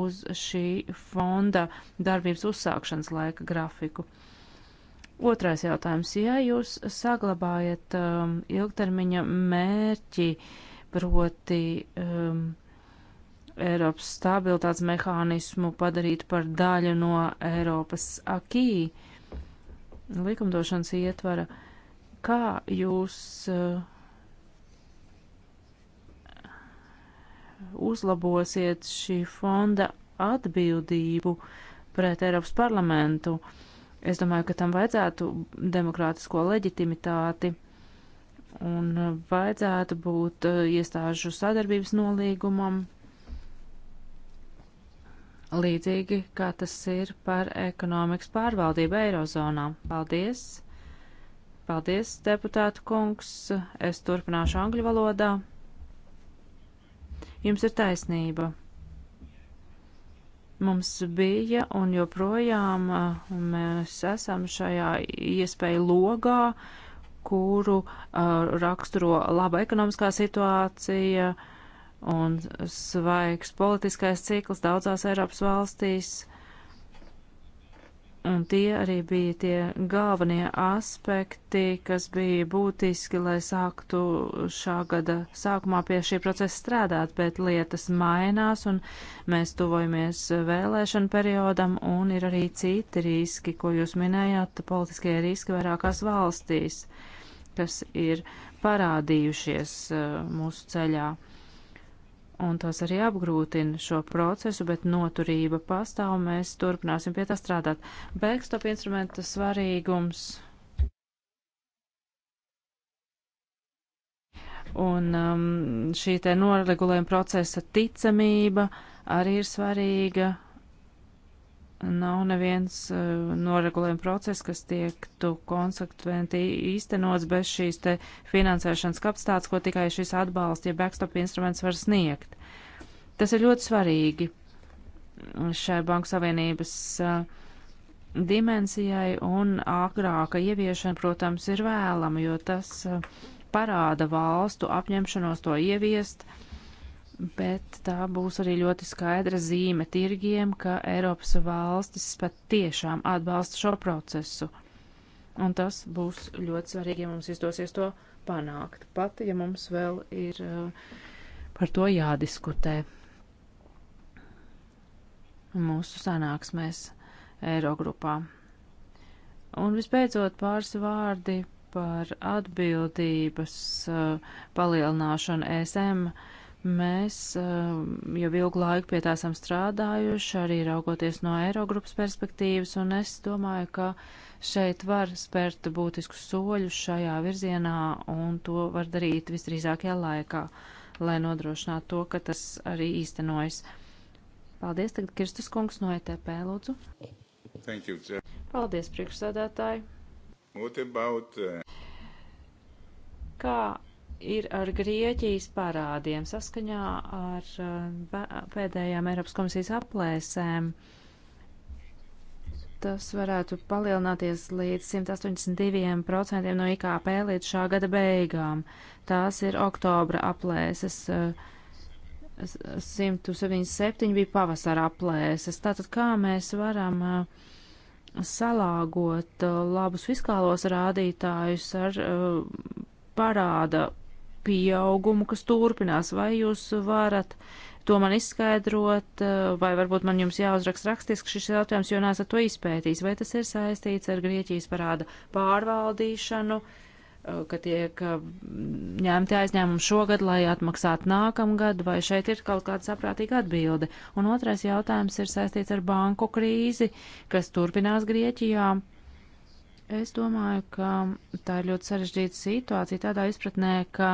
uz šī fonda darbības uzsākšanas laika grafiku? Otrais jautājums. Ja jūs saglabājat um, ilgtermiņa mērķi, proti um, Eiropas stabilitātes mehānismu padarīt par daļu no Eiropas akī likumdošanas ietvara, kā jūs uh, uzlabosiet šī fonda atbildību pret Eiropas parlamentu? Uh, Es domāju, ka tam vajadzētu demokrātisko leģitimitāti un vajadzētu būt eh, iestāžu sadarbības nolīgumam līdzīgi, kā tas ir par ekonomikas pārvaldību Eirozonā. Paldies! Paldies, deputāta kungs! Es turpināšu angļu valodā. Jums ir taisnība. Mums bija un joprojām uh, mēs esam šajā iespēju logā, kuru uh, raksturo laba ekonomiskā situācija un svaigs politiskais cikls daudzās Eiropas valstīs. Uh, Un tie arī bija tie galvenie aspekti, kas bija būtiski, lai sāktu šā gada sākumā pie šī procesa strādāt, bet lietas mainās un mēs tuvojamies vēlēšanu periodam un ir arī citi riski, ko jūs minējāt, politiskie riski vairākās valstīs, kas ir parādījušies uh, mūsu ceļā un tas arī apgrūtina šo procesu, bet noturība pastāv, mēs turpināsim pie tā strādāt. Backstop instrumenta svarīgums un um, šī te noregulējuma procesa ticamība arī ir svarīga nav neviens uh, noregulējuma process, kas tiektu konsekventi īstenots bez šīs te finansēšanas kapacitātes, ko tikai šis atbalsts, ja backstop instruments var sniegt. Tas ir ļoti svarīgi šai Banku Savienības uh, dimensijai un agrāka ieviešana, protams, ir vēlama, jo tas uh, parāda valstu apņemšanos to ieviest. Uh, bet tā būs arī ļoti skaidra zīme tirgiem, ka Eiropas valstis pat tiešām atbalsta šo procesu. Un tas būs ļoti svarīgi, ja mums izdosies to panākt, pat ja mums vēl ir eh, par to jādiskutē. Mūsu sanāksmēs Eirogrupā. Un visbeidzot pāris vārdi par atbildības eh, palielināšanu ESM. Uh, Mēs um, jau ilgu laiku pie tā esam strādājuši, arī raugoties no Eirogrupas perspektīvas, un es domāju, ka šeit var spērt būtiskus soļus šajā virzienā, un to var darīt visdrīzākajā laikā, lai nodrošinātu to, ka tas arī īstenojas. Paldies, tagad Kirstus kungs no ETP, lūdzu. Thank you, sir. Paldies, priekšsēdētāji. What about... Uh... Kā ir ar Grieķijas parādiem saskaņā ar uh, pēdējām Eiropas komisijas aplēsēm. Tas varētu palielināties līdz 182% no IKP līdz šā gada beigām. Tās ir oktobra aplēses. 177 uh, bija pavasara aplēses. Tātad kā mēs varam uh, salāgot uh, labus fiskālos rādītājus ar uh, parāda pieaugumu, kas turpinās. Vai jūs varat to man izskaidrot, eh, vai varbūt man jums jāuzraksta rakstiski šis jautājums, jo nesat to izpētījis, vai tas ir saistīts ar Grieķijas parāda pārvaldīšanu, eh, ka tiek eh, ņemti aizņēmumi šogad, lai atmaksātu nākamgad, vai šeit ir kaut kāda saprātīga atbilde. Un otrais jautājums ir saistīts ar banku krīzi, kas turpinās Grieķijā. Es domāju, ka tā ir ļoti sarežģīta situācija tādā izpratnē, ka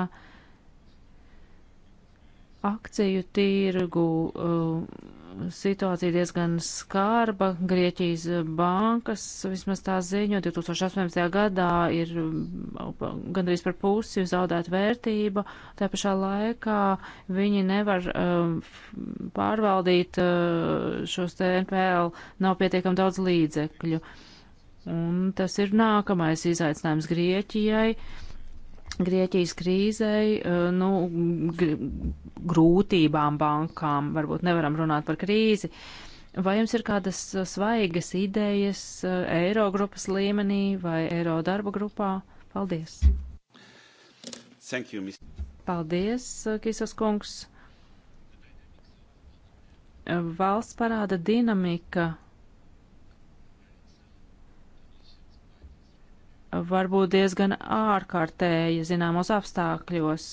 akciju tirgu uh, situācija diezgan skarba. Grieķijas bankas, vismaz tā ziņo, 2018. gadā ir uh, gandrīz par pusi zaudēta vērtība. Tā pašā laikā viņi nevar uh, pārvaldīt šos te NPL, nav pietiekam daudz līdzekļu. Uh, Un tas ir nākamais izaicinājums Grieķijai. Grieķijas krīzei, eh, nu, grūtībām bankām, varbūt nevaram runāt par krīzi. Vai jums ir kādas svaigas idejas eh, Eirogrupas līmenī vai Eiro darba grupā? Paldies! Thank you, Ms. Paldies, eh, Kisas kungs! Valsts parāda dinamika var būt diezgan ārkārtēji zināmos apstākļos.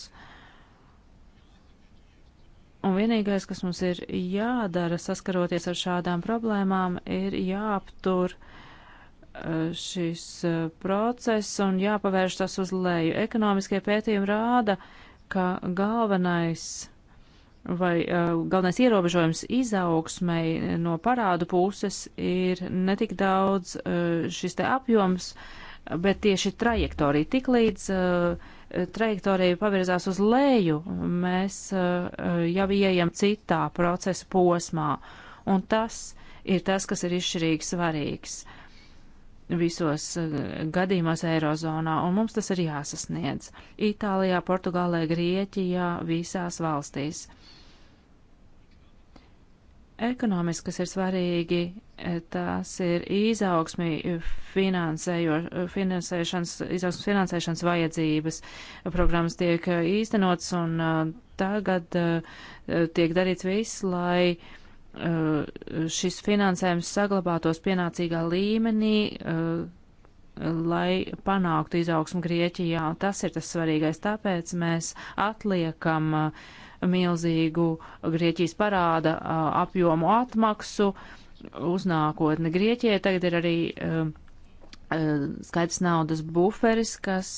Un vienīgais, kas mums ir jādara saskaroties ar šādām problēmām, ir jāaptur eh, šis eh, process un jāpavērš tas uz leju. Ekonomiskie pētījumi rāda, ka galvenais vai eh, galvenais ierobežojums izaugsmai no parādu puses ir netik daudz šis te apjoms, uh, bet tieši trajektorija. Tik līdz uh, eh, trajektorija pavirzās uz leju, mēs uh, jau ieejam citā procesa posmā, un tas ir tas, kas ir izšķirīgi svarīgs visos uh, gadījumos Eirozonā, un mums tas ir jāsasniedz. Itālijā, Portugālē, Grieķijā, visās valstīs. Uh, ekonomiski, kas ir svarīgi, e, tās ir izaugsmi finansēšanas, izaugsmas finansēšanas vajadzības. Programmas tiek e, īstenots un e, tagad tiek darīts viss, lai šis finansējums saglabātos pienācīgā līmenī, lai panāktu izaugsmu Grieķijā. Tas ir tas svarīgais, tāpēc mēs atliekam uh, milzīgu Grieķijas parāda apjomu atmaksu uz nākotni. Grieķijai tagad ir arī uh, Eh, skaidrs naudas buferis, kas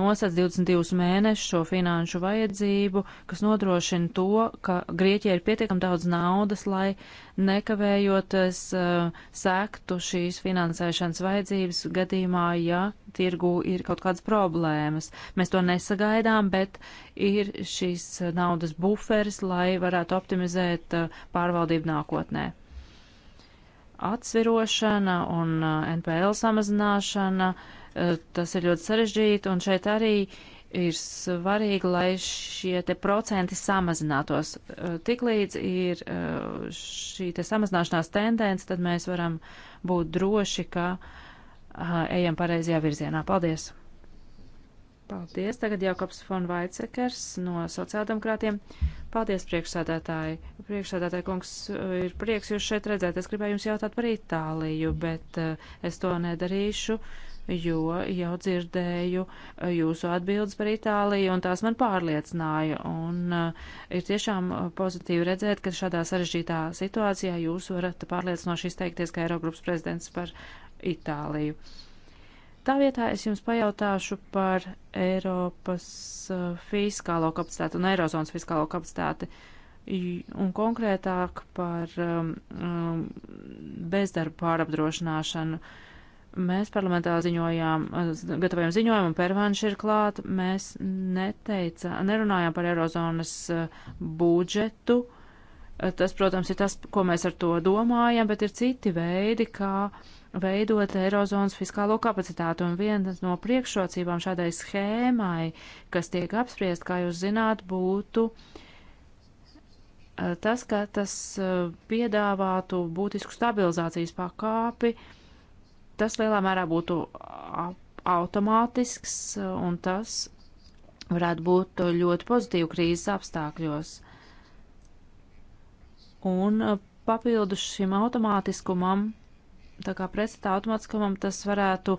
nosac 22 mēnešu šo finanšu vajadzību, kas nodrošina to, ka Grieķija ir pietiekam daudz naudas, lai nekavējoties eh, sektu šīs finansēšanas vajadzības gadījumā, ja tirgu ir kaut kādas problēmas. Mēs to nesagaidām, bet ir šīs naudas buferis, lai varētu optimizēt eh, pārvaldību nākotnē atsvirošana un eh, NPL samazināšana, eh, tas ir ļoti sarežģīti, un šeit arī ir svarīgi, lai šie te procenti samazinātos. Eh, tiklīdz ir šī te samazināšanās tendence, tad mēs varam būt droši, ka ejam pareizajā virzienā. Paldies! Paldies. Tagad Jakobs von Vaicekers no sociāldemokrātiem. Paldies, priekšsādātāji. Priekšsādātāji kungs, ir prieks jūs šeit redzēt. Es gribēju jums jautāt par Itāliju, bet eh, es to nedarīšu, jo jau dzirdēju eh, jūsu atbildes par Itāliju, un tās man pārliecināja. Un eh, ir tiešām pozitīvi redzēt, ka šādā sarežģītā situācijā jūs varat pārliecinoši izteikties kā Eirogrupas prezidents par Itāliju. Tā vietā es jums pajautāšu par Eiropas uh, fiskālo kapacitāti un Eirozonas fiskālo kapacitāti un konkrētāk par um, um bezdarba pārapdrošināšanu. Mēs parlamentā ziņojām, uh, gatavojam ziņojumu, un pervāņš ir klāt. Mēs neteica, nerunājām par Eirozonas uh, budžetu. Tas, protams, ir tas, ko mēs ar to domājam, bet ir citi veidi, kā uh, veidot Eirozonas fiskālo kapacitātu. Un viena no priekšrocībām šādai schēmai, kas tiek apspriest, kā jūs zināt, būtu eh, tas, ka tas eh, piedāvātu būtisku stabilizācijas pakāpi. Tas lielā mērā būtu automātisks eh, un tas varētu būt ļoti pozitīvi krīzes apstākļos. Un papildus šim automātiskumam tā kā pretstā automātiskumam tas varētu,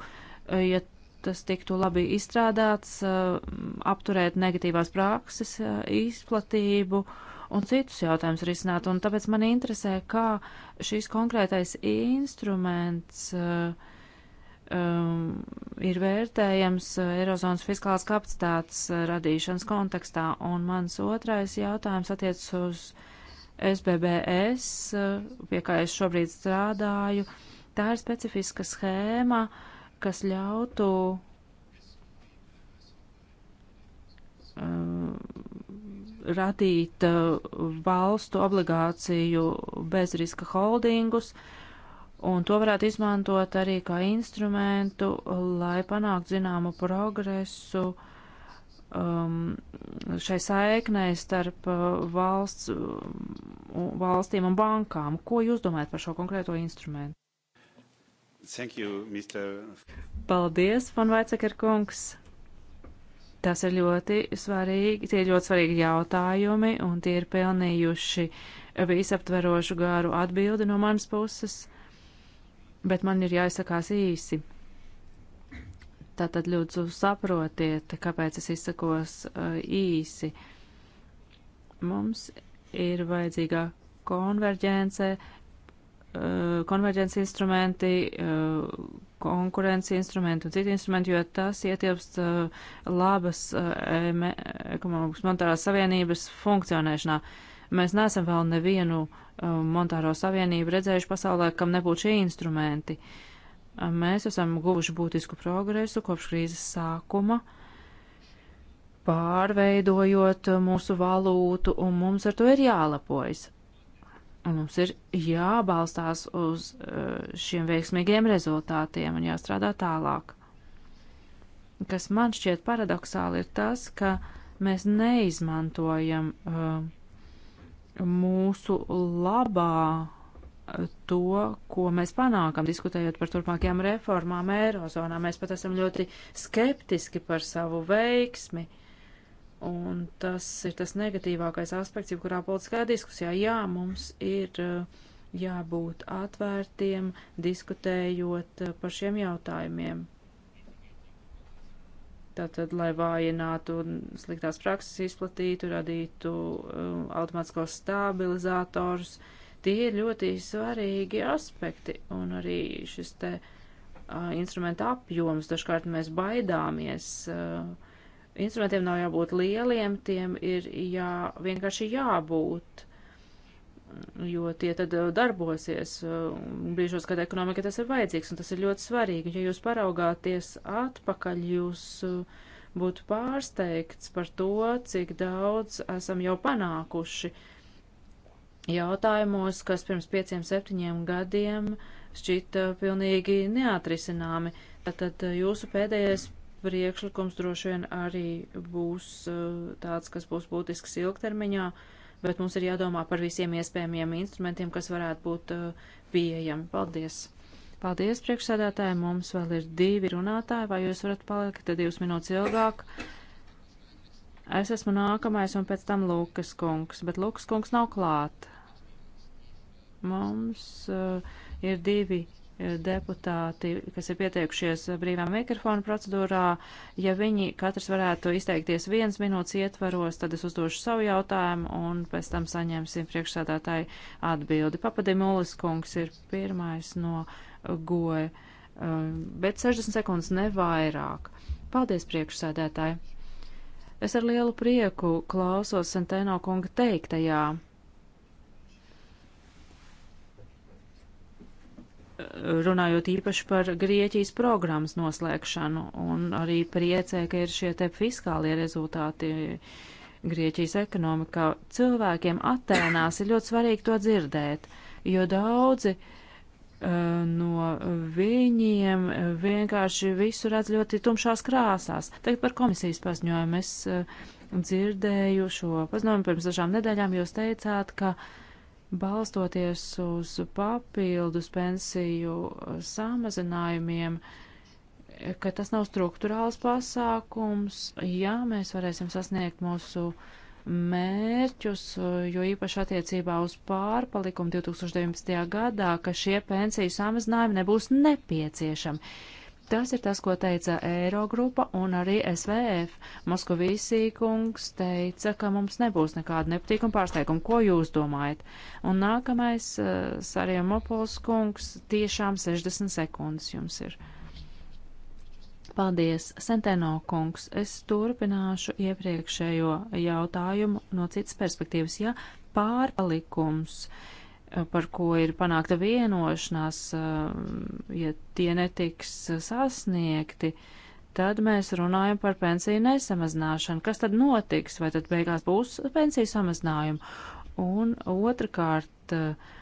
eh, ja tas tiktu labi izstrādāts, eh, apturēt negatīvās prakses eh, izplatību un citus jautājumus risināt. Un tāpēc man interesē, kā šīs konkrētais instruments um, ir vērtējams Eirozonas fiskālās kapacitātes radīšanas kontekstā. Un mans otrais jautājums attiecas uz SBBS, pie kā es šobrīd strādāju. Uh, Tā ir specifiska schēma, kas ļautu uh, radīt uh, valstu obligāciju bezriska holdingus, un to varētu izmantot arī kā instrumentu, lai panāktu zināmu progresu um, šai saiknei starp uh, valsts, um, valstīm un bankām. Ko jūs domājat par šo konkrēto instrumentu? Thank you, Mr. Paldies, Van Vaiceker kungs. Tas ir ļoti svarīgi, tie ir ļoti svarīgi jautājumi, un tie ir pelnījuši visaptverošu gāru atbildi no manas puses, bet man ir jāizsakās īsi. Tātad lūdzu saprotiet, kāpēc es izsakos uh, īsi. Mums ir vajadzīgā konverģence Eh, konverģences instrumenti, eh, konkurences instrumenti un citi instrumenti, jo tas ietilpst eh, labas ekonomikas monetārās savienības funkcionēšanā. Mēs neesam vēl nevienu monetāro savienību redzējuši pasaulē, kam nebūtu šie instrumenti. Mēs esam guvuši būtisku progresu kopš krīzes sākuma pārveidojot mūsu valūtu, un mums ar to ir jālapojas. Un mums ir jābalstās uz eh, šiem veiksmīgiem rezultātiem un jāstrādā tālāk. Kas man šķiet paradoxāli ir tas, ka mēs neizmantojam uh, mūsu labā eh, to, ko mēs panākam, diskutējot par turpmākajām reformām Eirozonā. Mēs pat esam ļoti skeptiski par savu veiksmi. Uh, Un tas ir tas negatīvākais aspekts, jebkurā politiskajā diskusijā. Jā, mums ir eh, jābūt atvērtiem, diskutējot eh, par šiem jautājumiem. Tātad, lai vājinātu sliktās prakses, izplatītu, radītu um, automātiskos stabilizatorus, tie ir ļoti svarīgi aspekti. Un arī šis te uh, instrumenta apjoms, dažkārt mēs baidāmies. Uh, instrumentiem nav jābūt lieliem, tiem ir jā, vienkārši jābūt, jo tie tad eh, darbosies eh, brīžos, kad ekonomika tas ir vajadzīgs, un tas ir ļoti svarīgi. Ja jūs paraugāties atpakaļ, jūs eh, būtu pārsteigts par to, cik daudz esam jau panākuši jautājumos, kas pirms pieciem, septiņiem gadiem šķita pilnīgi neatrisināmi. Tātad jūsu pēdējais priekšlikums droši vien arī būs eh, tāds, kas būs būtisks ilgtermiņā, bet mums ir jādomā par visiem iespējamiem instrumentiem, kas varētu būt eh, pieejami. Paldies! Paldies, priekšsēdētāji! Mums vēl ir divi runātāji, vai jūs varat palikt divas minūtes ilgāk? Es esmu nākamais un pēc tam Lūkas kungs, bet Lūkas kungs nav klāt. Mums uh, ir divi deputāti, kas ir pieteikušies brīvā mikrofona procedūrā, ja viņi katrs varētu izteikties viens minūtes ietvaros, tad es uzdošu savu jautājumu un pēc tam saņemsim priekšsādātāju atbildi. Papadimulis kungs ir pirmais no goja, um, bet 60 sekundes nevairāk. Paldies priekšsādātāji! Es ar lielu prieku klausos Sentēno kunga teiktajā runājot īpaši par Grieķijas programmas noslēgšanu un arī priecē, ka ir šie te fiskālie rezultāti Grieķijas ekonomikā. Cilvēkiem Atēnās ir ļoti svarīgi to dzirdēt, jo daudzi uh, no viņiem vienkārši visu redz ļoti tumšās krāsās. Tagad par komisijas paziņojumu es uh, dzirdēju šo paziņojumu pirms dažām nedēļām, jūs teicāt, ka uh, balstoties uz papildus pensiju samazinājumiem, ka tas nav struktūrāls pasākums, ja mēs varēsim sasniegt mūsu mērķus, jo īpaši attiecībā uz pārpalikumu 2019. gadā, ka šie pensiju samazinājumi nebūs nepieciešami. Tas ir tas, ko teica Eirogrupa un arī SVF. Moskavīsī kungs teica, ka mums nebūs nekāda nepatīkuma pārsteiguma. Ko jūs domājat? Un nākamais uh, Sariemopols kungs tiešām 60 sekundes jums ir. Paldies, Senteno kungs. Es turpināšu iepriekšējo jautājumu no citas perspektīvas. Ja pārpalikums uh, par ko ir panākta vienošanās, eh, ja tie netiks eh, sasniegti, tad mēs runājam par pensiju nesamazināšanu. Kas tad notiks? Vai tad beigās būs pensiju samazinājumi? Un otrkārt, eh,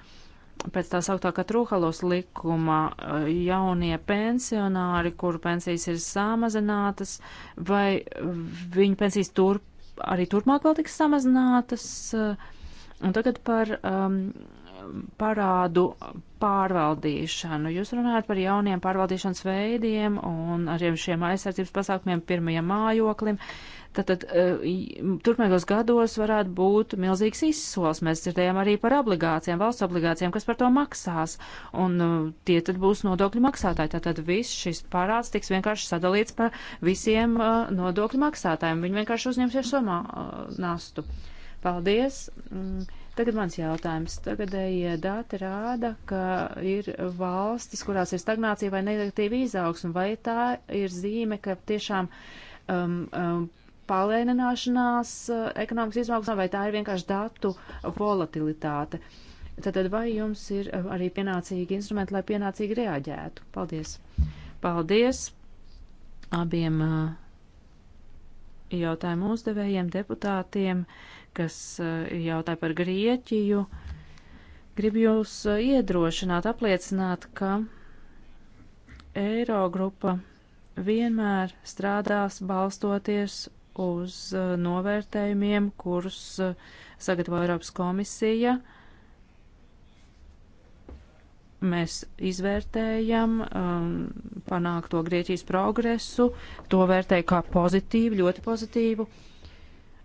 pēc tā sauktā Katrūhalos likuma jaunie pensionāri, kuru pensijas ir samazinātas, vai viņu pensijas turp, arī turpmāk vēl tiks samazinātas? Un tagad par um, Um, parādu pārvaldīšanu. Jūs runājat par jauniem pārvaldīšanas veidiem un arī šiem aizsardzības pasākumiem pirmajam mājoklim. Tātad uh, turpmākos gados varētu būt milzīgs izsols. Mēs dzirdējām arī par obligācijām, valsts obligācijām, kas par to maksās. Un uh, tie tad būs nodokļu maksātāji. Tātad viss šis parāds tiks vienkārši sadalīts par visiem uh, nodokļu maksātājiem. Viņi vienkārši uzņemsies somā nastu. Paldies! Mm Tagad mans jautājums. Tagadējie dati rāda, ka ir valstis, kurās ir stagnācija vai negatīva izaugsme, vai tā ir zīme, ka tiešām um, um, palēnināšanās uh, ekonomikas izaugsmē, vai tā ir vienkārši datu volatilitāte. Tātad vai jums ir uh, arī pienācīgi instrumenti, lai pienācīgi reaģētu? Paldies! Paldies abiem uh, jautājumu uzdevējiem, deputātiem! Uh, kas eh, jautāja par Grieķiju. Gribu jūs eh, iedrošināt, apliecināt, ka Eirogrupa vienmēr strādās balstoties uz eh, novērtējumiem, kurus sagatavo Eiropas komisija. Mēs izvērtējam um, panākto Grieķijas progresu, to vērtēju kā pozitīvu, ļoti pozitīvu. Uh,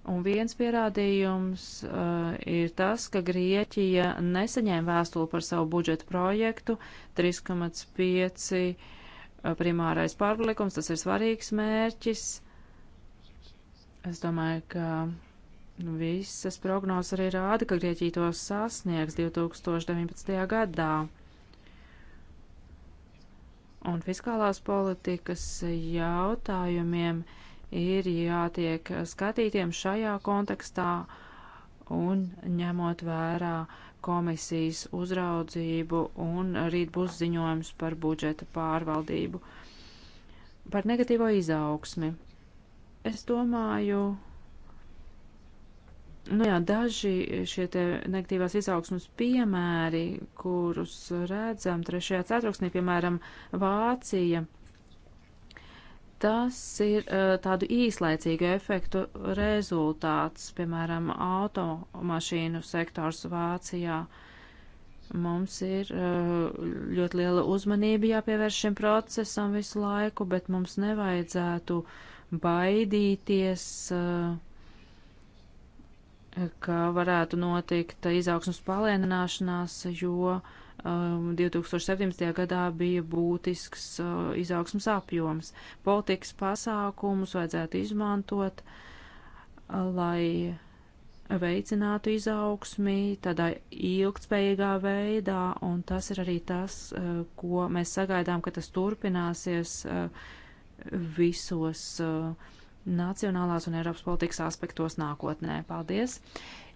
Un viens pierādījums uh, ir tas, ka Grieķija nesaņēma vēstuli par savu budžetu projektu 3,5 uh, primārais pārpalikums. Tas ir svarīgs mērķis. Es domāju, ka visas prognozes arī rāda, ka Grieķija to sasniegs 2019. gadā. Un fiskālās politikas jautājumiem. Uh, ir jātiek skatītiem šajā kontekstā un ņemot vērā komisijas uzraudzību un rīt būs ziņojums par budžeta pārvaldību. Par negatīvo izaugsmi. Es domāju, Nu jā, daži šie te negatīvās izaugsmas piemēri, kurus redzam trešajā ceturksnī, piemēram, Vācija Tas ir e, tādu īslaicīgu efektu rezultāts, piemēram, automašīnu sektors Vācijā. Mums ir e, ļoti liela uzmanība jāpievērš šim procesam visu laiku, bet mums nevajadzētu baidīties, e, ka varētu notikt izaugsmas palēnināšanās, jo uh, 2017. Um, gadā bija būtisks uh, izaugsmas apjoms. Politikas pasākumus vajadzētu izmantot, uh, lai veicinātu izaugsmi tādā ilgtspējīgā veidā, un tas ir arī tas, uh, ko mēs sagaidām, ka tas turpināsies visos nacionālās un Eiropas politikas aspektos nākotnē. Paldies!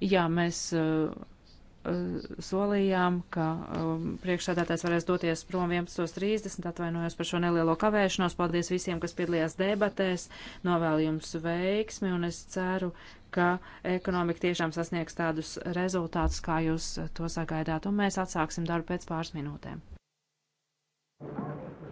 Jā, mēs uh, Eh, solījām, ka um, priekšsādātājs varēs doties prom 11.30. Atvainojos par šo nelielo kavēšanos. Paldies visiem, kas piedalījās debatēs. Novēlu jums veiksmi un es ceru, ka ekonomika tiešām sasniegs tādus rezultātus, kā jūs to sagaidāt. Un mēs atsāksim darbu pēc pāris minūtēm. Thank you.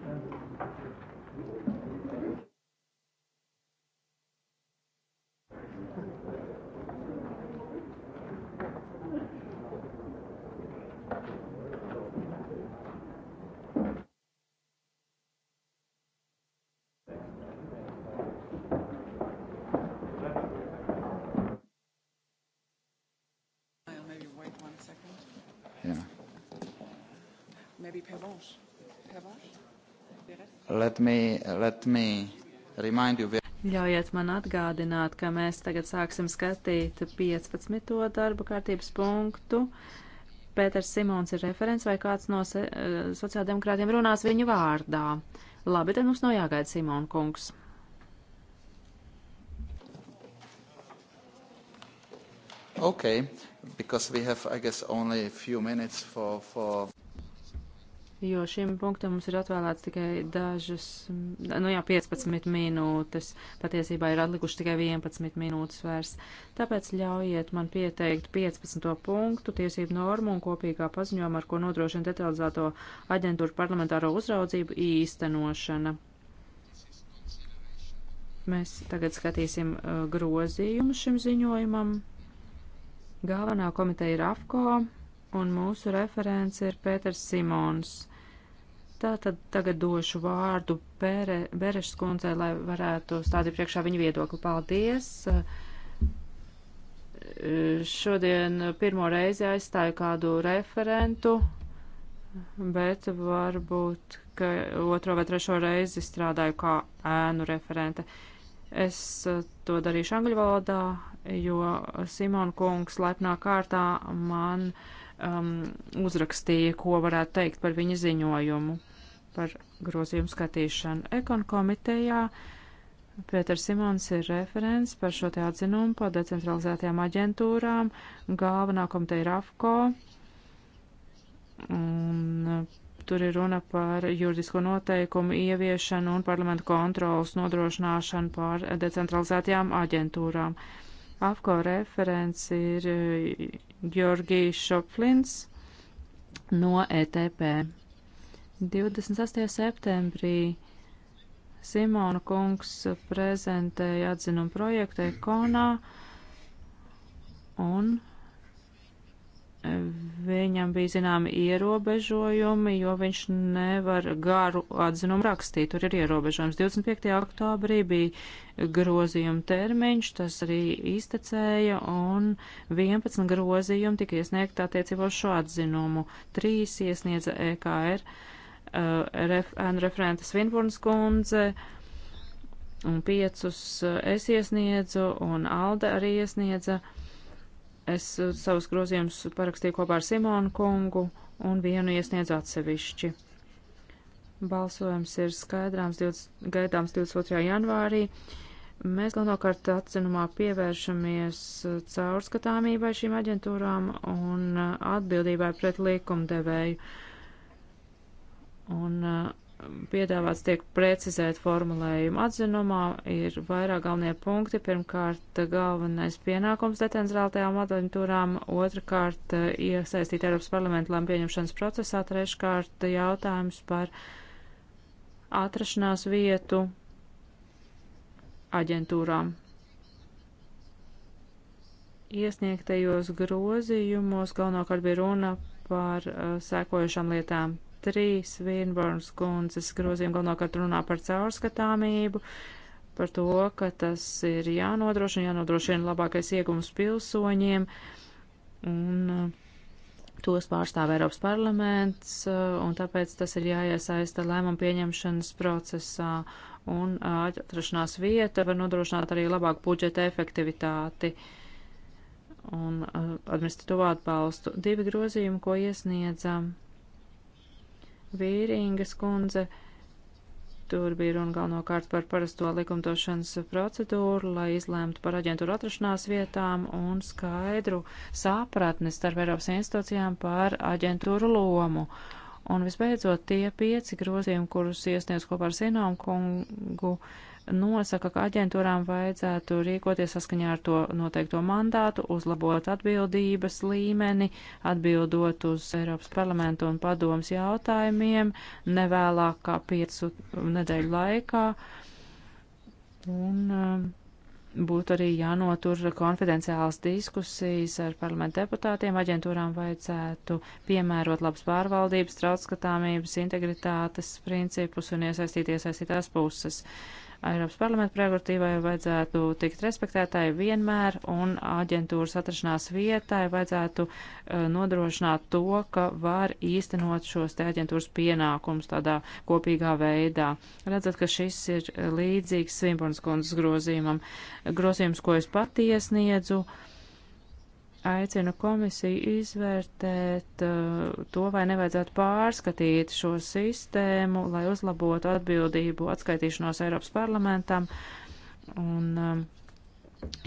let me, let me remind you. Ļaujiet man atgādināt, ka mēs tagad sāksim skatīt 15. darba kārtības punktu. Pēters Simons ir referents vai kāds no eh, sociāldemokrātiem runās viņu vārdā. Labi, tad mums nav jāgaida Simona kungs. Okay, because we have, I guess, only a few minutes for, for jo šim punktam mums ir atvēlēts tikai dažas, nu jā, 15 minūtes. Patiesībā ir atlikuši tikai 11 minūtes vairs. Tāpēc ļaujiet man pieteikt 15. punktu tiesību normu un kopīgā paziņojuma, ar ko nodrošina detalizēto aģentūru parlamentāro uzraudzību īstenošana. Mēs tagad skatīsim uh, grozījumu šim ziņojumam. Galvenā komiteja ir AFCO, un mūsu referents ir Pēters Simons. Tātad tagad došu vārdu Pere, Berešas kundzei, lai varētu stādīt priekšā viņu viedokli. Paldies! Šodien pirmo reizi aizstāju kādu referentu, bet varbūt, ka otro vai trešo reizi strādāju kā ēnu referente. Es to darīšu angļu valodā, jo Simon kungs laipnā kārtā man um, uzrakstīja, ko varētu teikt par viņa ziņojumu par grozījumu skatīšanu. Ekon komitejā Pēters Simons ir referents par šo te atzinumu par decentralizētajām aģentūrām. Galvenā komiteja ir AFCO. Un uh, tur ir runa par juridisko noteikumu ieviešanu un parlamentu kontrolas nodrošināšanu pār decentralizētajām aģentūrām. AFCO referents ir Georgi uh, Šoplins no ETP. 28. septembrī Simona kungs prezentēja atzinumu projektu Ekonā un viņam bija zināmi ierobežojumi, jo viņš nevar garu atzinumu rakstīt. Tur ir ierobežojums. 25. oktobrī bija grozījuma termiņš, tas arī iztecēja, un 11 grozījumi tika iesniegt attiecībā uz šo atzinumu. Trīs iesniedza EKR. Uh, Eh, ref, referenta Svinburnas kundze, un piecus eh, es iesniedzu, un Alde arī iesniedza. Es eh, savus grozījumus parakstīju kopā ar Simonu kungu, un vienu iesniedzu atsevišķi. Balsojums ir skaidrāms 20, gaidāms 22. janvārī. Mēs galvenokārt atzinumā pievēršamies caurskatāmībai šīm aģentūrām un atbildībai pret likumdevēju. devēju un uh, piedāvāts tiek precizēt formulējumu atzinumā, ir vairāk galvenie punkti. Pirmkārt, galvenais pienākums detencionālajām aģentūrām, otrkārt, uh, iesaistīt Eiropas parlamentu lēmumu pieņemšanas procesā, treškārt, jautājums par atrašanās vietu aģentūrām. Iesniegtajos grozījumos galvenokārt bija runa par uh, sēkojušām lietām trīs Vienbornas kundzes grozījumi galvenokārt runā par caurskatāmību, par to, ka tas ir jānodrošina, jānodrošina labākais iegums pilsoņiem, un uh, tos pārstāv Eiropas parlaments, uh, un tāpēc tas ir jāiesaista lēmumu pieņemšanas procesā, un uh, atrašanās vieta var nodrošināt arī labāku budžeta efektivitāti un administratīvā atbalstu. Divi grozījumi, ko iesniedzam Vīringas kundze. Tur bija runa galvenokārt par parasto likumdošanas procedūru, lai izlēmtu par aģentūru atrašanās vietām un skaidru sapratni starp Eiropas institūcijām par aģentūru lomu. Un visbeidzot, tie pieci grozījumi, kurus iesniedz kopā ar Sinomu kungu, uh, nosaka, ka aģentūrām vajadzētu rīkoties saskaņā ar to noteikto mandātu, uzlabot atbildības līmeni, atbildot uz Eiropas parlamentu un padomas jautājumiem nevēlāk kā piecu nedēļu laikā. Un um, būtu arī jānotur konfidenciālas diskusijas ar parlamentu deputātiem. Aģentūrām vajadzētu piemērot labas pārvaldības, traucskatāmības, integritātes principus un iesaistīt iesaistītās puses. Uh, Eiropas parlamenta prerogatīvai vajadzētu tikt respektētāji vienmēr, un aģentūras atrašanās vietai vajadzētu uh, nodrošināt to, ka var īstenot šos te aģentūras pienākumus tādā kopīgā veidā. Redzat, ka šis ir e, līdzīgs Svimbornas kundzes grozījumam. Grozījums, ko es pati iesniedzu, uh, aicina komisiju izvērtēt uh, to, vai nevajadzētu pārskatīt šo sistēmu, lai uzlabotu atbildību atskaitīšanos Eiropas parlamentam. Un, um,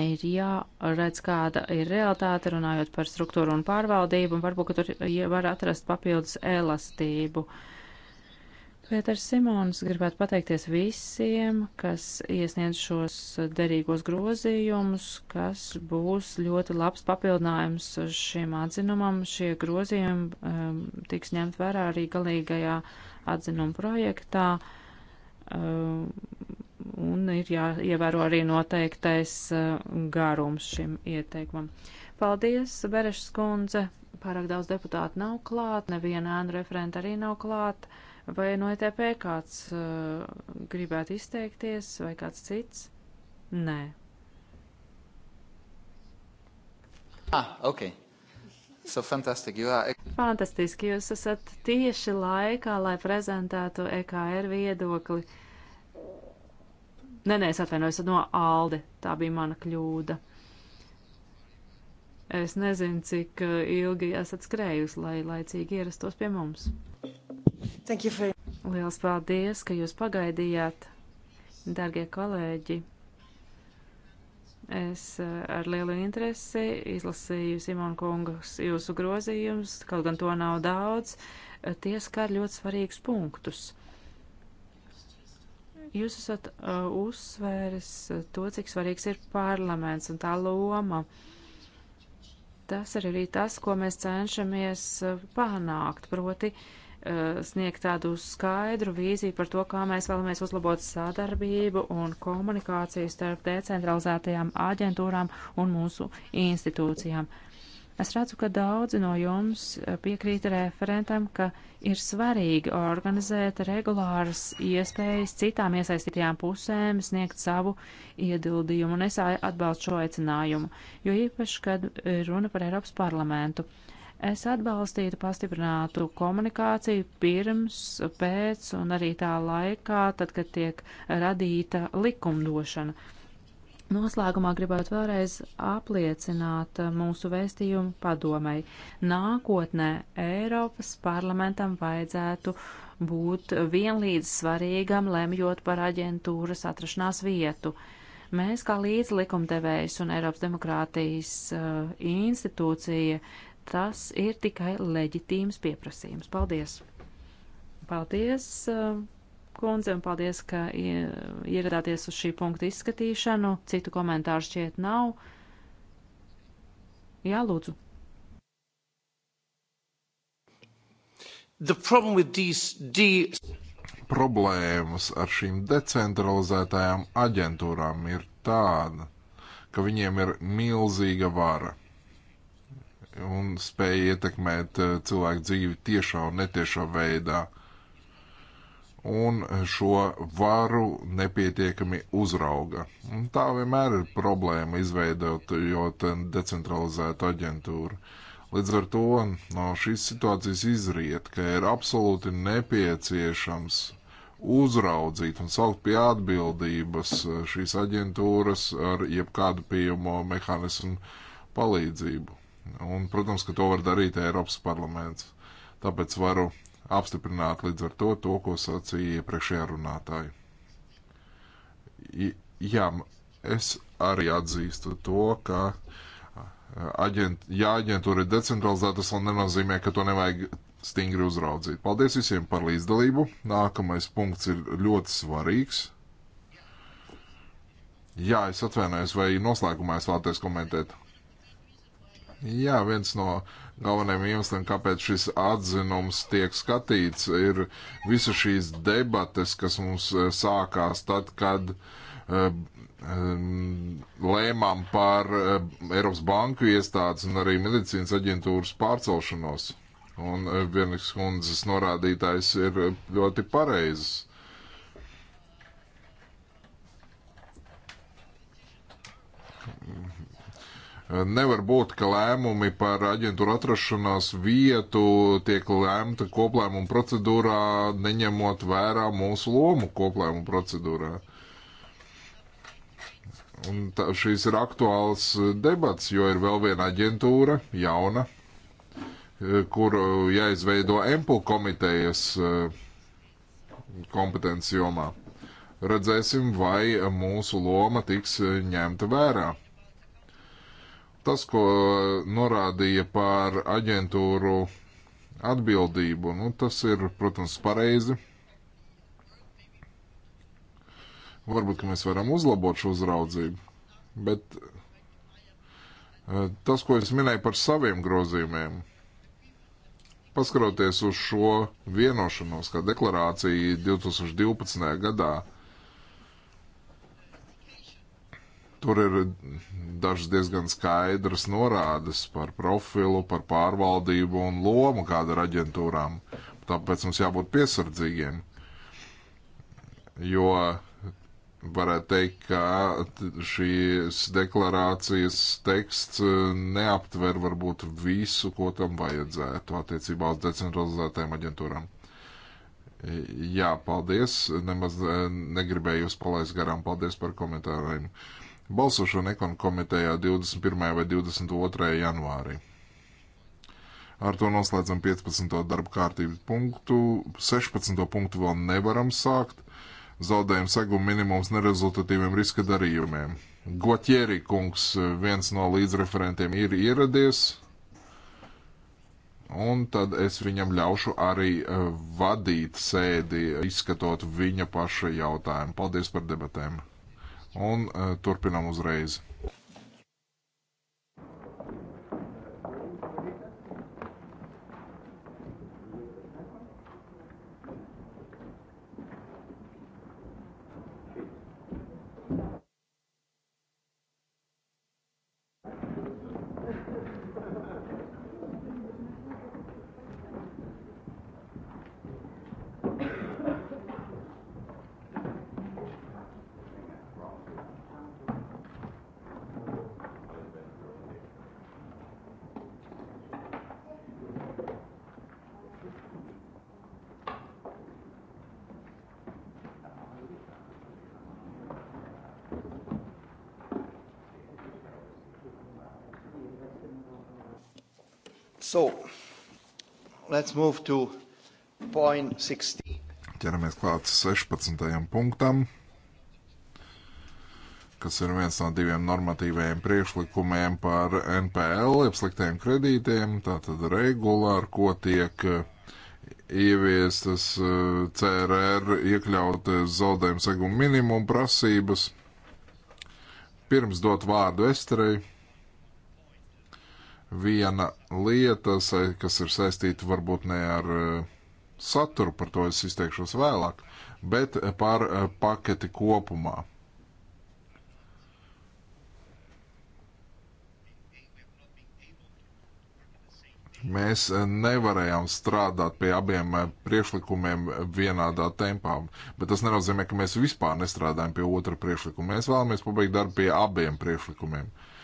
Ir jāredz, kāda ir realitāte, runājot par struktūru un pārvaldību, un varbūt, ka tur var atrast papildus elastību. Uh, Pēters Simons gribētu pateikties visiem, kas iesniedz šos derīgos grozījumus, kas būs ļoti labs papildinājums šim atzinumam. Šie grozījumi um, tiks ņemt vērā arī galīgajā atzinuma projektā. Um, un ir jāievēro arī noteiktais uh, garums šim ieteikumam. Paldies, Berešas kundze. Pārāk daudz deputātu nav klāt, neviena ēnu referenta arī nav klāt. Uh, Vai no ETP kāds uh, gribētu izteikties vai kāds cits? Nē. Ah, ok. So fantastic, you are... Fantastiski, jūs esat tieši laikā, lai prezentētu EKR viedokli. Nē, nē, es atvainojos no Alde. Tā bija mana kļūda. Es nezinu, cik uh, ilgi esat skrējusi, lai laicīgi ierastos pie mums. Mm. For... Liels paldies, ka jūs pagaidījāt, darbie kolēģi. Es eh, ar lielu interesi izlasīju Simona kungas jūsu grozījumus, kaut gan to nav daudz. Tie skar ļoti svarīgus punktus. Jūs esat uh, uzsvēris to, cik svarīgs ir parlaments un tā loma. Tas ir arī tas, ko mēs cenšamies eh, panākt, proti uh, Eh, sniegt tādu skaidru vīziju par to, kā mēs vēlamies uzlabot sadarbību un komunikāciju starp decentralizētajām aģentūrām un mūsu institūcijām. Es redzu, ka daudzi no jums piekrīt referentam, ka ir svarīgi organizēt regulāras iespējas citām iesaistītajām pusēm sniegt savu ieguldījumu, un es atbalstu šo aicinājumu, jo īpaši, kad runa par Eiropas parlamentu. Uh, Es atbalstītu pastiprinātu komunikāciju pirms, pēc un arī tā laikā, tad, kad tiek radīta likumdošana. Noslēgumā gribētu vēlreiz apliecināt mūsu vēstījumu padomai. Nākotnē Eiropas parlamentam vajadzētu būt vienlīdz svarīgam, lemjot par aģentūras atrašanās vietu. Mēs kā līdzlikumdevējs un Eiropas demokrātijas uh, institūcija tas ir tikai leģitīms pieprasījums. Paldies! Paldies, uh, kundze, un paldies, ka ieradāties uz šī punkta izskatīšanu. Citu komentāru šķiet nav. Jā, lūdzu. These... Problēmas ar šīm decentralizētajām aģentūrām ir tāda, ka viņiem ir milzīga vara un spēja ietekmēt eh, cilvēku dzīvi tiešā un netiešā veidā. Un šo varu nepietiekami uzrauga. Un tā vienmēr ir problēma izveidot, jo decentralizētu aģentūru. Līdz ar to no šīs situācijas izriet, ka ir absolūti nepieciešams uzraudzīt un saukt pie atbildības eh, šīs aģentūras ar jebkādu pieejamo mehānismu palīdzību. Un, protams, ka to var darīt Eiropas parlaments. Tāpēc varu apstiprināt līdz ar to to, ko sacīja iepriekšējā runātāja. Jā, es arī atzīstu to, ka aģent, ja aģentūra ir decentralizēta, tas vēl nenozīmē, ka to nevajag stingri uzraudzīt. Paldies visiem par līdzdalību. Nākamais punkts ir ļoti svarīgs. Jā, es atvainojos, vai noslēgumā es vēlaties komentēt? Jā, viens no galvenajiem iemesliem, kāpēc šis atzinums tiek skatīts, ir visas šīs debates, kas mums eh, sākās tad, kad eh, mm, lēmām par eh, Eiropas banku iestādes un arī medicīnas aģentūras pārcelšanos. Un vienīgs kundzes norādītājs ir ļoti pareizs. Nevar būt, ka lēmumi par aģentūru atrašanās vietu tiek lēmta koplēmuma procedūrā, neņemot vērā mūsu lomu koplēmuma procedūrā. Un tā, šīs ir aktuāls debats, jo ir vēl viena aģentūra, jauna, kur jāizveido empul komitejas eh, kompetenci jomā. Redzēsim, vai mūsu loma tiks ņemta vērā. Tas, ko norādīja par aģentūru atbildību, nu, tas ir, protams, pareizi. Varbūt, ka mēs varam uzlabot šo uzraudzību, bet eh, tas, ko es minēju par saviem grozījumiem, paskaroties uz šo vienošanos, kā deklarāciju 2012. gadā, Tur ir dažas diezgan skaidras norādes par profilu, par pārvaldību un lomu kāda ir aģentūrām. Tāpēc mums jābūt piesardzīgiem. Jo varētu teikt, ka šīs deklarācijas teksts neaptver varbūt visu, ko tam vajadzētu attiecībā uz decentralizētajām aģentūrām. Jā, paldies. Nemaz eh, negribēju jūs palaist garām. Paldies par komentāriem. Uh, Balsošana ekonomikas komitejā 21. vai 22. janvārī. Ar to noslēdzam 15. darba kārtības punktu. 16. punktu vēl nevaram sākt. Zaudējumu seguma minimums nerezultatīviem riska darījumiem. Gotjeri kungs, viens no līdzreferentiem, ir ieradies. Un tad es viņam ļaušu arī eh, vadīt sēdi, izskatot viņa paša jautājumu. Paldies par debatēm! un eh, turpinām uzreiz. So, let's move to point 16. Ķeramies klāt 16. punktam, kas ir viens no diviem normatīvajiem priekšlikumiem par NPL, jeb sliktiem kredītiem, tātad regula, ar ko tiek ieviestas eh, CRR iekļautas zaudējuma seguma minimuma prasības. Pirms dot vārdu Esterei viena lieta, kas ir saistīta varbūt ne ar e, saturu, par to es izteikšos vēlāk, bet par e, paketi kopumā. Mēs e, nevarējām strādāt pie abiem priekšlikumiem vienādā tempā, bet tas nenozīmē, ka mēs vispār nestrādājam pie otra priekšlikuma. Mēs vēlamies pabeigt darbu pie abiem priekšlikumiem. Uh,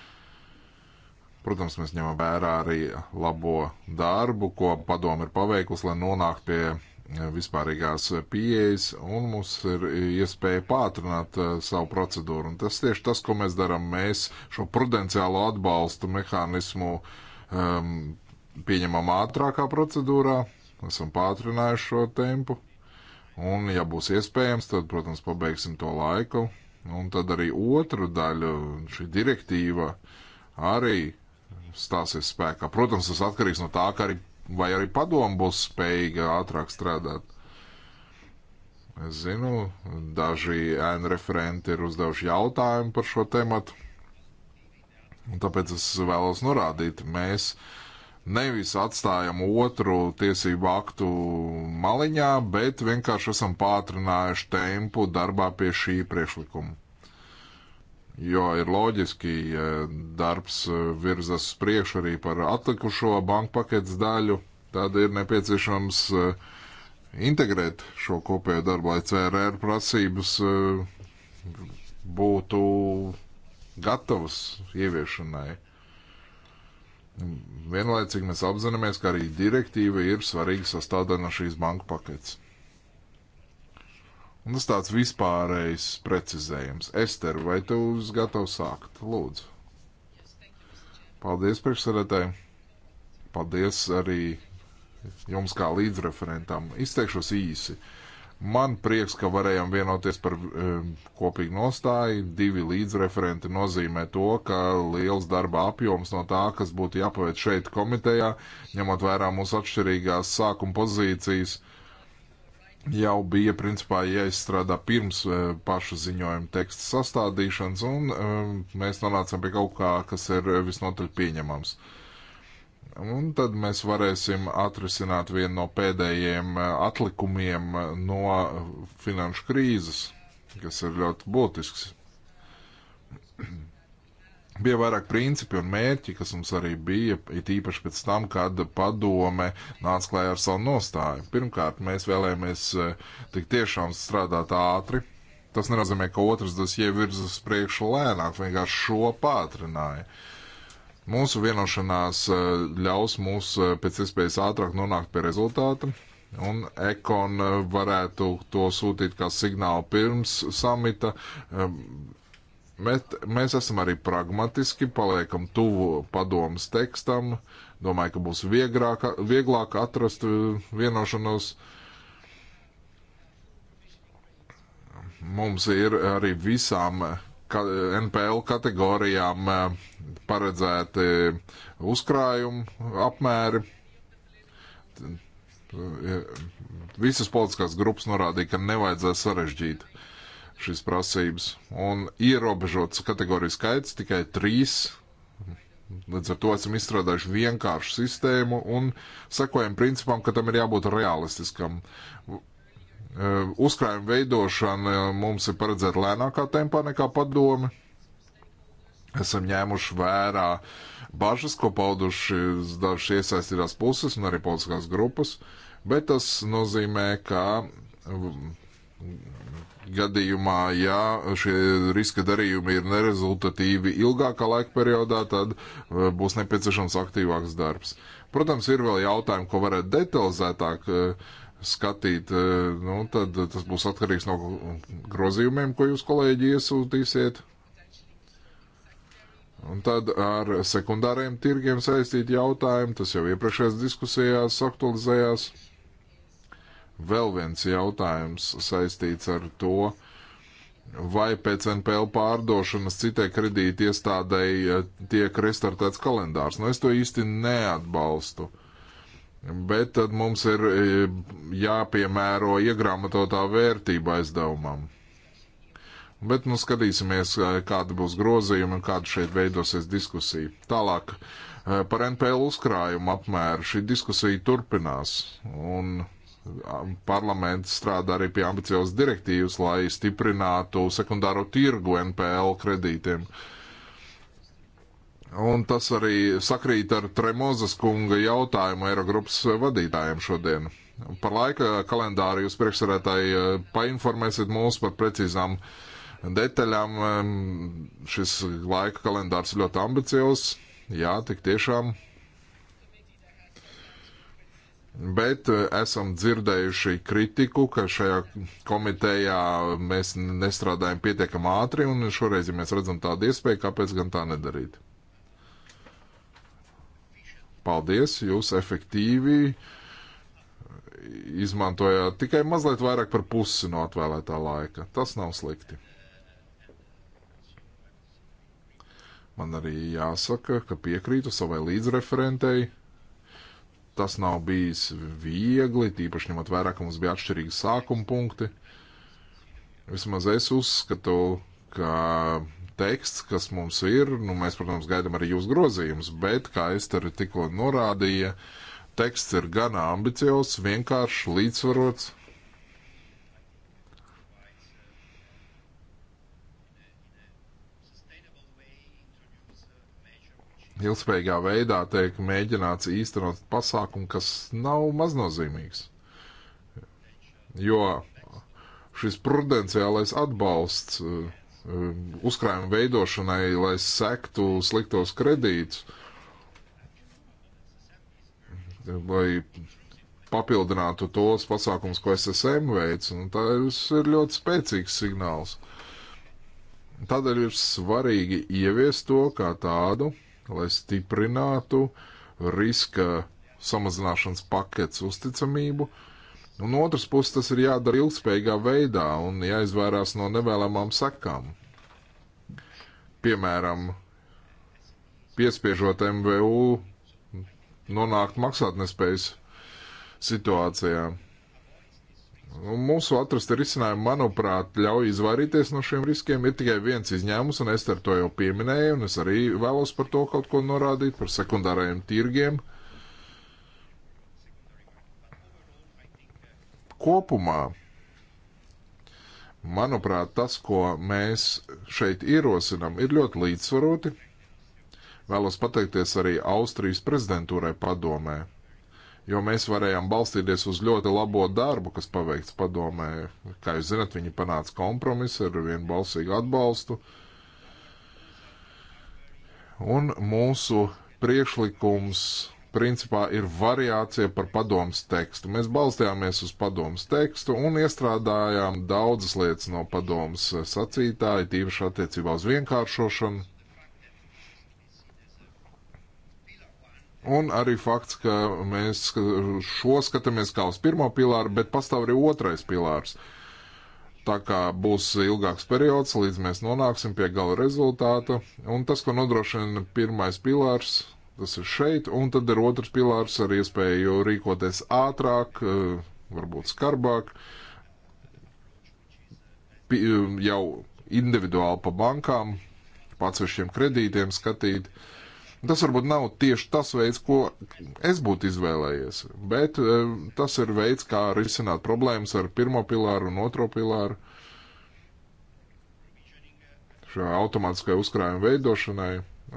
Protams, mēs ņemam vērā arī labo darbu, ko padomu ir paveikusi, lai nonāktu pie eh, vispārīgās pieejas, un mums ir iespēja pātrināt uh, savu procedūru. Un tas tieši tas, ko mēs darām. Mēs šo prudenciālo atbalstu mehānismu um, pieņemam ātrākā procedūrā, esam pātrinājuši šo tempu, un, ja būs iespējams, tad, protams, pabeigsim to laiku. Un tad arī otru daļu šī direktīva arī stāsies spēkā. Protams, tas atkarīgs no tā, arī, vai arī padomu būs spējīga ātrāk strādāt. Es zinu, daži ēnu referenti ir uzdevuši jautājumu par šo tēmatu. Tāpēc es vēlos norādīt, mēs nevis atstājam otru tiesību aktu maliņā, bet vienkārši esam pātrinājuši tempu darbā pie šī priekšlikuma. Jo ir loģiski, ja darbs eh, virzas priekš arī par atlikušo banku paketes daļu, tad ir nepieciešams eh, integrēt šo kopējo darbu, lai CRR prasības eh, būtu gatavas ieviešanai. Vienlaicīgi mēs apzināmies, ka arī direktīva ir svarīga sastāvdaļa no šīs banku paketes. Un tas tāds vispārējs precizējums. Ester, vai tu uz gatavs sākt? Lūdzu. Paldies priekšsarētāji. Paldies arī jums kā līdzreferentam. Izteikšos īsi. Man prieks, ka varējām vienoties par um, kopīgu nostāju. Divi līdzreferenti nozīmē to, ka liels darba apjoms no tā, kas būtu jāpaveic šeit komitejā, ņemot vērā mūsu atšķirīgās sākuma pozīcijas, uh, jau bija principā jāizstrādā pirms e, paša ziņojuma teksta sastādīšanas, un e, mēs nonācām pie kaut kā, kas ir visnotaļ pieņemams. Un tad mēs varēsim atrisināt vienu no pēdējiem e, atlikumiem no finanšu krīzes, kas ir ļoti būtisks. Bija vairāk principi un mērķi, kas mums arī bija, it īpaši pēc tam, kad padome nāca klājā ar savu nostāju. Pirmkārt, mēs vēlējāmies eh, tik tiešām strādāt ātri. Tas nenozīmē, ka otrs dosie virzas priekšu lēnāk, vienkārši šo pātrināja. Mūsu vienošanās eh, ļaus mums eh, pēc iespējas ātrāk nonākt pie rezultāta, un ekon varētu to sūtīt kā signālu pirms samita Bet mēs esam arī pragmatiski, paliekam tuvu padomas tekstam. Domāju, ka būs viegrāk, vieglāk atrast uh, vienošanos. Mums ir arī visām uh, NPL kategorijām uh, paredzēti uzkrājumu apmēri. Visas politiskās grupas norādīja, ka nevajadzēs sarežģīt šīs prasības. Un ierobežots kategoriju skaits tikai trīs. Līdz ar to esam izstrādājuši vienkāršu sistēmu un sekojam principam, ka tam ir jābūt realistiskam. Uh, uzkrājuma veidošana mums ir paredzēta lēnākā tempā nekā padome. Esam ņēmuši vērā bažas, ko pauduši dažas iesaistītās puses un arī politiskās grupas, bet tas nozīmē, ka Gadījumā, ja šie riska darījumi ir nerezultatīvi ilgākā laika periodā, tad eh, būs nepieciešams aktīvāks darbs. Protams, ir vēl jautājumi, ko varētu detalizētāk eh, skatīt. Eh, nu, tad tas būs atkarīgs no grozījumiem, ko jūs kolēģi iesūtīsiet. Un tad ar sekundāriem tirgiem saistīti jautājumi, tas jau iepriekšējās diskusijās aktualizējās. Vēl viens jautājums saistīts ar to, vai pēc NPL pārdošanas citai kredīti iestādēji eh, tiek restartēts kalendārs. Nu, es to īsti neatbalstu. Bet tad mums ir eh, jāpiemēro iegramatotā vērtība aizdevumam. Bet nu skatīsimies, eh, kāda būs grozījuma un kāda šeit veidosies diskusija. Tālāk par NPL uzkrājumu apmēru šī diskusija turpinās. Un Parlaments strādā arī pie ambiciozas direktīvas, lai stiprinātu sekundāro tirgu NPL kredītiem. Un tas arī sakrīt ar Tremozas kunga jautājumu Eirogrupas vadītājiem šodien. Par laika kalendāru jūs priekšsarētāji eh, painformēsiet mūs par precīzām detaļām. Ehm, šis laika kalendārs ļoti ambiciozs. Jā, tik tiešām Bet eh, esam dzirdējuši kritiku, ka šajā komitejā mēs nestrādājam pietiekami ātri, un šoreiz, ja mēs redzam tādu iespēju, kāpēc gan tā nedarīt? Paldies, jūs efektīvi izmantojāt tikai mazliet vairāk par pusi no atvēlētā laika. Tas nav slikti. Man arī jāsaka, ka piekrītu savai līdzreferentei Tas nav bijis viegli, tīpaši ņemot vērā, ka mums bija atšķirīgi sākuma punkti. Vismaz es uzskatu, ka teksts, kas mums ir, nu, mēs, protams, gaidām arī jūsu grozījumus, bet, kā es arī tikko norādīju, teksts ir gan ambiciozs, vienkāršs, līdzsvarots ilgspējīgā veidā tiek mēģināts īstenot pasākumu, kas nav maznozīmīgs. Jo šis prudenciālais atbalsts eh, uzkrājuma veidošanai, lai sektu sliktos kredītus, lai papildinātu tos pasākumus, ko SSM veic, un tas ir ļoti spēcīgs signāls. Tādēļ ir svarīgi ieviest to kā tādu, lai stiprinātu riska samazināšanas paketes uzticamību. Un otrs puses tas ir jādara ilgspējīgā veidā un jāizvairās no nevēlamām sekām. Piemēram, piespiežot MVU nonākt maksātnespējas situācijā. Mūsu atrasta risinājuma, manuprāt, ļauj izvairīties no šiem riskiem. Ir tikai viens izņēmums, un es ar to jau pieminēju, un es arī vēlos par to kaut ko norādīt, par sekundārajiem tirgiem. Kopumā, manuprāt, tas, ko mēs šeit ierosinam, ir ļoti līdzsvaroti. Vēlos pateikties arī Austrijas prezidentūrai padomē jo mēs varējām balstīties uz ļoti labo darbu, kas paveikts padomē. Kā jūs zinat, viņi panāca kompromisu ar vienbalsīgu atbalstu. Un mūsu priekšlikums principā ir variācija par padomus tekstu. Mēs balstījāmies uz padomus tekstu un iestrādājām daudzas lietas no padomus sacītāja, tīpaši attiecībā uz vienkāršošanu. Un arī fakts, ka mēs šo skatāmies kā uz pirmo pilāru, bet pastāv arī otrais pilārs. Tā kā būs ilgāks periods, līdz mēs nonāksim pie gala rezultāta. Un tas, ko nodrošina pirmais pilārs, tas ir šeit, un tad ir otrs pilārs ar iespēju rīkoties ātrāk, eh, varbūt skarbāk, eh, jau individuāli pa bankām, pa atsevišķiem kredītiem skatīt. Uh, Tas varbūt nav tieši tas veids, ko es būtu izvēlējies, bet e, tas ir veids, kā risināt problēmas ar pirmo pilāru un otro pilāru šai automātiskai uzkrājuma veidošanai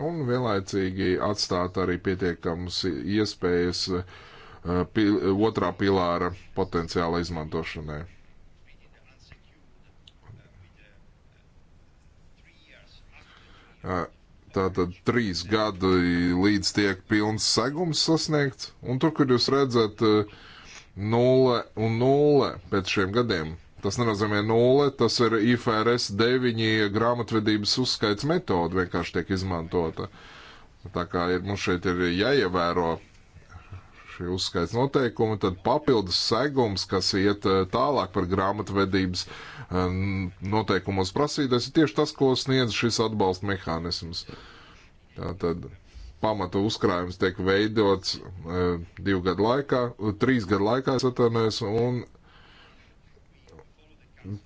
un vienlaicīgi atstāt arī pietiekams iespējas e, pil, otrā pilāra potenciāla izmantošanai. Uh, Tātad trīs gadi līdz tiek pilns segums sasniegts, un tur, kur jūs redzat eh, nulle un nulle pēc šiem gadiem, tas nenozīmē nulle, tas ir IFRS 9 grāmatvedības uzskaits metoda vienkārši tiek izmantota. Tā kā ir, mums šeit ir jāievēro šie uzskaits noteikumi, tad papildus segums, kas iet eh, tālāk par grāmatvedības eh, noteikumos prasītais, ir tieši tas, ko sniedz šis atbalsta mehānisms. Tātad pamata uzkrājums tiek veidots eh, divu gadu laikā, trīs gadu laikā satanēs, un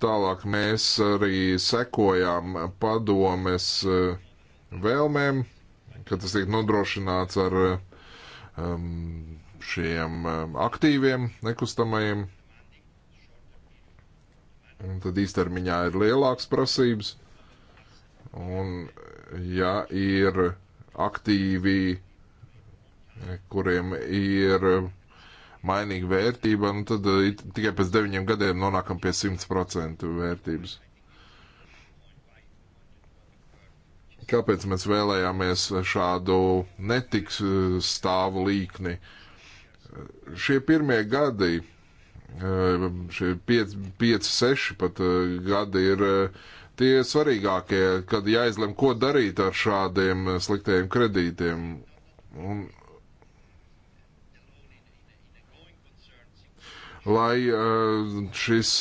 tālāk mēs arī sekojām padomes vēlmēm, ka tas tiek nodrošināts ar um, šiem um, aktīviem nekustamajiem. Un tad īstermiņā ir lielāks prasības. Un ja ir aktīvi, kuriem ir mainīga vērtība, nu tad uh, tikai pēc deviņiem gadiem nonākam pie 100% vērtības. Kāpēc mēs vēlējāmies šādu netiks uh, stāvu līkni? Uh, Šie pirmie gadi, eh, šie 5, 6 pat eh, gadi ir eh, tie svarīgākie, kad jāizlem, ko darīt ar šādiem sliktiem kredītiem. Un, lai šis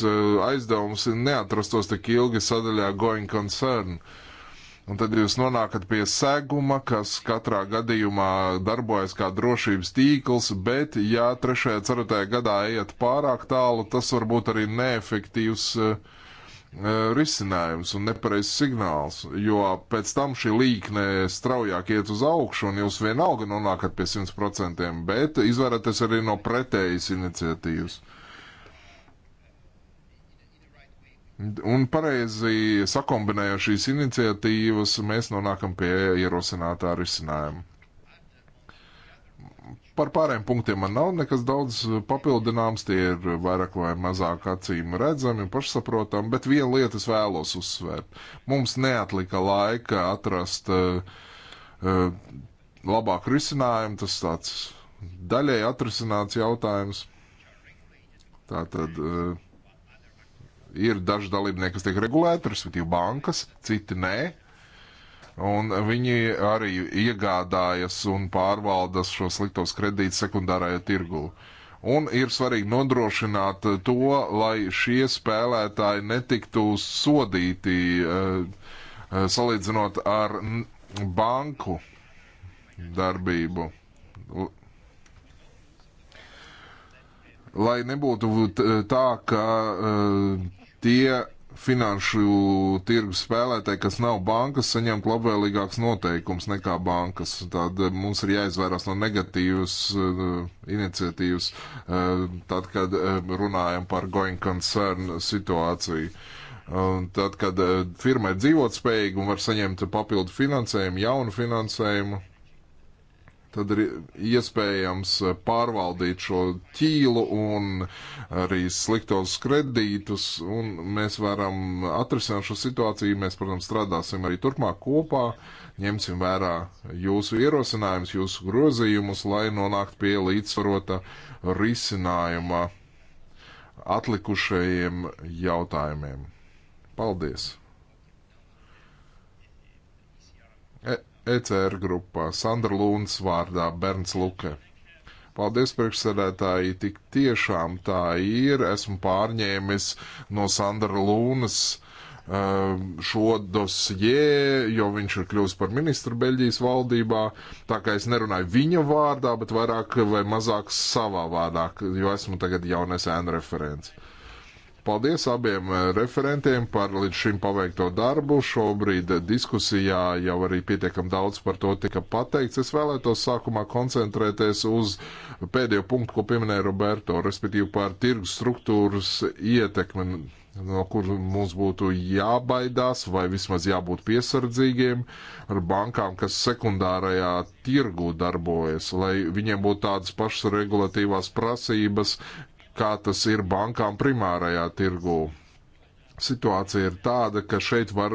aizdevums neatrastos tik ilgi sadaļā going concern. Uh, Un tad jūs nonākat pie seguma, kas katrā gadījumā darbojas kā drošības tīkls, bet ja trešajā, ceturtajā gadā iet pārāk tālu, tas var būt arī neefektīvs uh, risinājums un nepareizs signāls, jo pēc tam šī līkne straujāk iet uz augšu un jūs vienalga nonākat pie 100%, bet izvēraties arī no pretējas iniciatīvas. Uh, Un pareizi sakombinējot šīs iniciatīvas, mēs nonākam pie ierosinātā risinājuma. Par pārējiem punktiem man nav nekas daudz papildināms, tie ir vairāk vai mazāk acīm redzami un pašsaprotami, bet vienu lietu es vēlos uzsvērt. Mums neatlika laika atrast uh, uh, labāku risinājumu, tas tāds daļai atrisināts jautājums. Tātad. Uh, Ir daži dalībnieki, kas tiek regulēti, respektīvi bankas, citi nē. Un viņi arī iegādājas un pārvalda šo sliktos kredītus sekundārajā tirgū. Un ir svarīgi nodrošināt to, lai šie spēlētāji netiktu sodīti eh, eh, salīdzinot ar banku darbību lai nebūtu tā, ka uh, tie finanšu tirgus spēlētāji, kas nav bankas, saņemt labvēlīgāks noteikums nekā bankas. Tad mums ir jāizvairās no negatīvas uh, iniciatīvas, uh, tad, kad uh, runājam par going concern situāciju. Un tad, kad uh, firma ir dzīvotspējīga un var saņemt papildu finansējumu, jaunu finansējumu, tad ir iespējams eh, pārvaldīt šo ķīlu un arī sliktos kredītus, un mēs varam atrisināt šo situāciju. Mēs, protams, strādāsim arī turpmāk kopā, ņemsim vērā jūsu ierosinājumus, jūsu grozījumus, lai nonāktu pie līdzsvarota risinājuma atlikušajiem jautājumiem. Paldies! ECR grupā Sandra Lūnas vārdā Bernds Luke. Paldies, priekšsēdētāji, tik tiešām tā ir. Esmu pārņēmis no Sandra Lūnas um, šo dosjē, jo viņš ir kļuvis par ministru Beļģijas valdībā. Tā kā es nerunāju viņa vārdā, bet vairāk vai mazāk savā vārdā, jo esmu tagad jaunais ēnu referents. Paldies abiem eh, referentiem par līdz šim paveikto darbu. Šobrīd eh, diskusijā jau arī pietiekam daudz par to tika pateikts. Es vēlētos sākumā koncentrēties uz pēdējo punktu, ko pieminēja Roberto, respektīvi par tirgus struktūras ietekmi, no kur mums būtu jābaidās vai vismaz jābūt piesardzīgiem ar bankām, kas sekundārajā tirgu darbojas, lai viņiem būtu tādas pašas regulatīvās prasības, kā tas ir bankām primārajā tirgū. Situācija ir tāda, ka šeit var,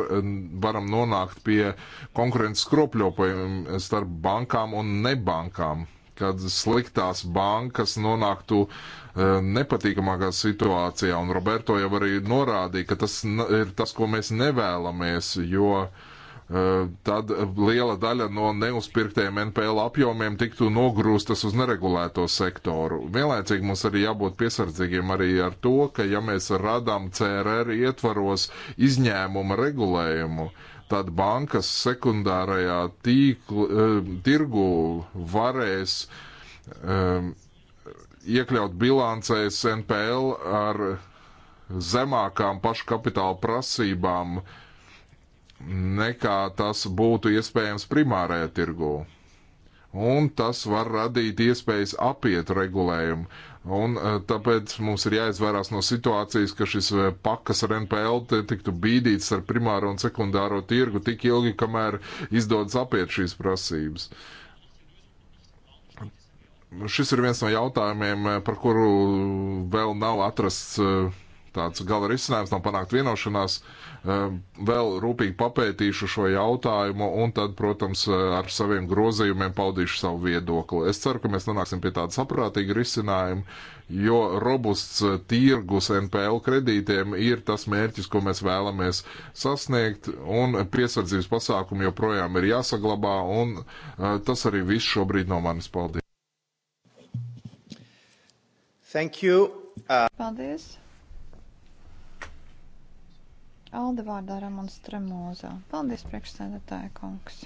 varam nonākt pie konkurences skropļopojumiem starp bankām un nebankām, kad sliktās bankas nonāktu e, nepatīkamākā situācijā, un Roberto jau arī norādīja, ka tas ir tas, ko mēs nevēlamies, jo uh, Eh, tad liela daļa no neuzpirktiem NPL apjomiem tiktu nogrūstas uz neregulēto sektoru. Vienlaicīgi mums arī jābūt piesardzīgiem arī ar to, ka ja mēs radām CRR ietvaros izņēmuma regulējumu, tad bankas sekundārajā tīklu, eh, tirgu varēs um, iekļaut bilancēs NPL ar zemākām pašu kapitāla prasībām uh, nekā tas būtu iespējams primārajā tirgū. Un tas var radīt iespējas apiet regulējumu. Un eh, tāpēc mums ir jāizvairās no situācijas, ka šis eh, pakas ar NPL tiktu bīdīts ar primāro un sekundāro tirgu tik ilgi, kamēr izdodas apiet šīs prasības. Šis ir viens no jautājumiem, eh, par kuru vēl nav atrasts tāds gala risinājums, nav panākt vienošanās. Uh, Ehm, vēl rūpīgi papētīšu šo jautājumu un tad, protams, eh, ar saviem grozījumiem paudīšu savu viedokli. Es ceru, ka mēs nonāksim pie tāda saprātīga risinājuma, jo robusts eh, tirgus NPL kredītiem ir tas mērķis, ko mēs vēlamies sasniegt, un piesardzības pasākumi joprojām ir jāsaglabā, un eh, tas arī viss šobrīd no manis. Paldies! Thank you. Uh... Paldies. Alde vārdā Ramons Tremūza. Paldies, priekšsēdētāja kungs.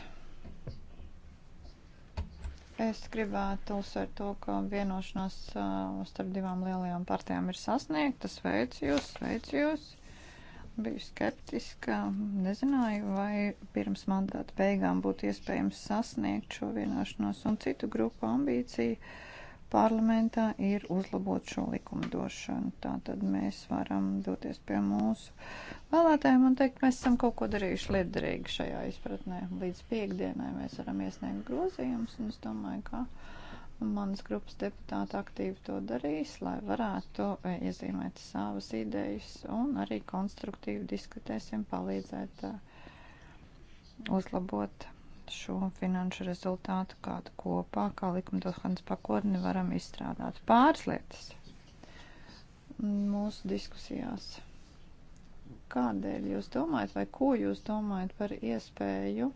Es gribētu uzsvērt to, ka vienošanās uh, starp divām lielajām partijām ir sasniegta. Sveicu jūs, sveicu jūs. Biju skeptiska, nezināju, vai pirms mandāta beigām būtu iespējams sasniegt šo vienošanos un citu grupu ambīciju. Uh, parlamentā ir uzlabot šo likumdošanu. Tā tad mēs varam doties pie mūsu vēlētājiem un teikt, mēs esam kaut ko darījuši liederīgi šajā izpratnē. Līdz piekdienai mēs varam iesniegt grozījumus, un es domāju, ka manas grupas deputāti aktīvi to darīs, lai varētu e, iezīmēt savas idejas un arī konstruktīvi diskutēsim, palīdzēt e, uzlabot šo finanšu rezultātu kādu kopā, kā likumdošanas pakotni varam izstrādāt. Pāris lietas mūsu diskusijās. Kādēļ jūs domājat vai ko jūs domājat par iespēju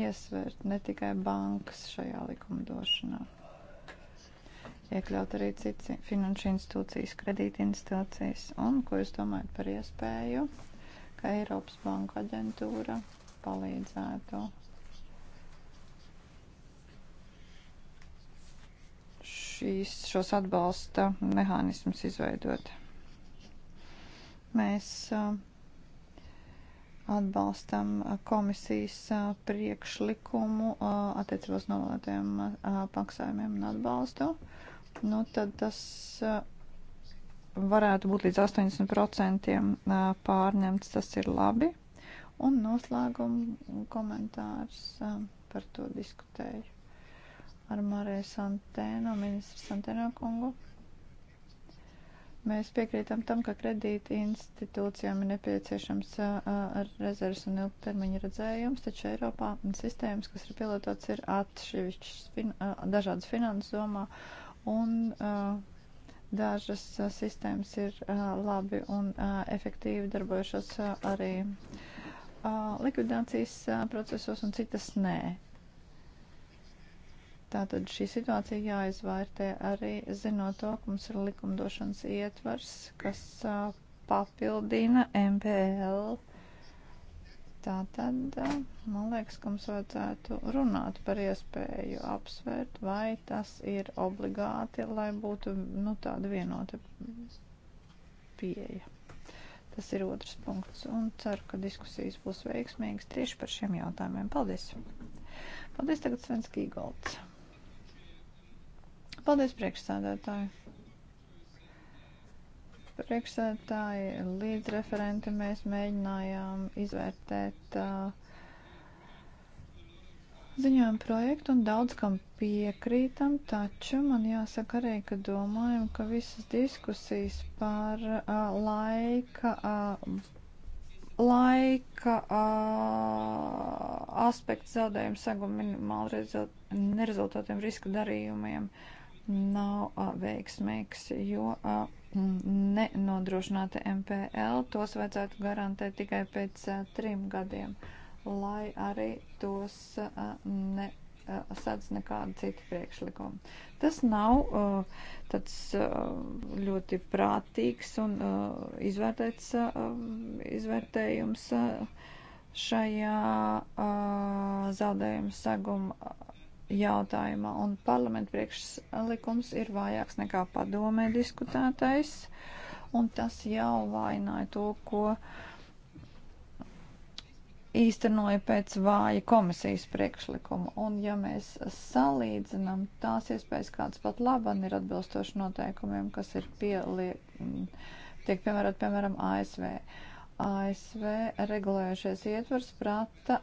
iesvērt ne tikai bankas šajā likumdošanā? Iekļaut arī citas finanšu institūcijas, kredītinstitūcijas un ko jūs domājat par iespēju, ka Eiropas Banka aģentūra palīdzētu šīs, šos atbalsta mehānismus izveidot. Mēs atbalstam komisijas priekšlikumu attiecībos novēlētajiem maksājumiem un atbalstu. Nu, tad tas varētu būt līdz 80% pārņemts, tas ir labi. Un noslēguma komentārs par to diskutēju ar Mariju Santēno, ministru Santēno kungu. Mēs piekrītam tam, ka kredīti institūcijām ir nepieciešams ar rezerves un ilgtermiņa redzējums, taču Eiropā sistēmas, kas ir pilotots, ir atšķirīgs fin dažādas finanses domā, un uh, dažas sistēmas ir uh, labi un uh, efektīvi darbojušas arī likvidācijas procesos, un citas nē. Tātad šī situācija jāizvērtē arī zinot to, ka mums ir likumdošanas ietvars, kas uh, papildina MPL. Tātad, uh, man liekas, ka mums vajadzētu runāt par iespēju apsvērt, vai tas ir obligāti, lai būtu nu, tāda vienota pieeja. Tas ir otrs punkts, un ceru, ka diskusijas būs veiksmīgas tieši par šiem jautājumiem. Paldies! Paldies tagad Svenskī Golds! Paldies, priekšsādātāji! Priekšsēdētāji, līdz referenti mēs mēģinājām izvērtēt uh, ziņojumu projektu un daudz kam piekrītam, taču man jāsaka arī, ka domājam, ka visas diskusijas par uh, laika. Uh, laika uh, aspekts zaudējumu segumu minimāli nerezultātiem riska darījumiem uh, nav a, veiksmīgs, jo a, nenodrošināta MPL tos vajadzētu garantēt tikai pēc a, trim gadiem, lai arī tos a, ne sadz nekādu citu priekšlikumu. Tas nav uh, tāds uh, ļoti prātīgs un uh, izvērtēts, uh, izvērtējums uh, šajā uh, zaudējuma saguma jautājumā, un parlamenta priekšlikums ir vājāks nekā padomē diskutētais, un tas jau vaināja to, ko īstenoja pēc vāja komisijas priekšlikuma. Un ja mēs salīdzinām tās iespējas, kādas pat laban ir atbilstoši noteikumiem, kas ir pielie, tiek piemērot, piemēram, ASV. Uh, ASV regulējušais ietvers prata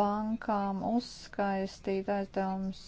bankām uzskaistīt aizdevums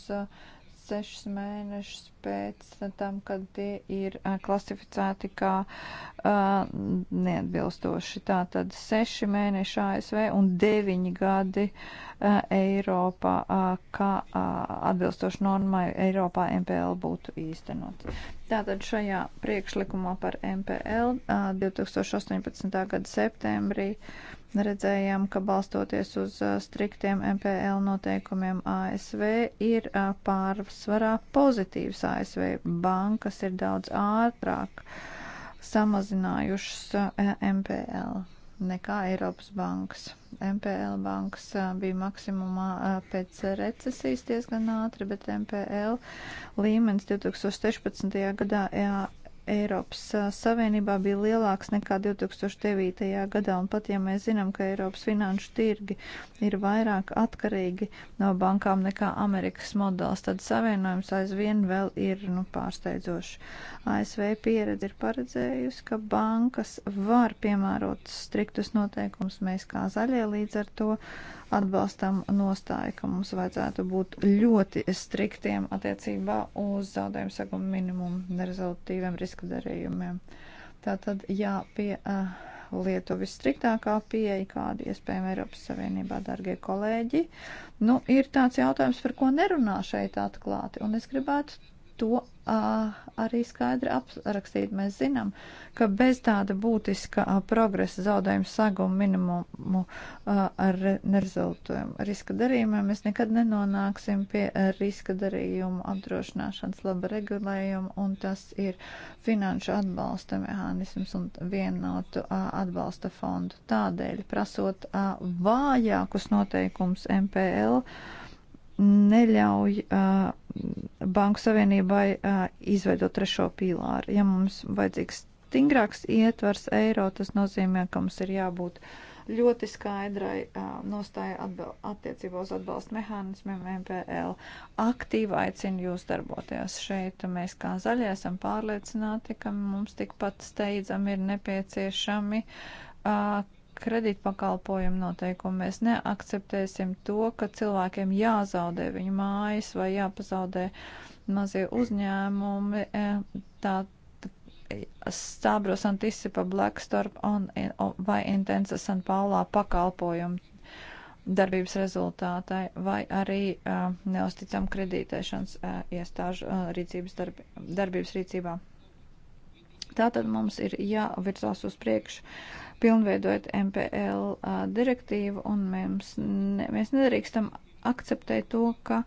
sešus mēnešus pēc tam, kad tie ir eh, klasificēti kā uh, neatbilstoši. Tātad seši mēneši ASV un deviņi gadi uh, Eiropā, uh, kā uh, atbilstoši normai Eiropā MPL būtu īstenots. Tātad šajā priekšlikumā par MPL uh, 2018. gada septembrī. Uh, redzējām, ka balstoties uz striktiem MPL noteikumiem ASV ir pārsvarā pozitīvs ASV bankas ir daudz ātrāk samazinājušas MPL nekā Eiropas bankas. MPL bankas bija maksimumā pēc recesijas diezgan ātri, bet MPL līmenis 2016. gadā Eiropas Savienībā bija lielāks nekā 2009. gadā, un pat ja mēs zinām, ka Eiropas finanšu tirgi ir vairāk atkarīgi no bankām nekā Amerikas modelis, tad savienojums aizvien vēl ir nu, pārsteidzošs. ASV pieredze ir paredzējusi, ka bankas var piemērot striktus noteikumus, mēs kā zaļie līdz ar to atbalstam nostāju, ka mums vajadzētu būt ļoti striktiem attiecībā uz zaudējumu segumu minimumu nerezultīviem riska darījumiem. Tātad jāpielieto eh, uh, visstriktākā pieeja, kāda iespējama Eiropas Savienībā, dargie kolēģi. Nu, ir tāds jautājums, par ko nerunā šeit atklāti, un es gribētu to uh, arī skaidri aprakstīt. Mēs zinām, ka bez tāda būtiska uh, progresa zaudējuma saguma minimumu uh, ar nerezultājumu riska darījumiem mēs nekad nenonāksim pie uh, riska darījumu apdrošināšanas laba regulējuma, un tas ir finanšu atbalsta mehānisms un vienotu uh, atbalsta fondu. Tādēļ prasot uh, vājākus noteikumus MPL, uh, neļauj uh, Banku Savienībai uh, izveidot trešo pīlāru. Ja mums vajadzīgs stingrāks ietvars eiro, tas nozīmē, ka mums ir jābūt ļoti skaidrai uh, nostāja atbal, attiecībā uz atbalstu mehānismiem MPL. Aktīvi aicinu jūs darboties šeit. Mēs kā zaļie esam pārliecināti, ka mums tikpat steidzam ir nepieciešami uh, kredītpakalpojumu noteikumu. Mēs neakceptēsim to, ka cilvēkiem jāzaudē viņu mājas vai jāpazaudē mazie uzņēmumi. E, tā Stabros Antisipa, Blackstorp un, vai Intensa San Paulā pakalpojumu darbības rezultātai vai arī uh, neusticam kredītēšanas uh, iestāžu uh, rīcības darbi, darbības rīcībā. Tātad mums ir jāvirzās uz priekšu pilnveidojot MPL uh, direktīvu, un mēs, ne, mēs nedrīkstam akceptēt to, ka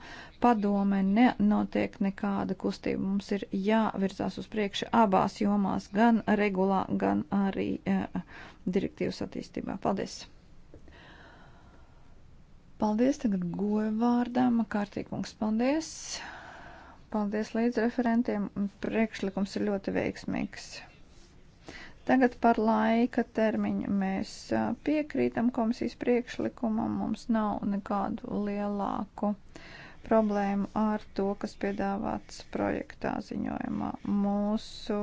padome nenotiek nekāda kustība. Mums ir jāvirzās uz priekšu abās jomās, gan regulā, gan arī uh, direktīvas attīstībā. Paldies! Paldies tagad goja vārdām, kārtīgums, paldies! Paldies līdz referentiem, priekšlikums ir ļoti veiksmīgs. Tagad par laika termiņu mēs piekrītam komisijas priekšlikumam, mums nav nekādu lielāku problēmu ar to, kas piedāvāts projektā ziņojumā. Mūsu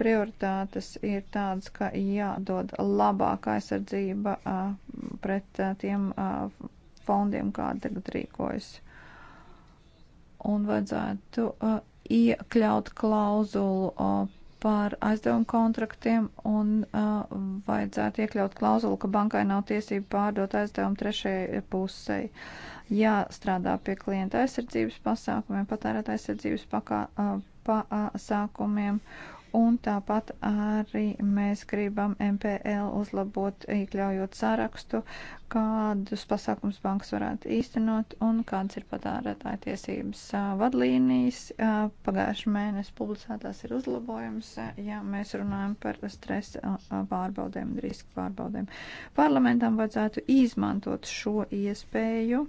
prioritātes ir tādas, ka jādod labāka aizsardzība pret tiem fondiem, kādi tagad rīkojas. Un vajadzētu iekļaut klauzulu par aizdevumu kontraktiem un uh, vajadzētu iekļaut klauzulu, ka bankai nav tiesību pārdot aizdevumu trešajai pusei. Jāstrādā pie klienta aizsardzības pasākumiem, patērēt aizsardzības pakā, uh, pasākumiem Un tāpat arī mēs gribam MPL uzlabot, iekļaujot sārakstu, kādus pasākums bankas varētu īstenot un kādas ir patārētāja tiesības vadlīnijas. Pagājuši mēnesi publicētās ir uzlabojums, ja mēs runājam par stresa pārbaudēm un riska pārbaudēm. Parlamentam vajadzētu izmantot šo iespēju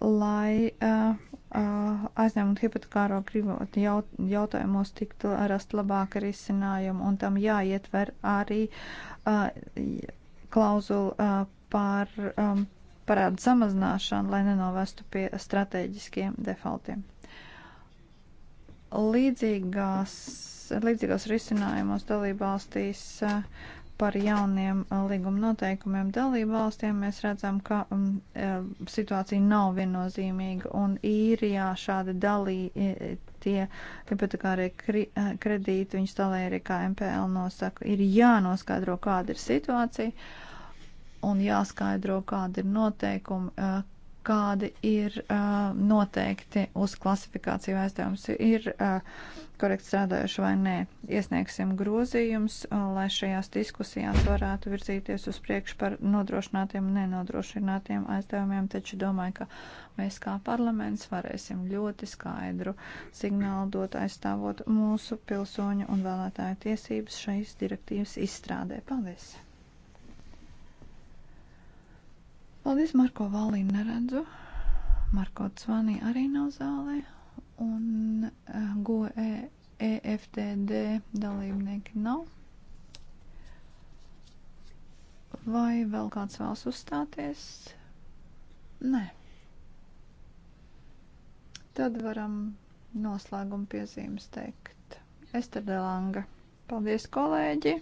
lai uh, uh, aizņēmumu hipotekāro kriminālu jaut, jautājumos tiktu rast labāka risinājuma, un tam jāietver arī uh, klauzula uh, par um, parādu samazināšanu, lai nenovestu pie strateģiskiem defaultiem. Līdzīgās, līdzīgos risinājumos dalībvalstīs uh, par jauniem uh, līguma noteikumiem dalību valstiem, mēs redzam, ka um, uh, situācija nav viennozīmīga, un īrijā šādi dalī tie hipotekārie uh, kredīti, viņus dalēja arī kā MPL nosaka, ir jānoskaidro, kāda ir situācija, un jāskaidro, kāda ir noteikumi, kādi ir uh, noteikti uz klasifikāciju aizdevums, ir uh, korekti strādājuši vai nē. Iesniegsim grozījums, uh, lai šajās diskusijās varētu virzīties uz priekšu par nodrošinātiem un nenodrošinātiem aizdevumiem, taču domāju, ka mēs kā parlaments varēsim ļoti skaidru signālu dot aizstāvot mūsu pilsoņu un vēlētāju tiesības šais direktīvas izstrādē. Paldies! Paldies, Marko Valī, neredzu. Marko Cvanī arī nav zālē. Un uh, eh, GOE EFTD dalībnieki nav. Vai vēl kāds vēlas uzstāties? Nē. Tad varam noslēguma piezīmes teikt. Esterdelanga. Paldies, kolēģi!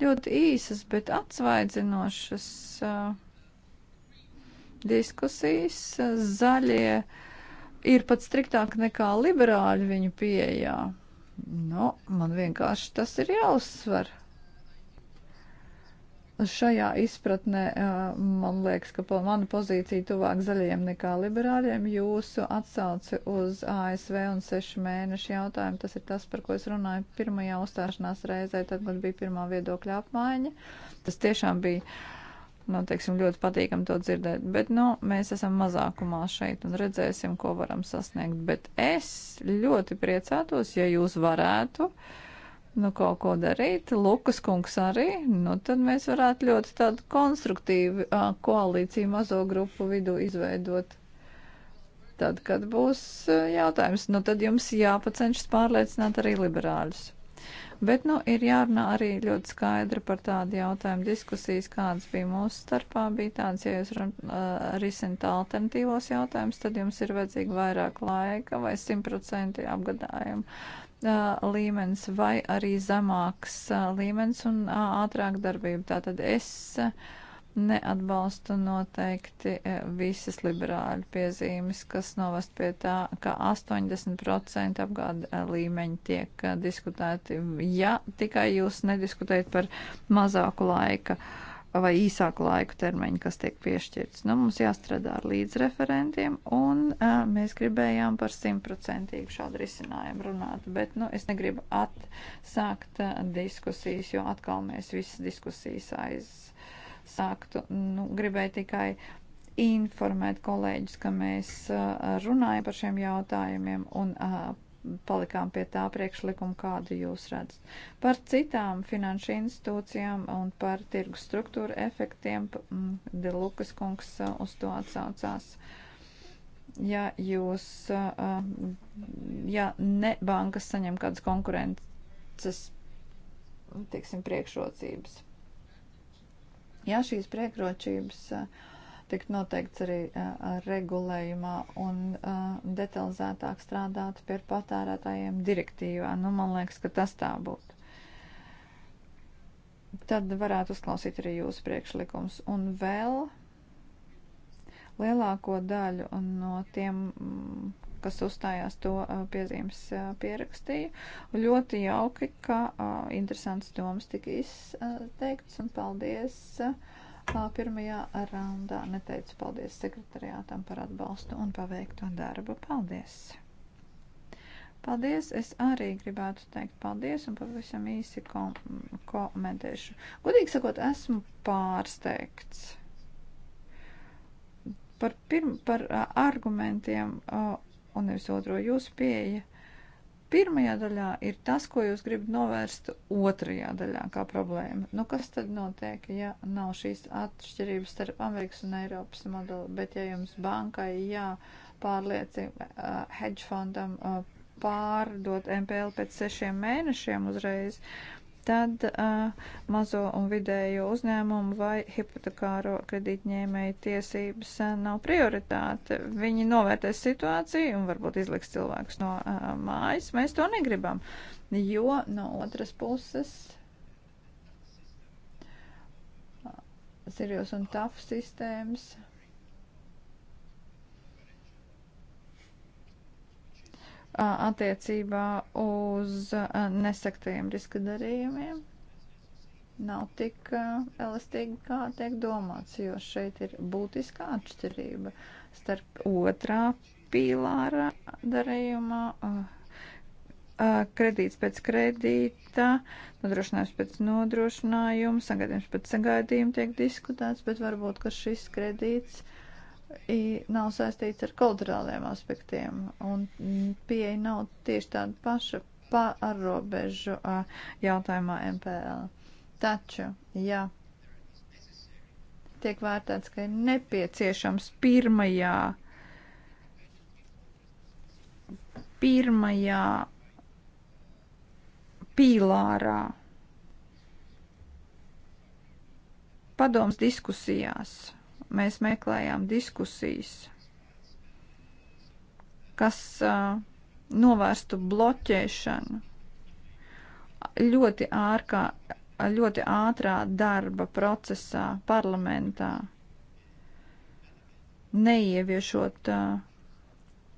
Ļoti īsas, bet atsvaidzinošas. Uh, diskusijas. Zaļie ir pat striktāk nekā liberāļi viņu pieejā. Nu, man vienkārši tas ir jāuzsver. Šajā izpratnē man liekas, ka po mana pozīcija tuvāk zaļiem nekā liberāļiem. Jūsu atsauci uz ASV un sešu mēnešu jautājumu, tas ir tas, par ko es runāju pirmajā uzstāšanās reizē, tad, kad bija pirmā viedokļa apmaiņa. Tas tiešām bija nu, teiksim, ļoti patīkami to dzirdēt, bet, nu, mēs esam mazākumā šeit un redzēsim, ko varam sasniegt. Bet es ļoti priecātos, ja jūs varētu, nu, kaut ko darīt, Lukas kungs arī, nu, tad mēs varētu ļoti tādu konstruktīvu uh, koalīciju mazo grupu vidu izveidot. Tad, kad būs jautājums, nu, tad jums jāpacenšas pārliecināt arī liberāļus. Bet, nu, ir jārunā arī ļoti skaidri par tādu jautājumu diskusijas, kādas bija mūsu starpā, bija tāds, ja jūs run, uh, risinat alternatīvos jautājumus, tad jums ir vajadzīga vairāk laika vai 100% apgadājumu uh, līmenis vai arī zemāks uh, līmenis un uh, ātrāk darbība. Tātad es. Uh, neatbalsta noteikti e, visas liberāļu piezīmes, kas novest pie tā, ka 80% apgāda e, līmeņi tiek e, diskutēti. Ja tikai jūs nediskutējat par mazāku laika vai īsāku laiku termiņu, kas tiek piešķirts, nu, mums jāstrādā ar līdzreferentiem, un uh, mēs gribējām par simtprocentīgu šādu risinājumu runāt, bet, nu, es negribu atsākt uh, diskusijas, jo atkal mēs visas diskusijas aiz sāktu. Nu, gribēju tikai informēt kolēģis, ka mēs runājam par šiem jautājumiem un palikām pie tā priekšlikuma, kādu jūs redzat. Par citām finanšu institūcijām un par tirgus struktūra efektiem Delukas kungs uz to atsaucās. Ja jūs, ja ne bankas saņem kādas konkurences, teiksim, priekšrocības. Ja šīs priekročības tikt noteikts arī regulējumā un detalizētāk strādāt pie patērētājiem direktīvā, nu, man liekas, ka tas tā būtu. Tad varētu uzklausīt arī jūsu priekšlikums. Un vēl lielāko daļu no tiem kas uzstājās, to piezīmes pierakstīja. Ļoti jauki, ka interesants domas tika izteikts, un paldies. Pirmajā raundā neteicu paldies sekretariātam par atbalstu un paveikto darbu. Paldies! Paldies! Es arī gribētu teikt paldies un pavisam īsi kom komentēšu. Gudīgi sakot, esmu pārsteigts par, pirm, par argumentiem un nevis otro. Jūsu pieeja pirmajā daļā ir tas, ko jūs gribat novērst otrajā daļā kā problēma. Nu, kas tad notiek, ja nav šīs atšķirības starp Amerikas un Eiropas modeli, bet ja jums bankai jāpārliecina uh, hedge fondam uh, pārdot MPL pēc sešiem mēnešiem uzreiz, tad uh, mazo un vidējo uzņēmumu vai hipotekāro kredītņēmēju tiesības uh, nav prioritāte. Viņi novērtēs situāciju un varbūt izliks cilvēkus no uh, mājas. Mēs to negribam, jo no otras puses. Sirius un TAF sistēmas attiecībā uz nesaktiem riska darījumiem nav tik elastīgi, kā tiek domāts, jo šeit ir būtiska atšķirība starp otrā pīlāra darījumā, kredīts pēc kredīta, nodrošinājums pēc nodrošinājuma, sagaidījums pēc sagaidījuma tiek diskutēts, bet varbūt, ka šis kredīts uh, nav saistīts ar kulturāliem aspektiem, un pieeja nav tieši tāda paša pārrobežu jautājumā MPL. Taču, ja tiek vērtēts, ka ir nepieciešams pirmajā, pirmajā pīlārā padoms diskusijās mēs meklējām diskusijas, kas uh, novērstu bloķēšanu ļoti, ārkā, ļoti ātrā darba procesā parlamentā, neieviešot uh,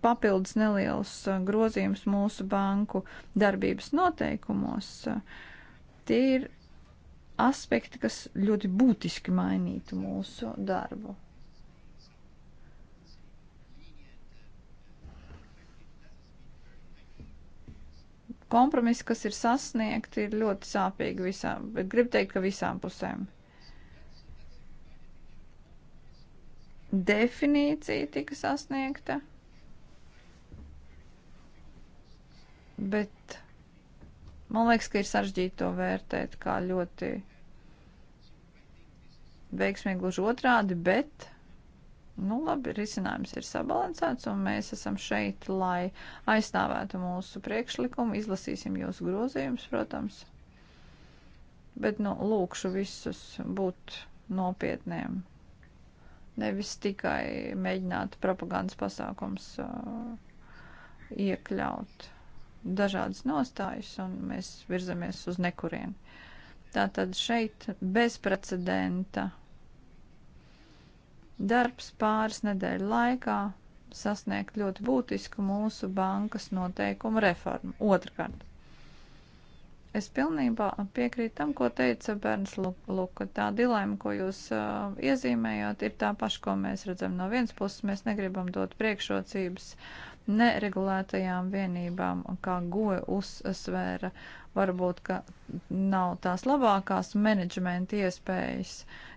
papildus nelielus uh, grozījumus mūsu banku darbības noteikumos. Uh, tie ir aspekti, kas ļoti būtiski mainītu mūsu darbu. Kompromisi, kas ir sasniegti, ir ļoti sāpīgi visām, bet gribu teikt, ka visām pusēm. Definīcija tika sasniegta, bet Man liekas, ka ir sarežģīti to vērtēt kā ļoti veiksmīgi gluži otrādi, bet, nu labi, risinājums ir sabalansēts un mēs esam šeit, lai aizstāvētu mūsu priekšlikumu, izlasīsim jūsu grozījumus, protams, bet, nu, lūkšu visus būt nopietniem, nevis tikai mēģināt propagandas pasākums uh, iekļaut dažādas nostājas un mēs virzamies uz nekurien. Tātad šeit bezprecedenta darbs pāris nedēļu laikā sasniegt ļoti būtisku mūsu bankas noteikumu reformu. Otrakārt, es pilnībā piekrītu tam, ko teica Bērns Luka. Tā dilēma, ko jūs uh, iezīmējāt, ir tā paša, ko mēs redzam no vienas puses. Mēs negribam dot priekšrocības neregulētajām vienībām, kā goja uzsvēra, varbūt, ka nav tās labākās menedžmenta iespējas,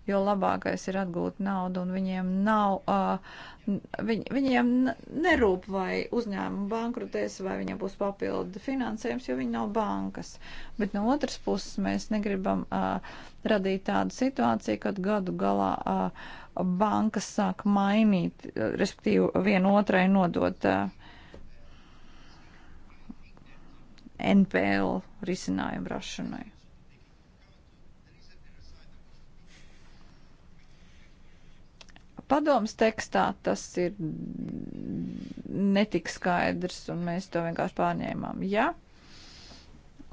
jo labākais ir atgūt naudu un viņiem nav, uh, viņ, viņiem nerūp vai uzņēmumi bankrutēs vai viņiem būs papildu finansējums, jo viņi nav bankas. Bet no otras puses mēs negribam uh, radīt tādu situāciju, kad gadu galā uh, bankas sāk mainīt, respektīvi vienotrai nodot. Uh, NPL risinājumu rašanai. Padoms tekstā tas ir netik skaidrs, un mēs to vienkārši pārņēmām. Ja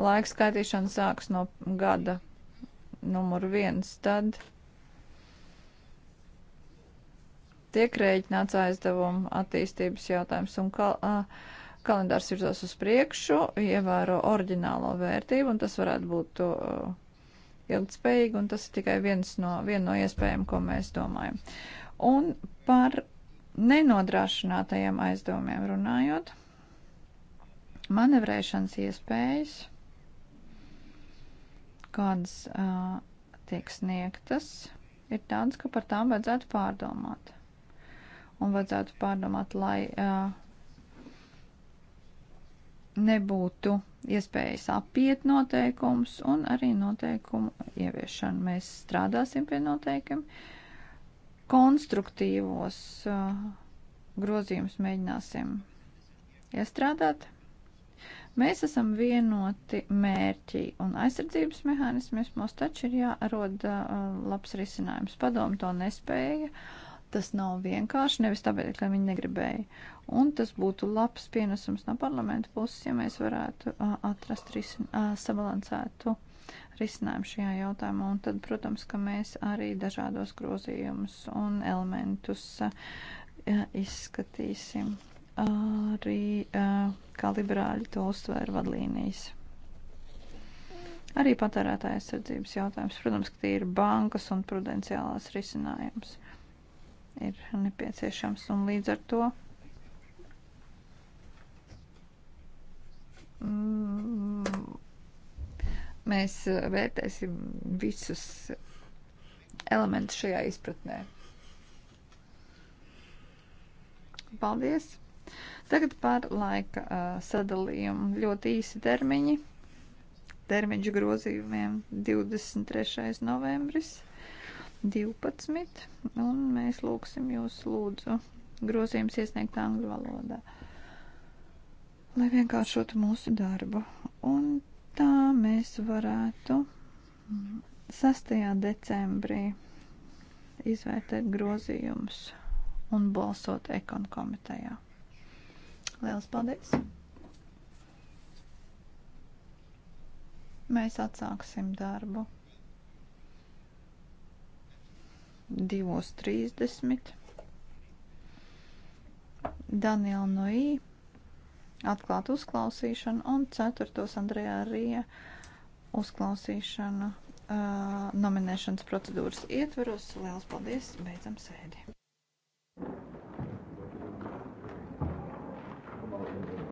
laika skaitīšana sāks no gada numur viens, tad tiek rēķināts aizdevumu attīstības jautājums un kal, uh, kalendārs virzās uz priekšu, ievēro oriģinālo vērtību, un tas varētu būt uh, ilgspējīgi, un tas ir tikai viens no, viena no iespējām, ko mēs domājam. Un par nenodrošinātajiem aizdomiem runājot, manevrēšanas iespējas, kādas uh, tiek sniegtas, ir tādas, ka par tām vajadzētu pārdomāt. Un vajadzētu pārdomāt, lai uh, nebūtu iespējas apiet noteikumus un arī noteikumu ieviešanu. Mēs strādāsim pie noteikumiem. Konstruktīvos uh, grozījumus mēģināsim iestrādāt. Mēs esam vienoti mērķi un aizsardzības mehānismos, taču ir jārod uh, labs risinājums. Padomu to nespēja. Uh, Tas nav vienkārši, nevis tāpēc, ka viņi negribēja. Un tas būtu labs pienesums no parlamenta puses, ja mēs varētu uh, atrast risin, uh, sabalansētu risinājumu šajā jautājumā. Un tad, protams, ka mēs arī dažādos grozījumus un elementus uh, izskatīsim. Arī uh, kā liberāļi to uztvēra vadlīnijas. Arī patērētāja aizsardzības jautājums. Protams, ka tie ir bankas un prudenciālās risinājums ir nepieciešams un līdz ar to mm, mēs vērtēsim visus elementus šajā izpratnē. Paldies! Tagad par laika uh, sadalījumu ļoti īsi termiņi. Termiņš grozījumiem 23. novembris 12, un mēs lūgsim jūs lūdzu grozījums iesniegt angļu valodā, lai vienkāršotu mūsu darbu. Un tā mēs varētu 6. decembrī izvērtēt grozījumus un balsot ekonu komitejā. Lielas paldies! Mēs atsāksim darbu. 2.30. Daniela Noī atklāt uzklausīšanu un 4. Andrejā Rija uzklausīšanu uh, nominēšanas procedūras ietveros. Lielas paldies! Beidzam sēdi!